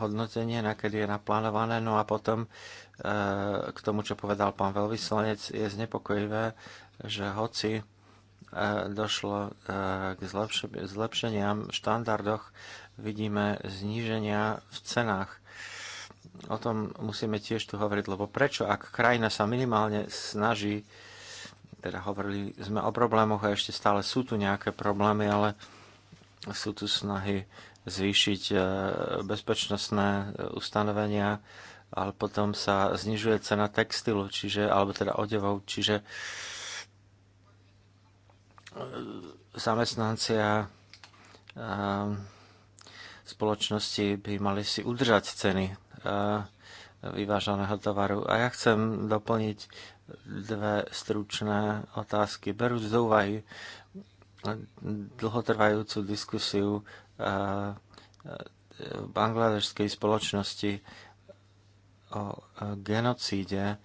hodnotenie, na kedy je naplánované. No a potom k tomu, čo povedal pán veľvyslanec, je znepokojivé, že hoci došlo e, k zlepšeniam v štandardoch, vidíme zníženia v cenách. O tom musíme tiež tu hovoriť, lebo prečo, ak krajina sa minimálne snaží, teda hovorili sme o problémoch a ešte stále sú tu nejaké problémy, ale sú tu snahy zvýšiť e, bezpečnostné ustanovenia, ale potom sa znižuje cena textilu, čiže, alebo teda odevov, čiže uh, zamestnanci a spoločnosti by mali si udržať ceny vyvážaného tovaru. A ja chcem doplniť dve stručné otázky. Berúť do úvahy dlhotrvajúcu diskusiu bangladežskej spoločnosti o genocíde,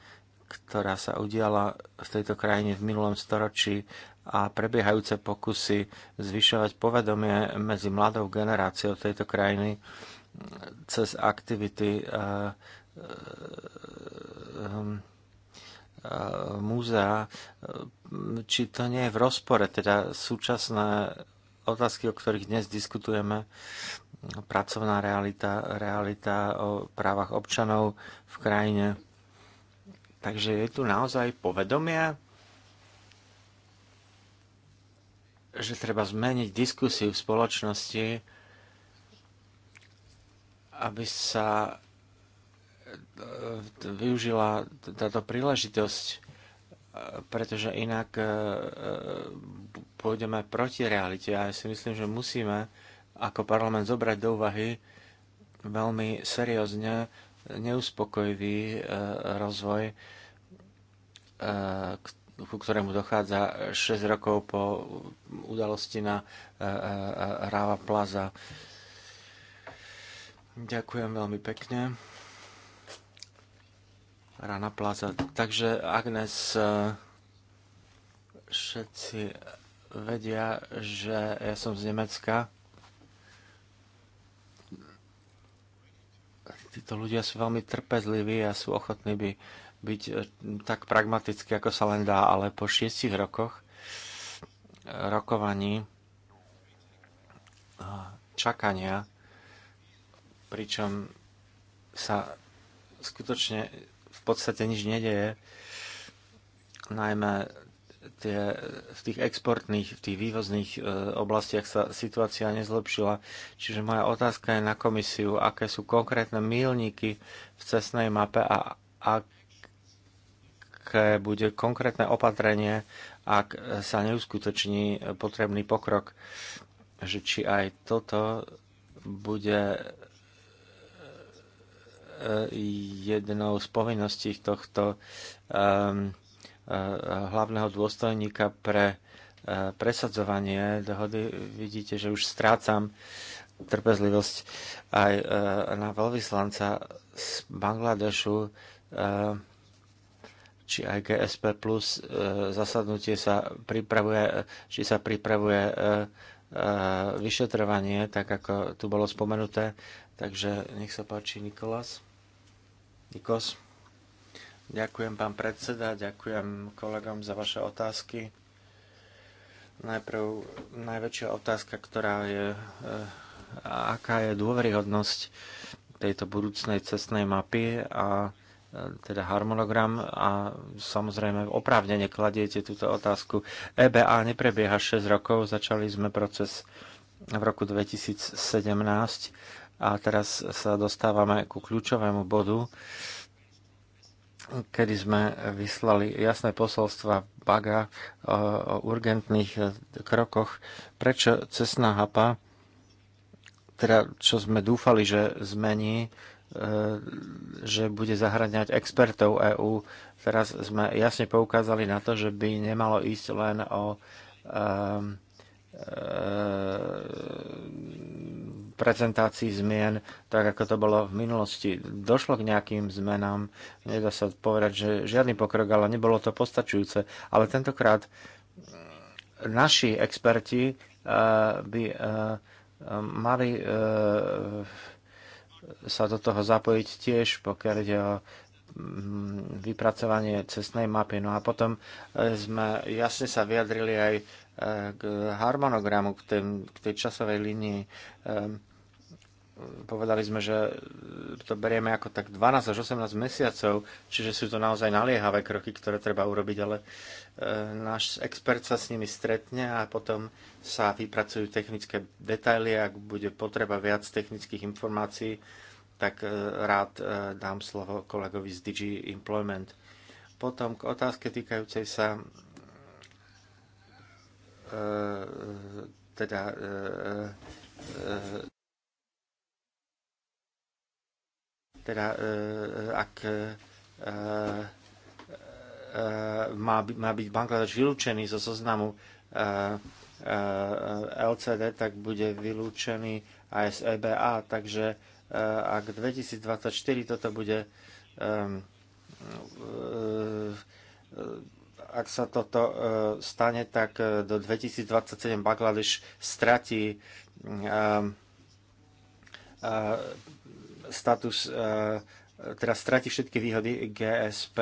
ktorá sa udiala v tejto krajine v minulom storočí a prebiehajúce pokusy zvyšovať povedomie medzi mladou generáciou tejto krajiny cez aktivity eh, eh, hm, eh, múzea, hm, či to nie je v rozpore, teda súčasné otázky, o ktorých dnes diskutujeme, pracovná realita, realita o právach občanov v krajine. Takže je tu naozaj povedomie že treba zmeniť diskusiu v spoločnosti, aby sa e, využila táto príležitosť, e, pretože inak e, pôjdeme proti realite. A ja si myslím, že musíme ako parlament zobrať do úvahy veľmi seriózne neuspokojivý rozvoj, ku ktorému dochádza 6 rokov po udalosti na e, e, e, Ráva Plaza. Ďakujem veľmi pekne. Rana Plaza. Takže Agnes, všetci vedia, že ja som z Nemecka. Títo ľudia sú veľmi trpezliví a sú ochotní by byť e, tak pragmatický, ako sa len dá, ale po šiestich rokoch e, rokovaní e, čakania, pričom sa skutočne v podstate nič nedeje, najmä tie, v tých exportných, v tých vývozných e, oblastiach sa situácia nezlepšila. Čiže moja otázka je na komisiu, aké sú konkrétne milníky v cestnej mape a ak aké bude konkrétne opatrenie, ak sa neuskutoční potrebný pokrok, že či aj toto bude e, jednou z povinností tohto um, hlavného dôstojníka pre e, presadzovanie dohody. Vidíte, že už strácam trpezlivosť aj na veľvyslanca z Bangladešu či aj GSP plus e, zasadnutie sa pripravuje, či sa pripravuje e, e, vyšetrovanie, tak ako tu bolo spomenuté. Takže nech sa páči Nikolas. Nikos. Ďakujem pán predseda, ďakujem kolegom za vaše otázky. Najprv najväčšia otázka, ktorá je, aká je dôveryhodnosť tejto budúcnej cestnej mapy a teda harmonogram a samozrejme oprávnene kladiete túto otázku. EBA neprebieha 6 rokov, začali sme proces v roku 2017 a teraz sa dostávame ku kľúčovému bodu, kedy sme vyslali jasné posolstva Baga e, o urgentných e, krokoch, prečo cestná hapa, teda čo sme dúfali, že zmení, E, že bude zahraňať expertov EÚ. Teraz sme jasne poukázali na to, že by nemalo ísť len o um, zmien, tak ako to bolo v minulosti. Došlo k nejakým zmenám, nedá sa povedať, že žiadny pokrok, ale nebolo to postačujúce. Ale tentokrát naši experti by mali sa do toho zapojiť tiež, pokiaľ ide o mm, vypracovanie cestnej mapy. No a potom e, sme jasne sa vyjadrili aj e, k harmonogramu, k tej, k tej časovej linii. Ehm, povedali sme, že e, to berieme ako tak 12 až 18 mesiacov, čiže sú to naozaj naliehavé kroky, ktoré treba urobiť, ale e, náš expert sa s nimi stretne a potom sa vypracujú technické detaily. Ak bude potreba viac technických informácií, tak e, rád dám slovo kolegovi z Digi Employment. Potom k otázke týkajúcej sa teda teda e, e, ak e, má, má byť Bangladeš vylúčený zo zoznamu LCD, tak bude vylúčený aj z EBA. Takže ak 2024 toto bude ak sa toto stane, tak do 2027 Bangladeš stratí status e, teda strati všetky výhody GSP,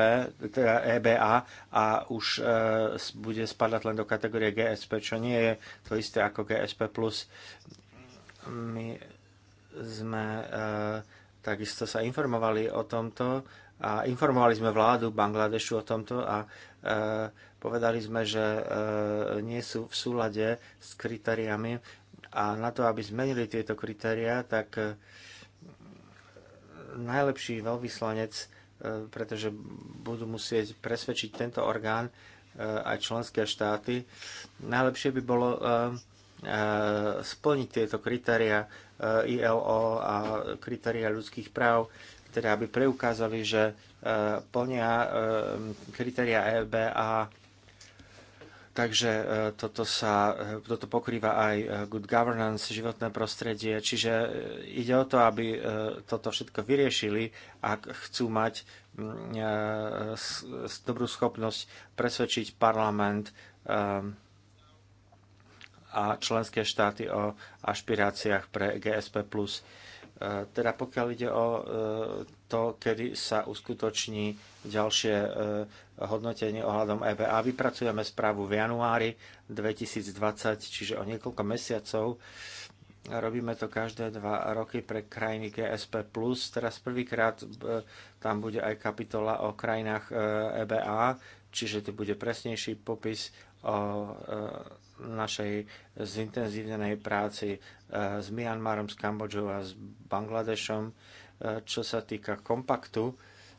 teda EBA a už e, bude spadať len do kategórie GSP, čo nie je to isté ako GSP+. My sme e, takisto sa informovali o tomto a informovali sme vládu Bangladešu o tomto a e, povedali sme, že e, nie sú v súlade s kritériami a na to, aby zmenili tieto kritéria, tak e, najlepší veľvyslanec, e, pretože budú musieť presvedčiť tento orgán e, aj členské štáty. Najlepšie by bolo e, splniť tieto kritéria ILO a kritéria ľudských práv, teda aby preukázali, že plnia kritéria EBA Takže e, toto, sa, e, toto pokrýva aj e, good governance, životné prostredie. Čiže ide o to, aby toto všetko vyriešili, ak chcú mať dobrú schopnosť presvedčiť parlament a členské štáty o ašpiráciách pre GSP+. Teda pokiaľ ide o to, kedy sa uskutoční ďalšie hodnotenie ohľadom EBA. Vypracujeme správu v januári 2020, čiže o niekoľko mesiacov. Robíme to každé dva roky pre krajiny GSP+. Teraz prvýkrát e, tam bude aj kapitola o krajinách EBA, e čiže to bude presnejší popis o e, našej zintenzívnenej práci s Myanmarom, s Kambodžou a s Bangladešom. Čo sa týka kompaktu,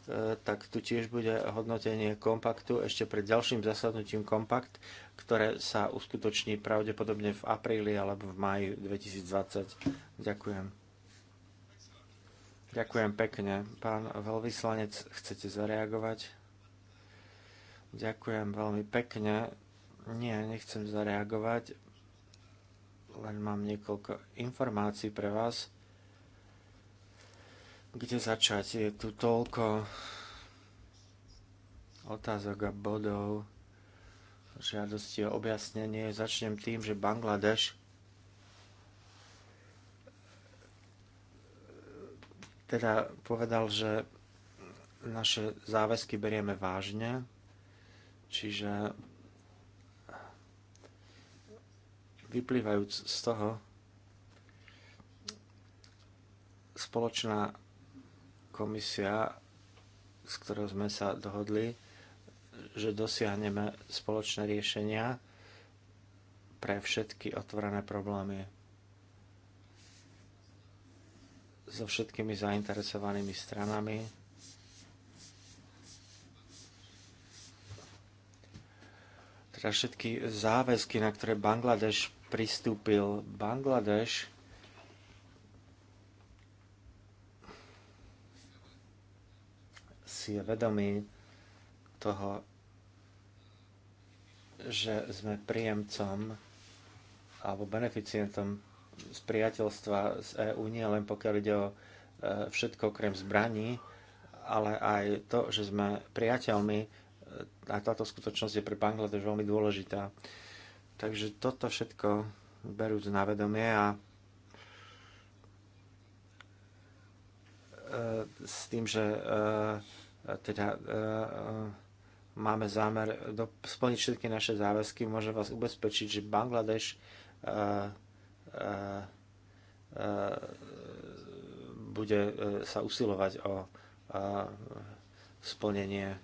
E, tak tu tiež bude hodnotenie kompaktu ešte pred ďalším zasadnutím kompakt, ktoré sa uskutoční pravdepodobne v apríli alebo v maji 2020. Ďakujem. Ďakujem pekne. Pán veľvyslanec, chcete zareagovať? Ďakujem veľmi pekne. Nie, nechcem zareagovať, len mám niekoľko informácií pre vás kde začať. Je tu toľko otázok a bodov žiadosti o objasnenie. Začnem tým, že Bangladeš teda povedal, že naše záväzky berieme vážne, čiže vyplývajúc z toho, spoločná komisia, s ktorou sme sa dohodli, že dosiahneme spoločné riešenia pre všetky otvorené problémy so všetkými zainteresovanými stranami. Teda všetky záväzky, na ktoré Bangladeš pristúpil. Bangladeš si je vedomý toho, že sme príjemcom alebo beneficientom z priateľstva z EÚ nie len pokiaľ ide o e, všetko okrem zbraní, ale aj to, že sme priateľmi e, a táto skutočnosť je pre Bangladeš veľmi dôležitá. Takže toto všetko berú na vedomie a e, s tým, že teda e, e, máme zámer do, splniť všetky naše záväzky. Môžem vás ubezpečiť, že Bangladeš e, bude sa usilovať o splnenie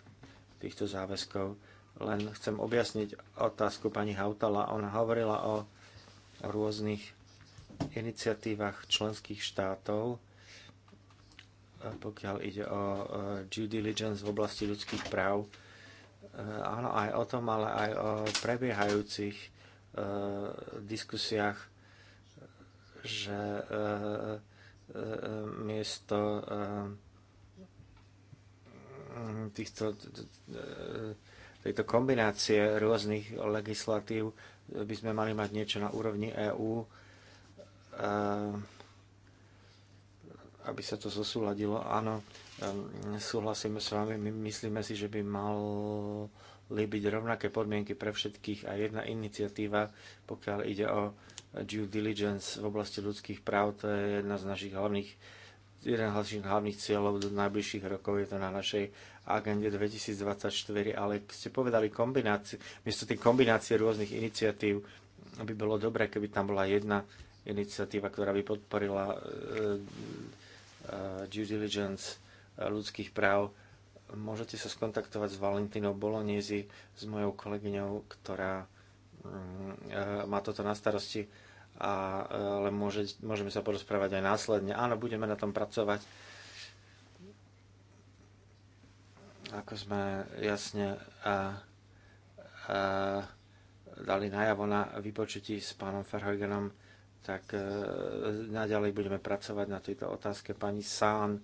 týchto záväzkov. Len chcem objasniť otázku pani Hautala. Ona hovorila o rôznych iniciatívach členských štátov pokiaľ ide o due diligence v oblasti ľudských práv. E, áno, aj o tom, ale aj o prebiehajúcich e, diskusiách, že e, miesto týchto, tejto kombinácie rôznych legislatív by sme mali mať niečo na úrovni EÚ. EU aby sa to zosúladilo. Áno, súhlasíme s vami, my myslíme si, že by mali byť rovnaké podmienky pre všetkých a jedna iniciatíva, pokiaľ ide o due diligence v oblasti ľudských práv, to je jedna z našich hlavných jeden z našich hlavných cieľov do najbližších rokov je to na našej agende 2024, ale ste povedali kombináciu, miesto tej kombinácie rôznych iniciatív, by bolo dobré, keby tam bola jedna iniciatíva, ktorá by podporila e, Eh, due diligence eh, ľudských práv, môžete sa skontaktovať s Valentinou Bolognesi, s mojou kolegyňou, ktorá mm, eh, má toto na starosti, a, ale môže, môžeme sa porozprávať aj následne. Áno, budeme na tom pracovať. Ako sme jasne a, a, dali najavo na vypočutí s pánom Ferhojgenom, tak e, naďalej budeme pracovať na tejto otázke. Pani Sán,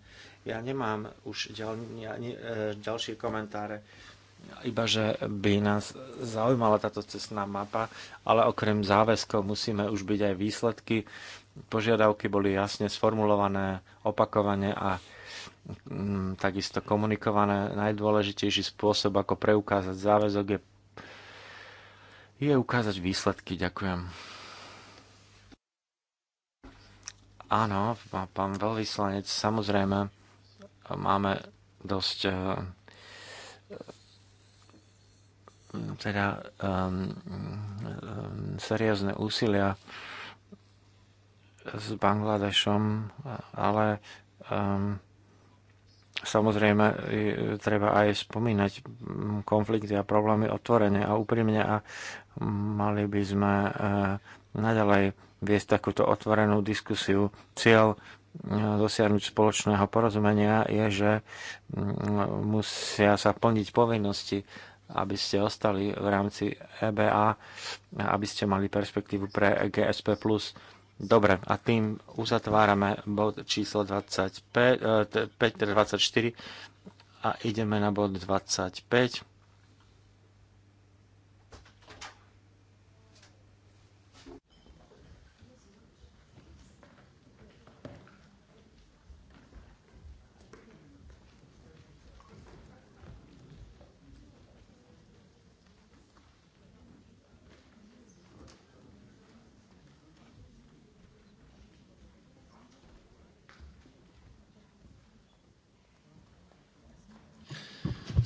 ja nemám už ďal, ne, ďalšie komentáre, iba že by nás zaujímala táto cestná mapa, ale okrem záväzkov musíme už byť aj výsledky. Požiadavky boli jasne sformulované, opakované a mm, takisto komunikované. Najdôležitejší spôsob, ako preukázať záväzok, je, je ukázať výsledky. Ďakujem. Áno, pán veľvyslanec, samozrejme, máme dosť eh, teda um, um, seriózne úsilia s Bangladešom, ale um, samozrejme treba aj spomínať konflikty a problémy otvorene a úprimne a mali by sme uh, naďalej viesť takúto otvorenú diskusiu. Cieľ eh, dosiahnuť spoločného porozumenia je, že mm, musia sa plniť povinnosti, aby ste ostali v rámci EBA, aby ste mali perspektívu pre GSP+. Dobre, a tým uzatvárame bod číslo 25, 5, 24 a ideme na bod 25.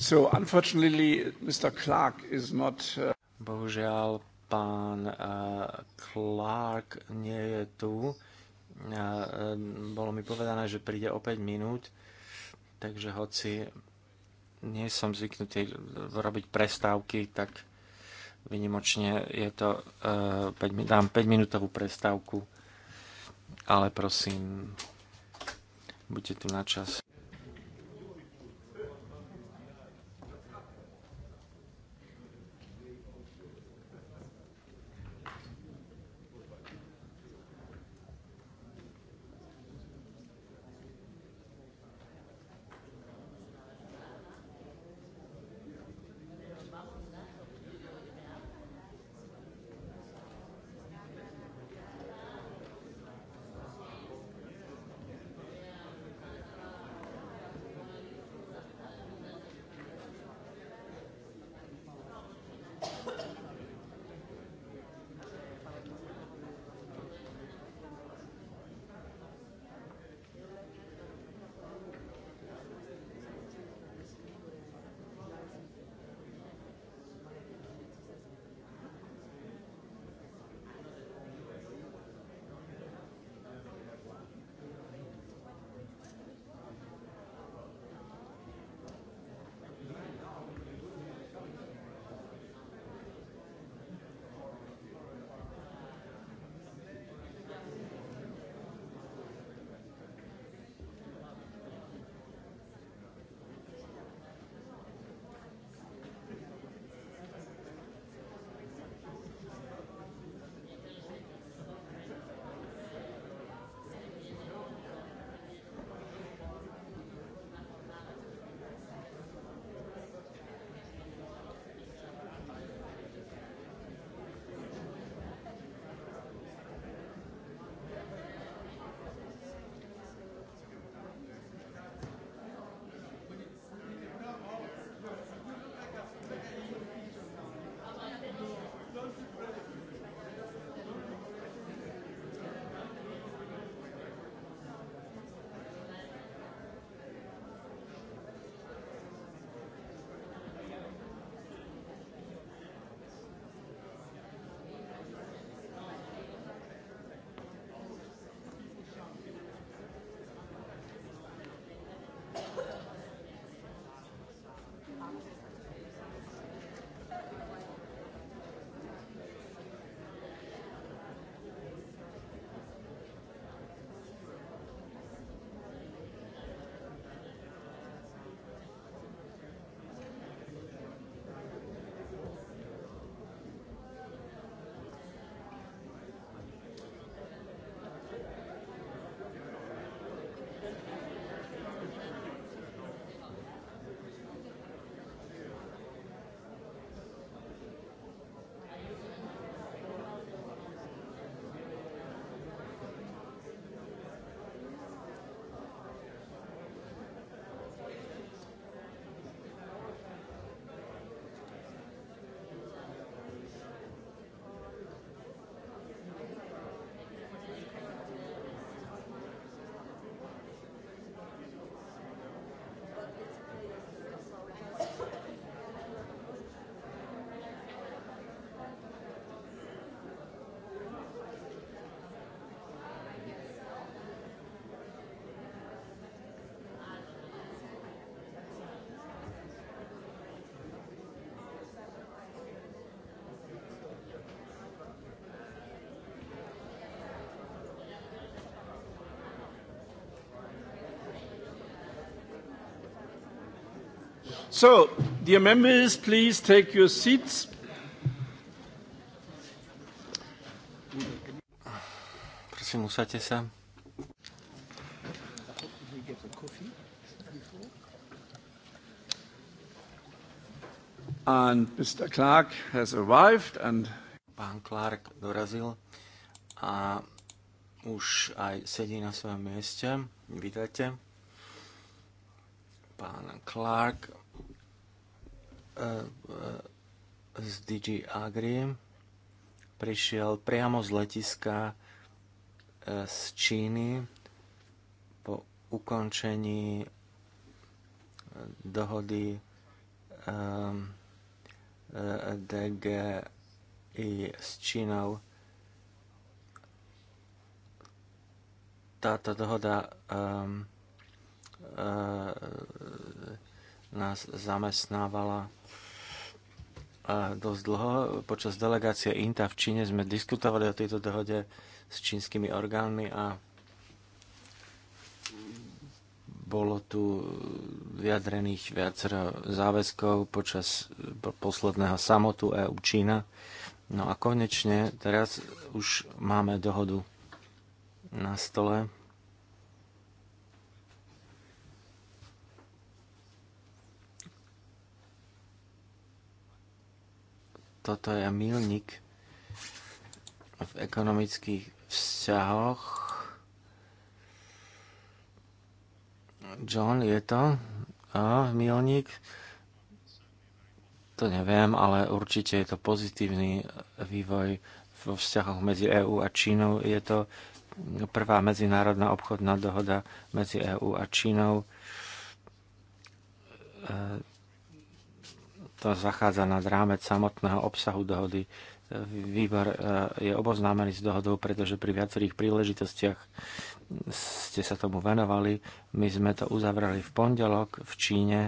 So, unfortunately, Mr. Clark is not... Uh... Bohužiaľ, pán uh, Clark nie je tu. Uh, um, bolo mi povedané, že príde o 5 minút, takže hoci nie som zvyknutý robiť prestávky, tak vynimočne je to, uh, 5, dám 5 minútovú prestávku, ale prosím, buďte tu na čas. So, dear members, please take your seats. Prosím, usadte sa. And Mr. Clark has arrived and Pán Clark dorazil a už aj sedí na svojom mieste. Vítajte. Pán Clark E, e, z DG Agri prišiel priamo z letiska e, z Číny po ukončení dohody DG i s Čínou. Táto dohoda nás zamestnávala dosť dlho. Počas delegácie INTA v Číne sme diskutovali o tejto dohode s čínskymi orgánmi a bolo tu vyjadrených viacero záväzkov počas posledného samotu EU Čína. No a konečne teraz už máme dohodu na stole. toto je milník v ekonomických vzťahoch. John, je to a, milník? To neviem, ale určite je to pozitívny vývoj vo vzťahoch medzi EÚ a Čínou. Je to prvá medzinárodná obchodná dohoda medzi EÚ a Čínou. E, to zachádza nad rámec samotného obsahu dohody. Výbor e, je oboznámený s dohodou, pretože pri viacerých príležitostiach ste sa tomu venovali. My sme to uzavreli v pondelok v Číne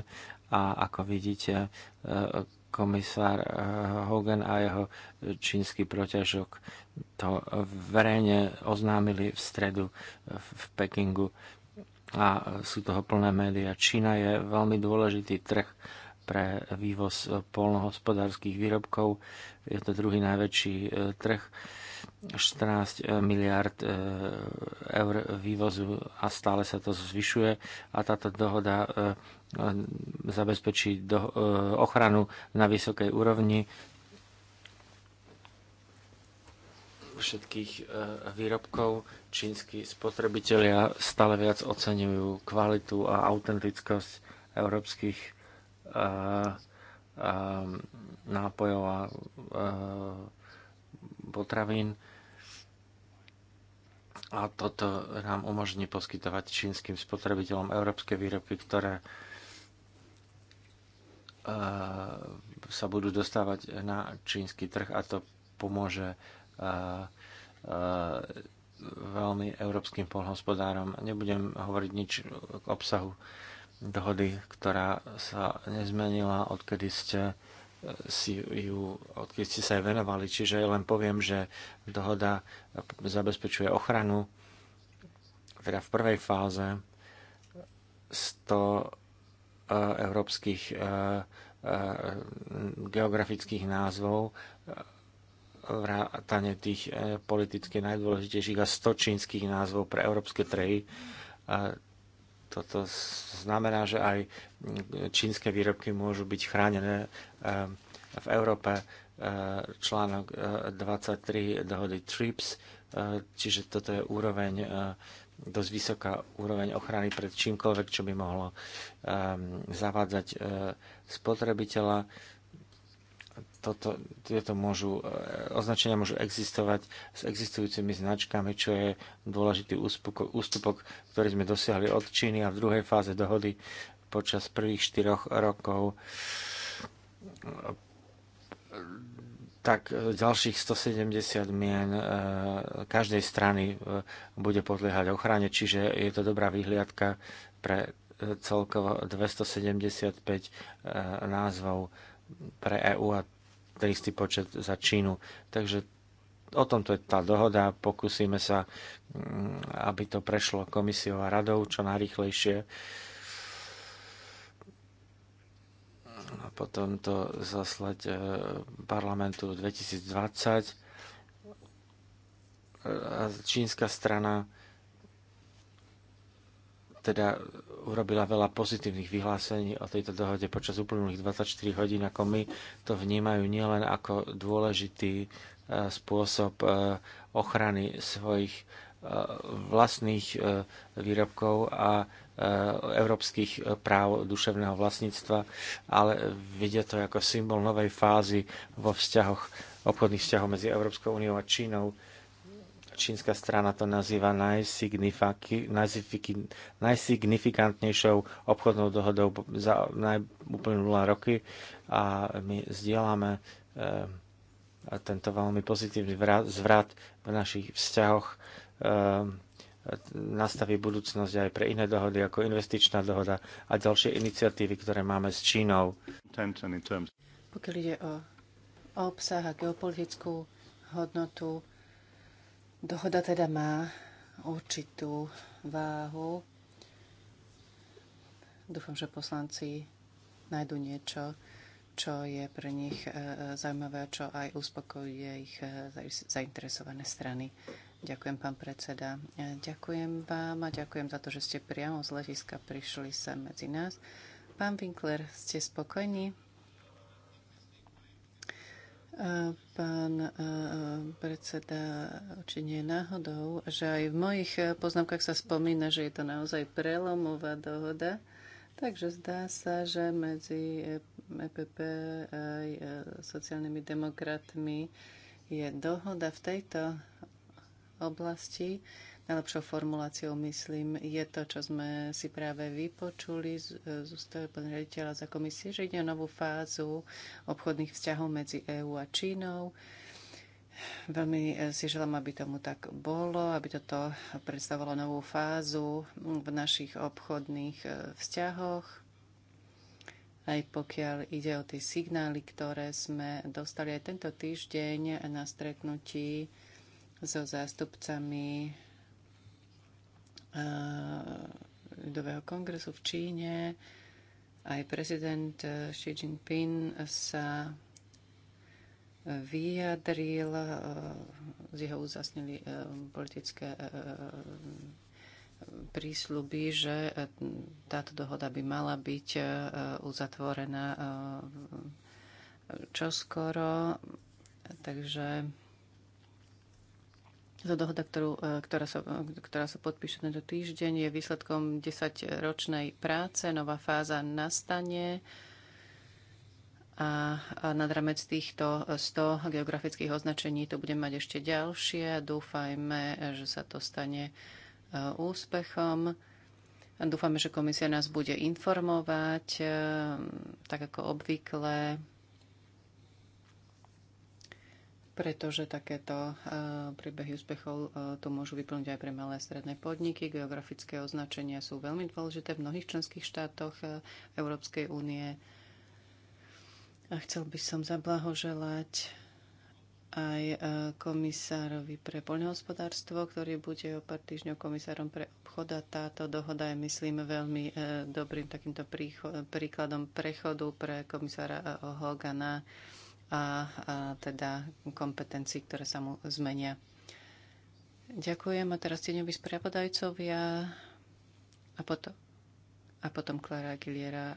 a ako vidíte, e, komisár e, Hogan a jeho čínsky proťažok to verejne oznámili v stredu v Pekingu a sú toho plné médiá. Čína je veľmi dôležitý trh pre vývoz polnohospodárských výrobkov. Je to druhý najväčší e, trh. 14 e, miliard e, eur vývozu a stále sa to zvyšuje a táto dohoda zabezpečí ochranu na vysokej úrovni všetkých výrobkov. Čínsky spotrebitelia stále viac oceňujú kvalitu a autentickosť európskych nápojov a potravín. A toto nám umožní poskytovať čínskym spotrebiteľom európske výrobky, ktoré sa budú dostávať na čínsky trh a to pomôže veľmi európskym polhospodárom. Nebudem hovoriť nič k obsahu dohody, ktorá sa nezmenila, odkedy ste e, si ju, odkedy ste sa jej venovali. Čiže len poviem, že dohoda zabezpečuje ochranu, teda v prvej fáze 100 e, európskych e, geografických názvov, vrátane tých politicky najdôležitejších a 100 čínskych názvov pre európske trhy toto znamená, že aj čínske výrobky môžu byť chránené eh, v Európe eh, článok 23 eh, dohody TRIPS, čiže toto je úroveň dosť vysoká úroveň ochrany pred čímkoľvek, čo by mohlo zavádzať spotrebiteľa toto, tieto môžu, e, označenia môžu existovať s existujúcimi značkami, čo je dôležitý ústupok, ústupok ktorý sme dosiahli od Číny a v druhej fáze dohody počas prvých štyroch rokov tak e, ďalších 170 mien e, každej strany bude podliehať ochrane, čiže je to dobrá vyhliadka pre celkovo 275 názvov pre EU a ten istý počet za Čínu. Takže o tomto je tá dohoda. Pokúsime sa, mm, aby to prešlo komisiou a radou čo najrychlejšie. A potom to zaslať e, parlamentu 2020. E, a čínska strana teda urobila veľa pozitívnych vyhlásení o tejto dohode počas uplynulých 24 hodín, ako my to vnímajú nielen ako dôležitý e, spôsob e, ochrany svojich e, vlastných výrobkov a európskych práv duševného vlastníctva, ale vidia to ako symbol novej fázy vo vzťahoch, obchodných vzťahov medzi Európskou úniou a Čínou čínska strana to nazýva najsignifikantnejšou obchodnou dohodou za úplne roky a my zdieľame eh, tento veľmi pozitívny zvrat v našich vzťahoch eh, nastaví budúcnosť aj pre iné dohody ako investičná dohoda a ďalšie iniciatívy, ktoré máme s Čínou. Pokiaľ ide o obsah a geopolitickú hodnotu, Dohoda teda má určitú váhu. Dúfam, že poslanci nájdu niečo, čo je pre nich e, zaujímavé a čo aj uspokojuje ich e, zainteresované strany. Ďakujem, pán predseda. E, ďakujem vám a ďakujem za to, že ste priamo z letiska prišli sem medzi nás. Pán Winkler, ste spokojní? Pán predseda, či nie je náhodou, že aj v mojich poznámkach sa spomína, že je to naozaj prelomová dohoda. Takže zdá sa, že medzi EPP aj e, sociálnymi demokratmi je dohoda v tejto oblasti Najlepšou formuláciou, myslím, je to, čo sme si práve vypočuli z, eh, z ústavu riaditeľa za komisie, že ide o novú fázu obchodných vzťahov medzi EÚ a Čínou. Veľmi eh, si želám, aby tomu tak bolo, aby toto predstavovalo novú fázu v našich obchodných eh, vzťahoch, aj pokiaľ ide o tie signály, ktoré sme dostali aj tento týždeň na stretnutí so zástupcami Eh, ľudového kongresu v Číne. Aj prezident eh, Xi Jinping sa eh, vyjadril, z jeho uzasnili politické prísľuby, že táto dohoda by mala byť uzatvorená čoskoro. Takže tá dohoda, ktorú, e, ktorá, sa, e, ktorá sa podpíše tento týždeň, je výsledkom 10-ročnej práce. Nová fáza nastane a, a nad ramec týchto 100 geografických označení to budeme mať ešte ďalšie. Dúfajme, že sa to stane e, úspechom. Dúfame, že komisia nás bude informovať, tak ako obvykle pretože takéto e, príbehy úspechov e, tu môžu vyplniť aj pre malé a stredné podniky. Geografické označenia sú veľmi dôležité v mnohých členských štátoch e, Európskej únie. A chcel by som zablahoželať aj komisárovi pre poľnohospodárstvo, ktorý bude o pár týždňov komisárom pre obchod a táto dohoda je, myslím, veľmi dobrým takýmto príkladom prechodu pre komisára Hogana a, a teda kompetencií, ktoré sa mu zmenia. Ďakujem a teraz tieňoví spravodajcovia a potom, a potom Klara Aguilera. A,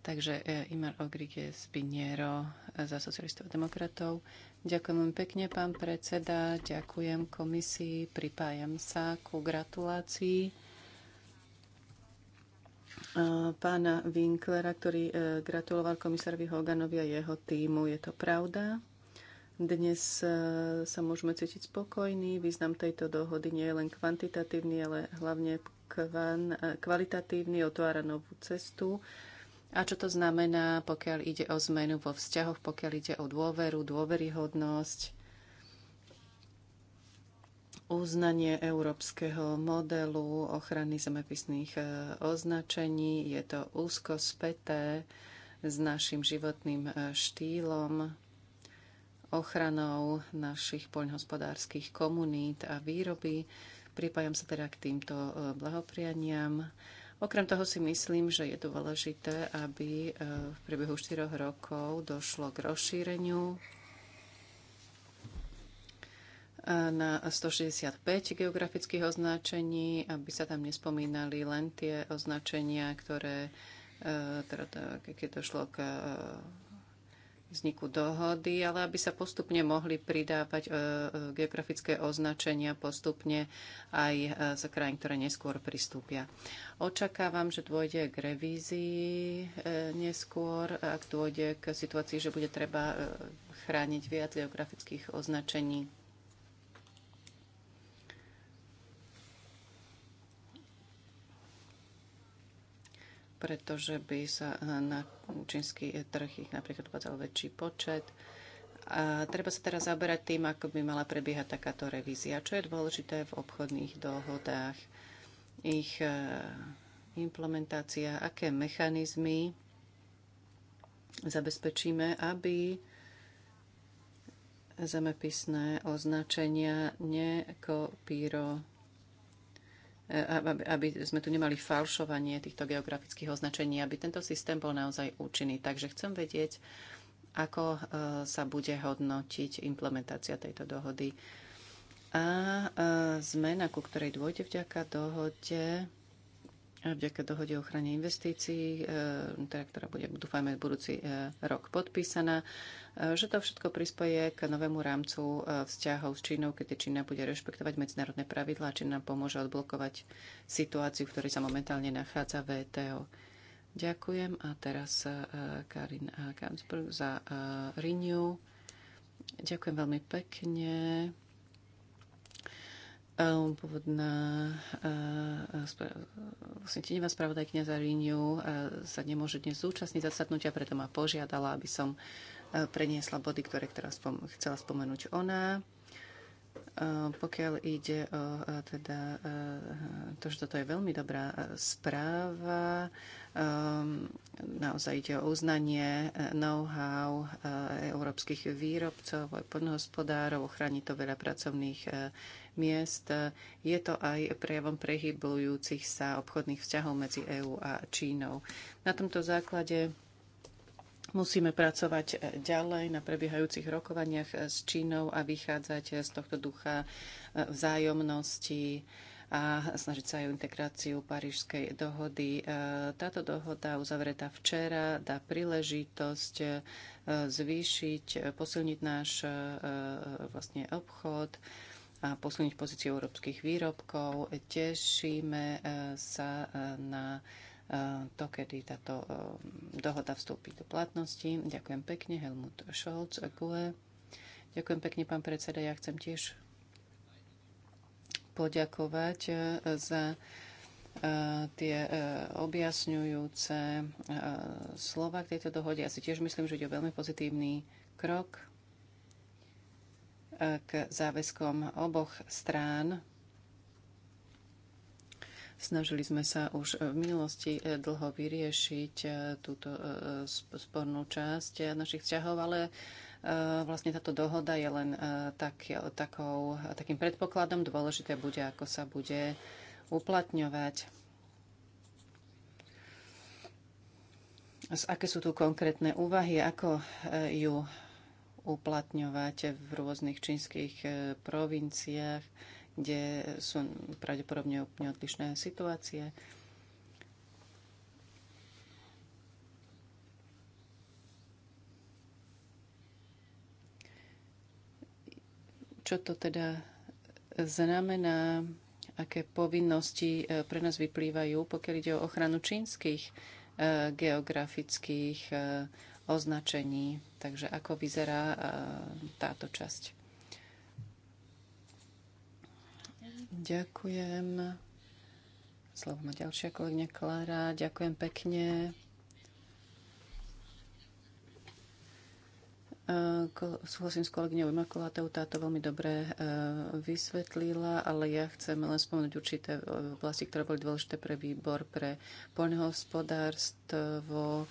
takže e, Imar Ogrigue Spiniero e, za socialistov a demokratov. Ďakujem pekne, pán predseda. Ďakujem komisii. Pripájam sa ku gratulácii pána Winklera, ktorý e, gratuloval komisárovi Hoganovi a jeho týmu. Je to pravda? Dnes e, sa môžeme cítiť spokojní. Význam tejto dohody nie je len kvantitatívny, ale hlavne kvan, e, kvalitatívny, otvára novú cestu. A čo to znamená, pokiaľ ide o zmenu vo vzťahoch, pokiaľ ide o dôveru, dôveryhodnosť, uznanie európskeho modelu ochrany zemepisných e, označení. Je to úzko späté s našim životným e, štýlom, ochranou našich poľnohospodárskych komunít a výroby. Pripájam sa teda k týmto e, blahoprianiam. Okrem toho si myslím, že je dôležité, aby v priebehu 4 rokov došlo k rozšíreniu na 165 geografických označení, aby sa tam nespomínali len tie označenia, ktoré, e, teda, keď došlo k e, vzniku dohody, ale aby sa postupne mohli pridávať e, geografické označenia postupne aj z krajín, ktoré neskôr pristúpia. Očakávam, že dôjde k revízii neskôr, ak dôjde k situácii, že bude treba chrániť viac geografických označení pretože by sa na čínsky trh ich napríklad uvádzal väčší počet. A treba sa teraz zaberať tým, ako by mala prebiehať takáto revízia. Čo je dôležité v obchodných dohodách? Ich e, implementácia, aké mechanizmy zabezpečíme, aby zemepisné označenia nekopírovali aby sme tu nemali falšovanie týchto geografických označení, aby tento systém bol naozaj účinný. Takže chcem vedieť, ako e, sa bude hodnotiť implementácia tejto dohody. A e, zmena, ku ktorej dôjde vďaka dohode, vďaka dohode o ochrane investícií, e, teda, ktorá bude, dúfajme, budúci e, rok podpísaná, e, že to všetko prispieje k novému rámcu vzťahov s Čínou, keď Čína bude rešpektovať medzinárodné pravidlá, či nám pomôže odblokovať situáciu, v ktorej sa momentálne nachádza VTO. Ďakujem a teraz Karin Kansberg za Renew. Ďakujem veľmi pekne. Um, Pôvodná uh, uh, vlastne tenivá spravodajkňa za Ríniu uh, sa nemôže dnes zúčastniť zasadnutia, preto ma požiadala, aby som preniesla body, ktoré chcela spomenúť ona. Pokiaľ ide o teda, to, že toto je veľmi dobrá správa, um, naozaj ide o uznanie know-how európskych výrobcov, aj podnohospodárov, ochráni to veľa pracovných miest. Je to aj prejavom prehybujúcich sa obchodných vzťahov medzi EÚ a Čínou. Na tomto základe musíme pracovať ďalej na prebiehajúcich rokovaniach s Čínou a vychádzať z tohto ducha e, vzájomnosti a snažiť sa aj o integráciu Parížskej dohody. E, táto dohoda uzavretá včera dá príležitosť e, zvýšiť, posilniť náš vlastne obchod a posilniť pozíciu európskych výrobkov. Tešíme e, sa e, na e, to, kedy táto dohoda vstúpi do platnosti. Ďakujem pekne, Helmut Scholz, GUE. Ďakujem pekne, pán predseda. Ja chcem tiež poďakovať za tie objasňujúce slova k tejto dohode. Ja si tiež myslím, že je veľmi pozitívny krok E, k záväzkom oboch strán. Snažili sme sa už v minulosti e, dlho vyriešiť e, túto spornú časť našich vzťahov, ale vlastne táto dohoda je len tak, takou, takým predpokladom. Dôležité bude, ako sa bude uplatňovať. aké sú tu konkrétne úvahy, ako ju uplatňovať v rôznych čínskych e, provinciách, kde sú pravdepodobne úplne odlišné situácie. Čo to teda znamená, aké povinnosti e, pre nás vyplývajú, pokiaľ ide o ochranu čínskych e, geografických označení? Takže ako vyzerá e, táto časť? Ďakujem. Slovo má ďalšia kolegyňa Klára. Ďakujem pekne. E, súhlasím s kolegyňou Imakulátou, táto veľmi dobre e, vysvetlila, ale ja chcem len spomenúť určité oblasti, ktoré boli dôležité pre výbor pre poľnohospodárstvo,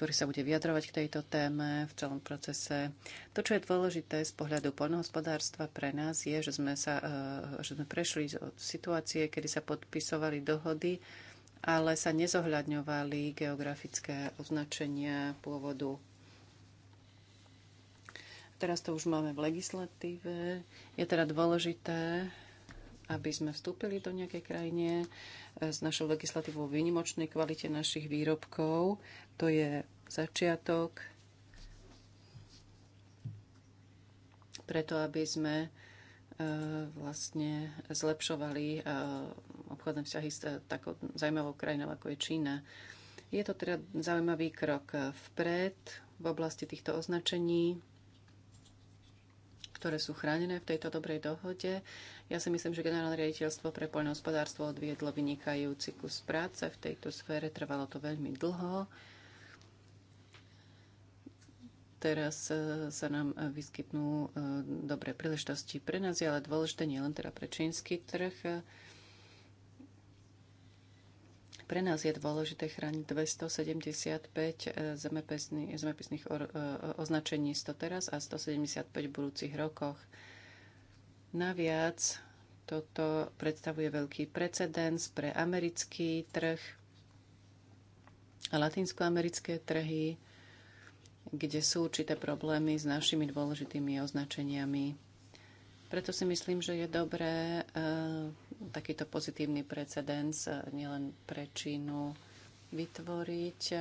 ktorý sa bude vyjadrovať k tejto téme v celom procese. To, čo je dôležité z pohľadu poľnohospodárstva pre nás, je, že sme, sa, e, že sme prešli od situácie, kedy sa podpisovali dohody, ale sa nezohľadňovali geografické označenia pôvodu. Teraz to už máme v legislatíve. Je teda dôležité, aby sme vstúpili do nejakej krajine e, s našou legislatívou v výnimočnej kvalite našich výrobkov, to je začiatok preto, aby sme e, vlastne zlepšovali e, obchodné vzťahy s e, takou zaujímavou krajinou, ako je Čína. Je to teda zaujímavý krok vpred v oblasti týchto označení, ktoré sú chránené v tejto dobrej dohode. Ja si myslím, že generálne riaditeľstvo pre poľnohospodárstvo odviedlo vynikajúci kus práce v tejto sfére. Trvalo to veľmi dlho. Teraz e, sa nám e, vyskytnú e, dobré príležitosti pre nás, ale dôležité nie len teda pre čínsky trh. Pre nás je dôležité chrániť 275 zemepisných označení 100 teraz a 175 v budúcich rokoch. Naviac toto predstavuje veľký precedens pre americký trh a latinskoamerické trhy kde sú určité problémy s našimi dôležitými označeniami. Preto si myslím, že je dobré e, takýto pozitívny precedens e, nielen pre Čínu vytvoriť. E,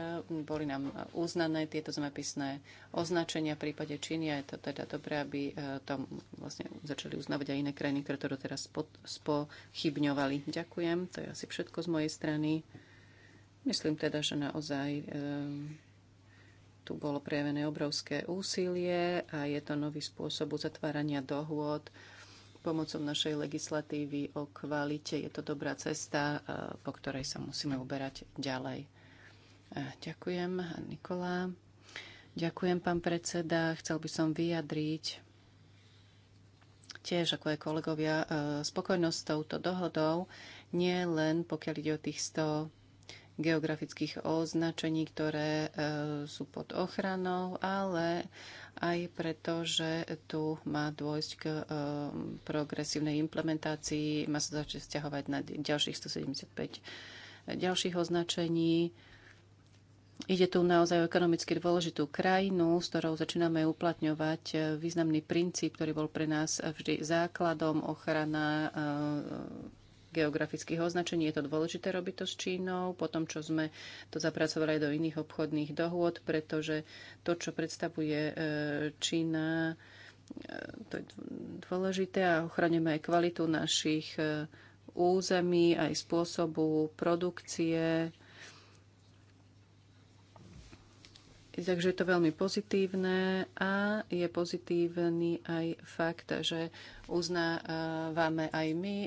boli nám uznané tieto zemepisné označenia v prípade Číny a je to teda dobré, aby e, to vlastne začali uznávať aj iné krajiny, ktoré to teraz spochybňovali. Ďakujem, to je asi všetko z mojej strany. Myslím teda, že naozaj e, tu bolo prejavené obrovské úsilie a je to nový spôsob uzatvárania dohôd pomocou našej legislatívy o kvalite. Je to dobrá cesta, eh, po ktorej sa musíme uberať ďalej. Eh, ďakujem, Nikola. Ďakujem, pán predseda. Chcel by som vyjadriť tiež, ako aj kolegovia, eh, spokojnosť s touto dohodou, nie len pokiaľ ide o tých 100 geografických označení, ktoré e, sú pod ochranou, ale aj preto, že tu má dôjsť k e, progresívnej implementácii, má sa začať vzťahovať na ďalších 175 e, ďalších označení. Ide tu naozaj o ekonomicky dôležitú krajinu, s ktorou začíname uplatňovať významný princíp, ktorý bol pre nás vždy základom ochrana geografických označení. Je to dôležité robiť to s Čínou, potom čo sme to zapracovali aj do iných obchodných dohôd, pretože to, čo predstavuje e, Čína, e, to je dôležité a ochraneme aj kvalitu našich e, území, aj spôsobu produkcie. Takže je to veľmi pozitívne a je pozitívny aj fakt, že uznávame aj my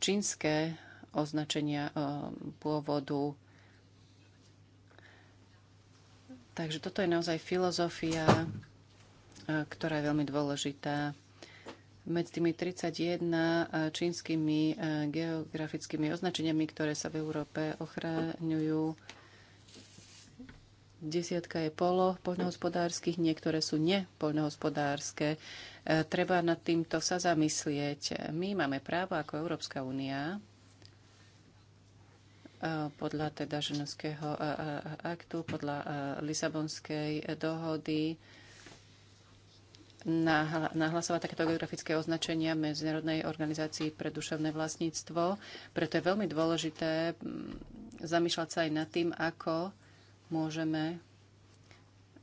čínske označenia eh, pôvodu. Takže toto je naozaj filozofia, eh, ktorá je veľmi dôležitá. Medzi tými 31 eh, čínskymi geografickými označeniami, ktoré sa v Európe ochraňujú, desiatka je polo poľnohospodárskych, niektoré sú nepoľnohospodárske. E, treba nad týmto sa zamyslieť. My máme právo ako Európska únia e, podľa teda ženovského e, aktu, podľa Lisabonskej dohody nahlasovať takéto geografické označenia Medzinárodnej organizácii pre duševné vlastníctvo. Preto je veľmi dôležité zamýšľať sa aj nad tým, ako môžeme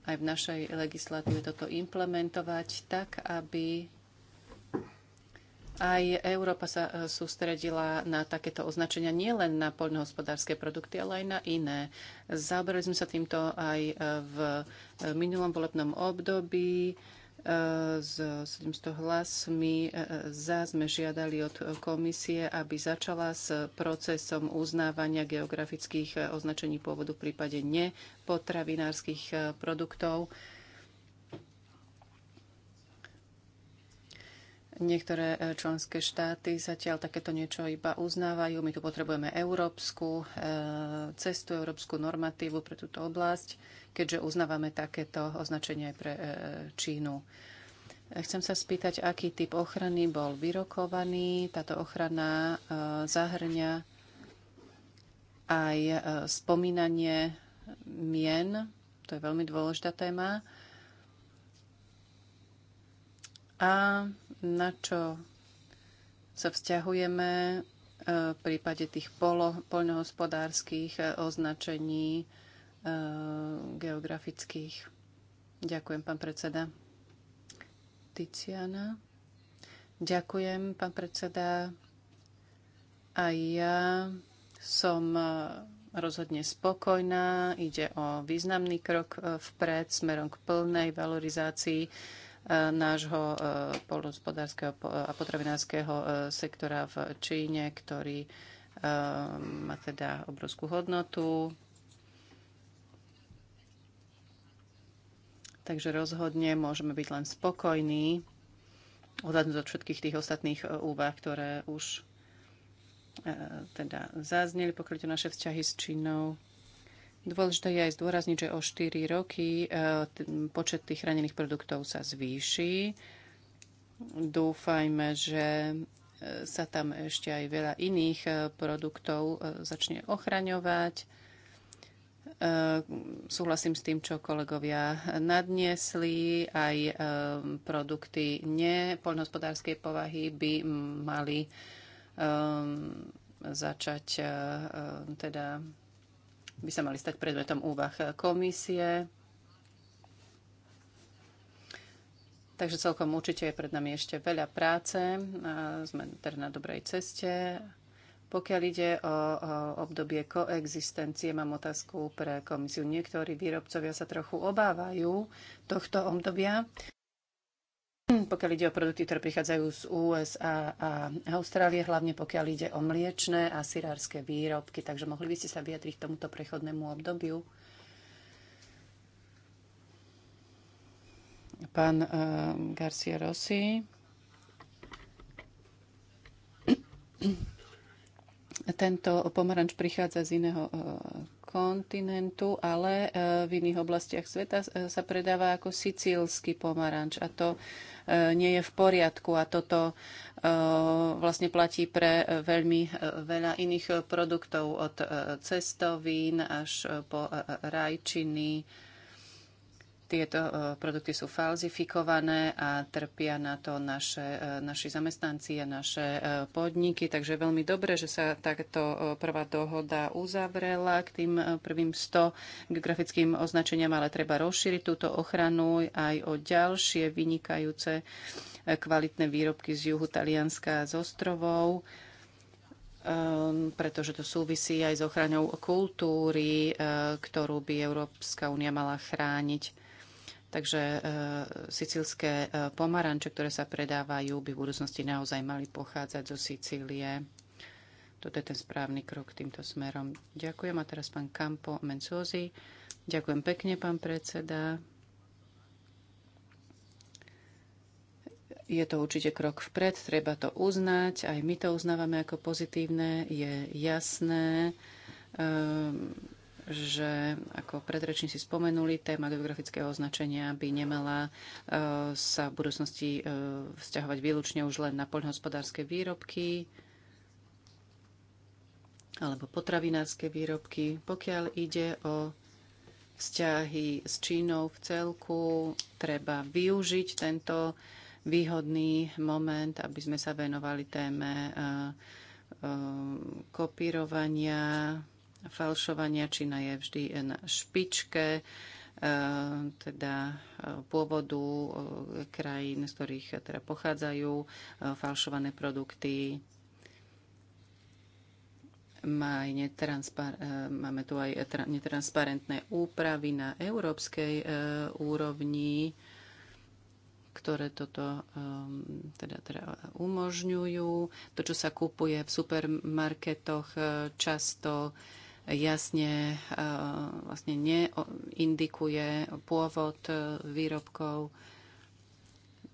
aj v našej legislatíve toto implementovať tak, aby aj Európa sa e, sústredila na takéto označenia nielen na poľnohospodárske produkty, ale aj na iné. Zaoberali sme sa týmto aj e, v e, minulom volebnom období s 700 hlasmi e, e, za sme žiadali od komisie, aby začala s procesom uznávania geografických e, označení pôvodu v prípade nepotravinárskych produktov. Niektoré členské štáty zatiaľ takéto niečo iba uznávajú. My tu potrebujeme európsku cestu, európsku normatívu pre túto oblasť keďže uznávame takéto označenie aj pre e, Čínu. Chcem sa spýtať, aký typ ochrany bol vyrokovaný. Táto ochrana e, zahrňa aj e, spomínanie mien, to je veľmi dôležitá téma. A na čo sa vzťahujeme v prípade tých polo, poľnohospodárskych označení Eh, geografických. Ďakujem, pán predseda. Tiziana. Ďakujem, pán predseda. A ja som eh, rozhodne spokojná. Ide o významný krok eh, vpred smerom k plnej valorizácii nášho polnospodárskeho a potravinárskeho sektora v Číne, ktorý má teda obrovskú hodnotu Takže rozhodne môžeme byť len spokojní, odhľadnúť od všetkých tých ostatných e, úvah, ktoré už e, teda zazneli, pokryť naše vzťahy s Čínou. Dôležité je aj zdôrazniť, že o 4 roky e, počet tých chránených produktov sa zvýši. Dúfajme, že e, sa tam ešte aj veľa iných e, produktov začne ochraňovať E, súhlasím s tým, čo kolegovia nadniesli. Aj e, produkty nepoľnohospodárskej povahy by mali e, začať, teda by sa mali stať predmetom úvah komisie. Takže celkom určite je pred nami ešte veľa práce. Sme teda na dobrej ceste pokiaľ ide o, o obdobie koexistencie, mám otázku pre komisiu. Niektorí výrobcovia sa trochu obávajú tohto obdobia. Pokiaľ ide o produkty, ktoré prichádzajú z USA a Austrálie, hlavne pokiaľ ide o mliečné a syrárske výrobky, takže mohli by ste sa vyjadriť k tomuto prechodnému obdobiu? Pán uh, Garcia Rossi. Tento pomaranč prichádza z iného e, kontinentu, ale e, v iných oblastiach sveta e, sa predáva ako sicílsky pomaranč a to nie je v poriadku a toto vlastne platí pre veľmi veľa iných produktov od cestovín až po rajčiny, tieto e, produkty sú falzifikované a trpia na to naše, e, naši zamestnanci a naše e, podniky. Takže je veľmi dobré, že sa takto prvá dohoda uzavrela k tým prvým 100 geografickým označeniam, ale treba rozšíriť túto ochranu aj o ďalšie vynikajúce kvalitné výrobky z juhu Talianska a z ostrovov pretože to súvisí aj s ochranou kultúry, ktorú by Európska únia mala chrániť. Takže e, sicílske pomaranče, ktoré sa predávajú, by v budúcnosti naozaj mali pochádzať zo Sicílie. Toto je ten správny krok týmto smerom. Ďakujem. A teraz pán Campo Menzozi. Ďakujem pekne, pán predseda. Je to určite krok vpred, treba to uznať. Aj my to uznávame ako pozitívne. Je jasné, ehm, že ako predrečníci spomenuli, téma geografického označenia by nemala e, sa v budúcnosti e, vzťahovať výlučne už len na poľnohospodárske výrobky alebo potravinárske výrobky. Pokiaľ ide o vzťahy s Čínou v celku, treba využiť tento výhodný moment, aby sme sa venovali téme e, kopírovania falšovania. Čína je vždy na špičke e, teda e, pôvodu e, krajín, z ktorých teda pochádzajú falšované produkty. Má aj máme tu aj netransparentné úpravy na európskej úrovni, ktoré toto teda, teda umožňujú. To, čo sa kupuje v supermarketoch, často jasne e, vlastne neindikuje pôvod e, výrobkov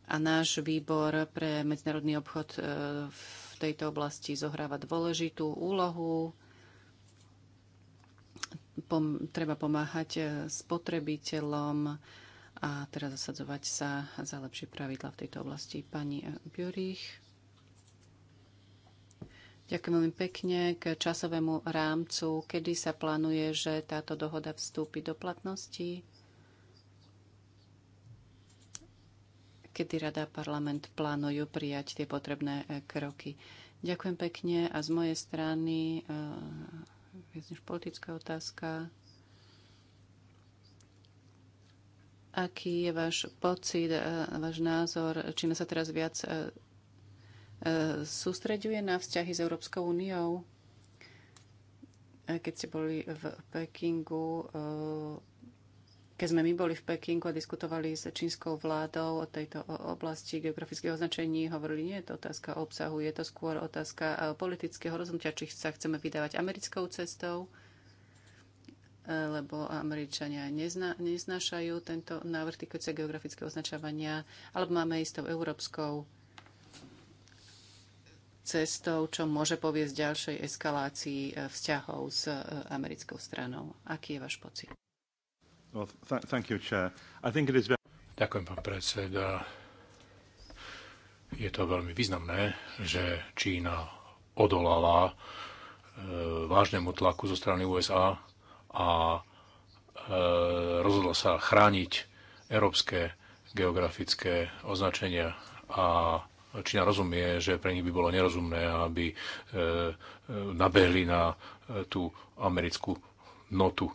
a náš výbor pre medzinárodný obchod e, v tejto oblasti zohráva dôležitú úlohu. Pom, treba pomáhať spotrebiteľom a teraz zasadzovať sa za lepšie pravidla v tejto oblasti. Pani Bjurich. Ďakujem veľmi pekne k časovému rámcu. Kedy sa plánuje, že táto dohoda vstúpi do platnosti? Kedy Rada a parlament plánujú prijať tie potrebné e, kroky? Ďakujem pekne a z mojej strany e, viac než politická otázka. Aký je váš pocit, e, váš názor? Čína sa teraz viac sústreďuje na vzťahy s Európskou úniou. E, keď ste boli v Pekingu, e, keď sme my boli v Pekingu a diskutovali s čínskou vládou o tejto oblasti geografického označení, hovorili, nie je to otázka obsahu, je to skôr otázka e, politického rozhodnutia, či sa chceme vydávať americkou cestou, lebo Američania nezna, neznášajú tento návrh týkajúce geografického označovania, alebo máme istou európskou cestou, čo môže poviesť ďalšej eskalácii e, vzťahov s e, americkou stranou. Aký je váš pocit? Well, th- thank you, Chair. I think it is very... Ďakujem, pán predseda. Je to veľmi významné, že Čína odolala e, vážnemu tlaku zo strany USA a e, rozhodla sa chrániť európske geografické označenia a Čína rozumie, že pre nich by bolo nerozumné, aby e, e, nabehli na e, tú americkú notu.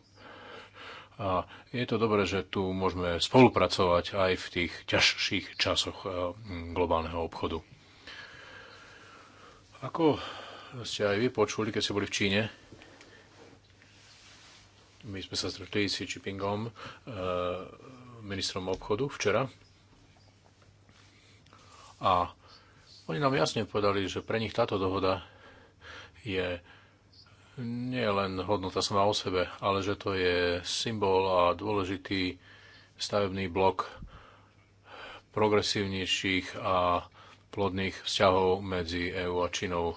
A je to dobré, že tu môžeme spolupracovať aj v tých ťažších časoch globálneho obchodu. Ako ste aj vy počuli, keď ste boli v Číne, my sme sa stretli s Xi Jinpingom, ministrom obchodu včera a oni nám jasne povedali, že pre nich táto dohoda je nie len hodnota sama o sebe, ale že to je symbol a dôležitý stavebný blok progresívnejších a plodných vzťahov medzi EÚ a Čínou.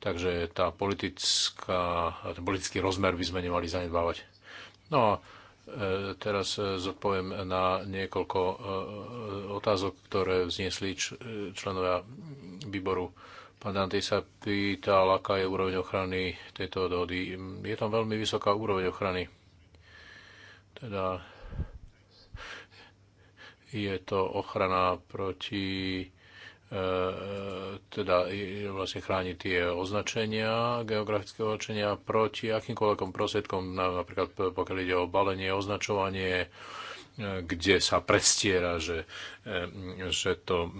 Takže tá politická, ten politický rozmer by sme nemali zanedbávať. No a E, teraz e, zodpoviem na niekoľko e, otázok, ktoré vznesli členovia výboru. Pán Dante sa pýtal, aká je úroveň ochrany tejto dohody. Je tam veľmi vysoká úroveň ochrany. Teda je to ochrana proti E, e, teda vlastne chrániť tie označenia, geografické označenia proti akýmkoľvek prosvedkom, napríklad pokiaľ ide o balenie, označovanie, e, kde sa prestiera, že, že, to,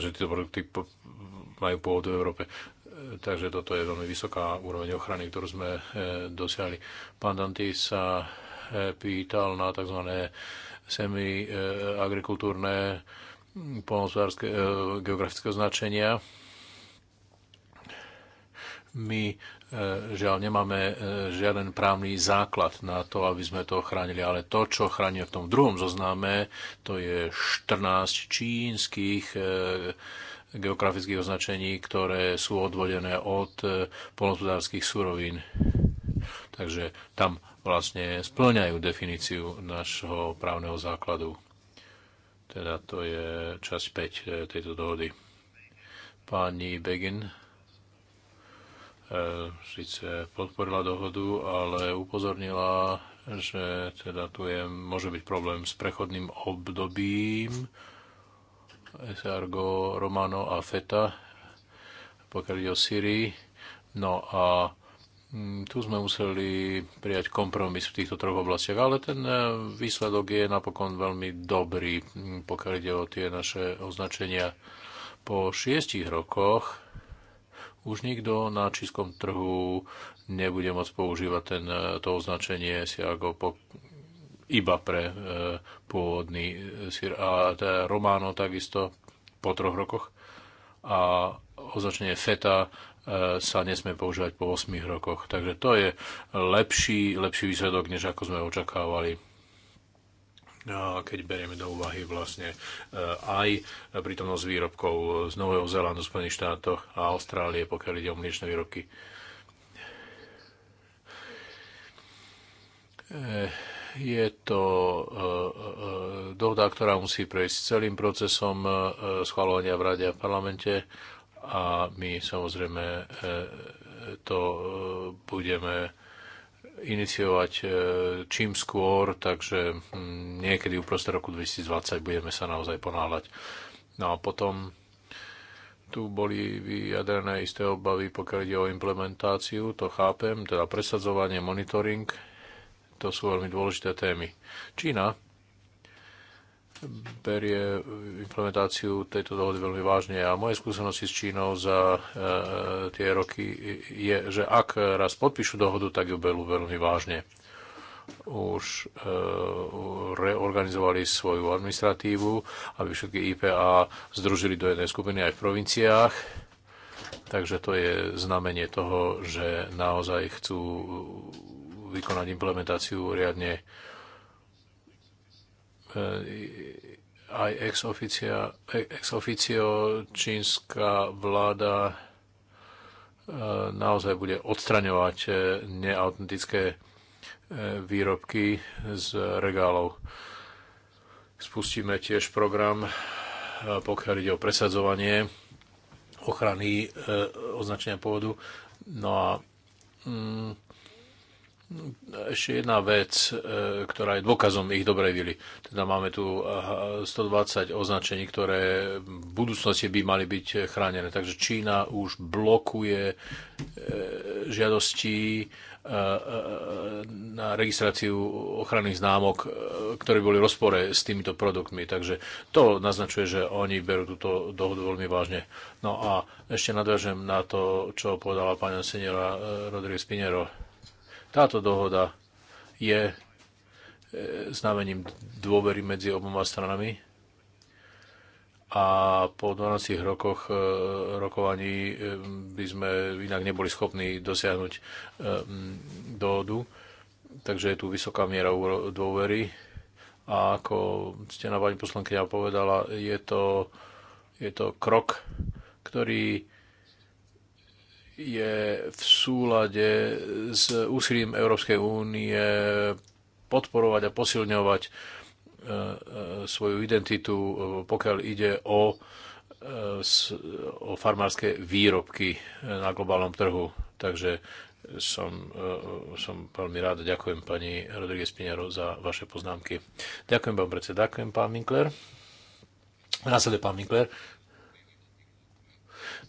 že tieto produkty majú pôvod v Európe. Takže toto je veľmi vysoká úroveň ochrany, ktorú sme dosiahli. Pán Danty sa pýtal na tzv. semi-agrikultúrne polnospodárske e, geografického značenia. My e, žiaľ nemáme e, žiaden právny základ na to, aby sme to chránili, ale to, čo chránime v tom druhom zozname, to je 14 čínskych geografických označení, ktoré sú odvodené od polnospodárských surovín. Takže tam vlastne splňajú definíciu našho právneho základu. Teda to je časť 5 e, tejto dohody. Pani Begin e, síce podporila dohodu, ale upozornila, že teda tu je, môže byť problém s prechodným obdobím Sargo, Romano a Feta, pokiaľ ide o Syrii. No a Mm, tu sme museli prijať kompromis v týchto troch oblastiach, ale ten eh, výsledok je napokon veľmi dobrý, mm, pokiaľ ide o tie naše označenia. Po šiestich rokoch už nikto na čískom trhu nebude môcť používať ten, eh, to označenie si ako po, iba pre e, pôvodný sír. A teda Romano takisto po troch rokoch. A označenie feta E, sa nesme používať po 8 rokoch. Takže to je lepší, lepší výsledok, než ako sme očakávali. No a keď berieme do úvahy vlastne e, aj prítomnosť výrobkov z Nového Zélandu, Spojených štátoch a Austrálie, pokiaľ ide o mliečne výrobky. E, je to dohoda, ktorá musí prejsť celým procesom schvalovania v Rade a v parlamente a my samozrejme e, to e, budeme iniciovať e, čím skôr, takže hm, niekedy uprostred roku 2020 budeme sa naozaj ponáhľať. No a potom tu boli vyjadrené isté obavy, pokiaľ ide o implementáciu, to chápem, teda presadzovanie, monitoring, to sú veľmi dôležité témy. Čína berie e, implementáciu tejto dohody veľmi vážne a moje skúsenosti s Čínou za e, tie roky je, že ak raz podpíšu dohodu, tak ju berú veľmi vážne. Už e, reorganizovali svoju administratívu, aby všetky IPA združili do jednej skupiny aj v provinciách. Takže to je znamenie toho, že naozaj chcú e, vykonať implementáciu riadne Eh, aj ex, officia, ex officio čínska vláda eh, naozaj bude odstraňovať eh, neautentické výrobky z regálov. Spustíme tiež program, pokiaľ ide o presadzovanie ochrany označenia pôvodu. No a mm, ešte jedna vec, e, ktorá je dôkazom ich dobrej vily. Teda máme tu 120 e, označení, ktoré v budúcnosti by mali byť chránené. Takže Čína už blokuje e, žiadosti na registráciu ochranných známok, ktoré boli v rozpore s týmito produktmi. Takže to naznačuje, že oni berú túto dohodu veľmi vážne. No a ešte nadvážem na to, čo povedala pani seniora Rodríguez Pinero táto dohoda je e, znamením dôvery medzi oboma stranami a po 12 rokoch e, rokovaní e, by sme inak neboli schopní dosiahnuť dohodu. Takže je tu vysoká miera dôvery a ako na pani poslankyňa povedala, je to, je to krok, ktorý je v súlade s úsilím Európskej únie podporovať a posilňovať e, e, svoju identitu, e, pokiaľ ide o, o farmárske výrobky na globálnom trhu. Takže som, som veľmi rád. Ďakujem pani Rodríguez Pinero za vaše poznámky. Ďakujem pán predseda, ďakujem pán Minkler. Následuje pán Minkler.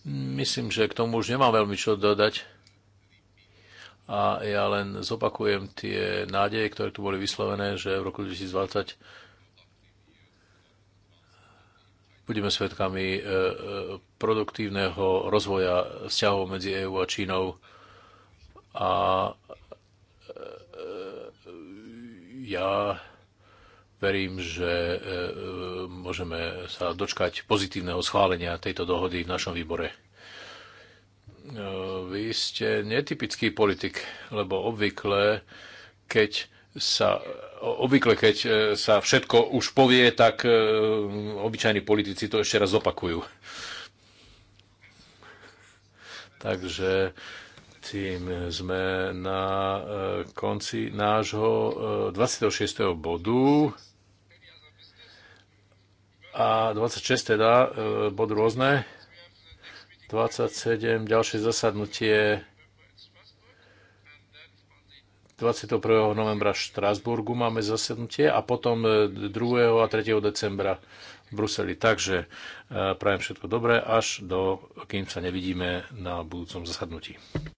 Myslím, že k tomu už nemám veľmi čo dodať. A ja len zopakujem tie nádeje, ktoré tu boli vyslovené, že v roku 2020 budeme svedkami e, e, produktívneho rozvoja vzťahov medzi EÚ a Čínou a e, ja Verím, že e, e, môžeme sa dočkať pozitívneho schválenia tejto dohody v našom výbore. E, vy ste netypický politik, lebo obvykle, keď sa, obvykle, keď sa všetko už povie, tak obyčajní politici to ešte raz opakujú. Takže tým sme na konci nášho 26. bodu a 26 teda, e, bod rôzne. 27, ďalšie zasadnutie 21. novembra v Štrásburgu máme zasadnutie a potom 2. E, a 3. decembra v Bruseli. Takže e, prajem všetko dobré, až do, kým sa nevidíme na budúcom zasadnutí.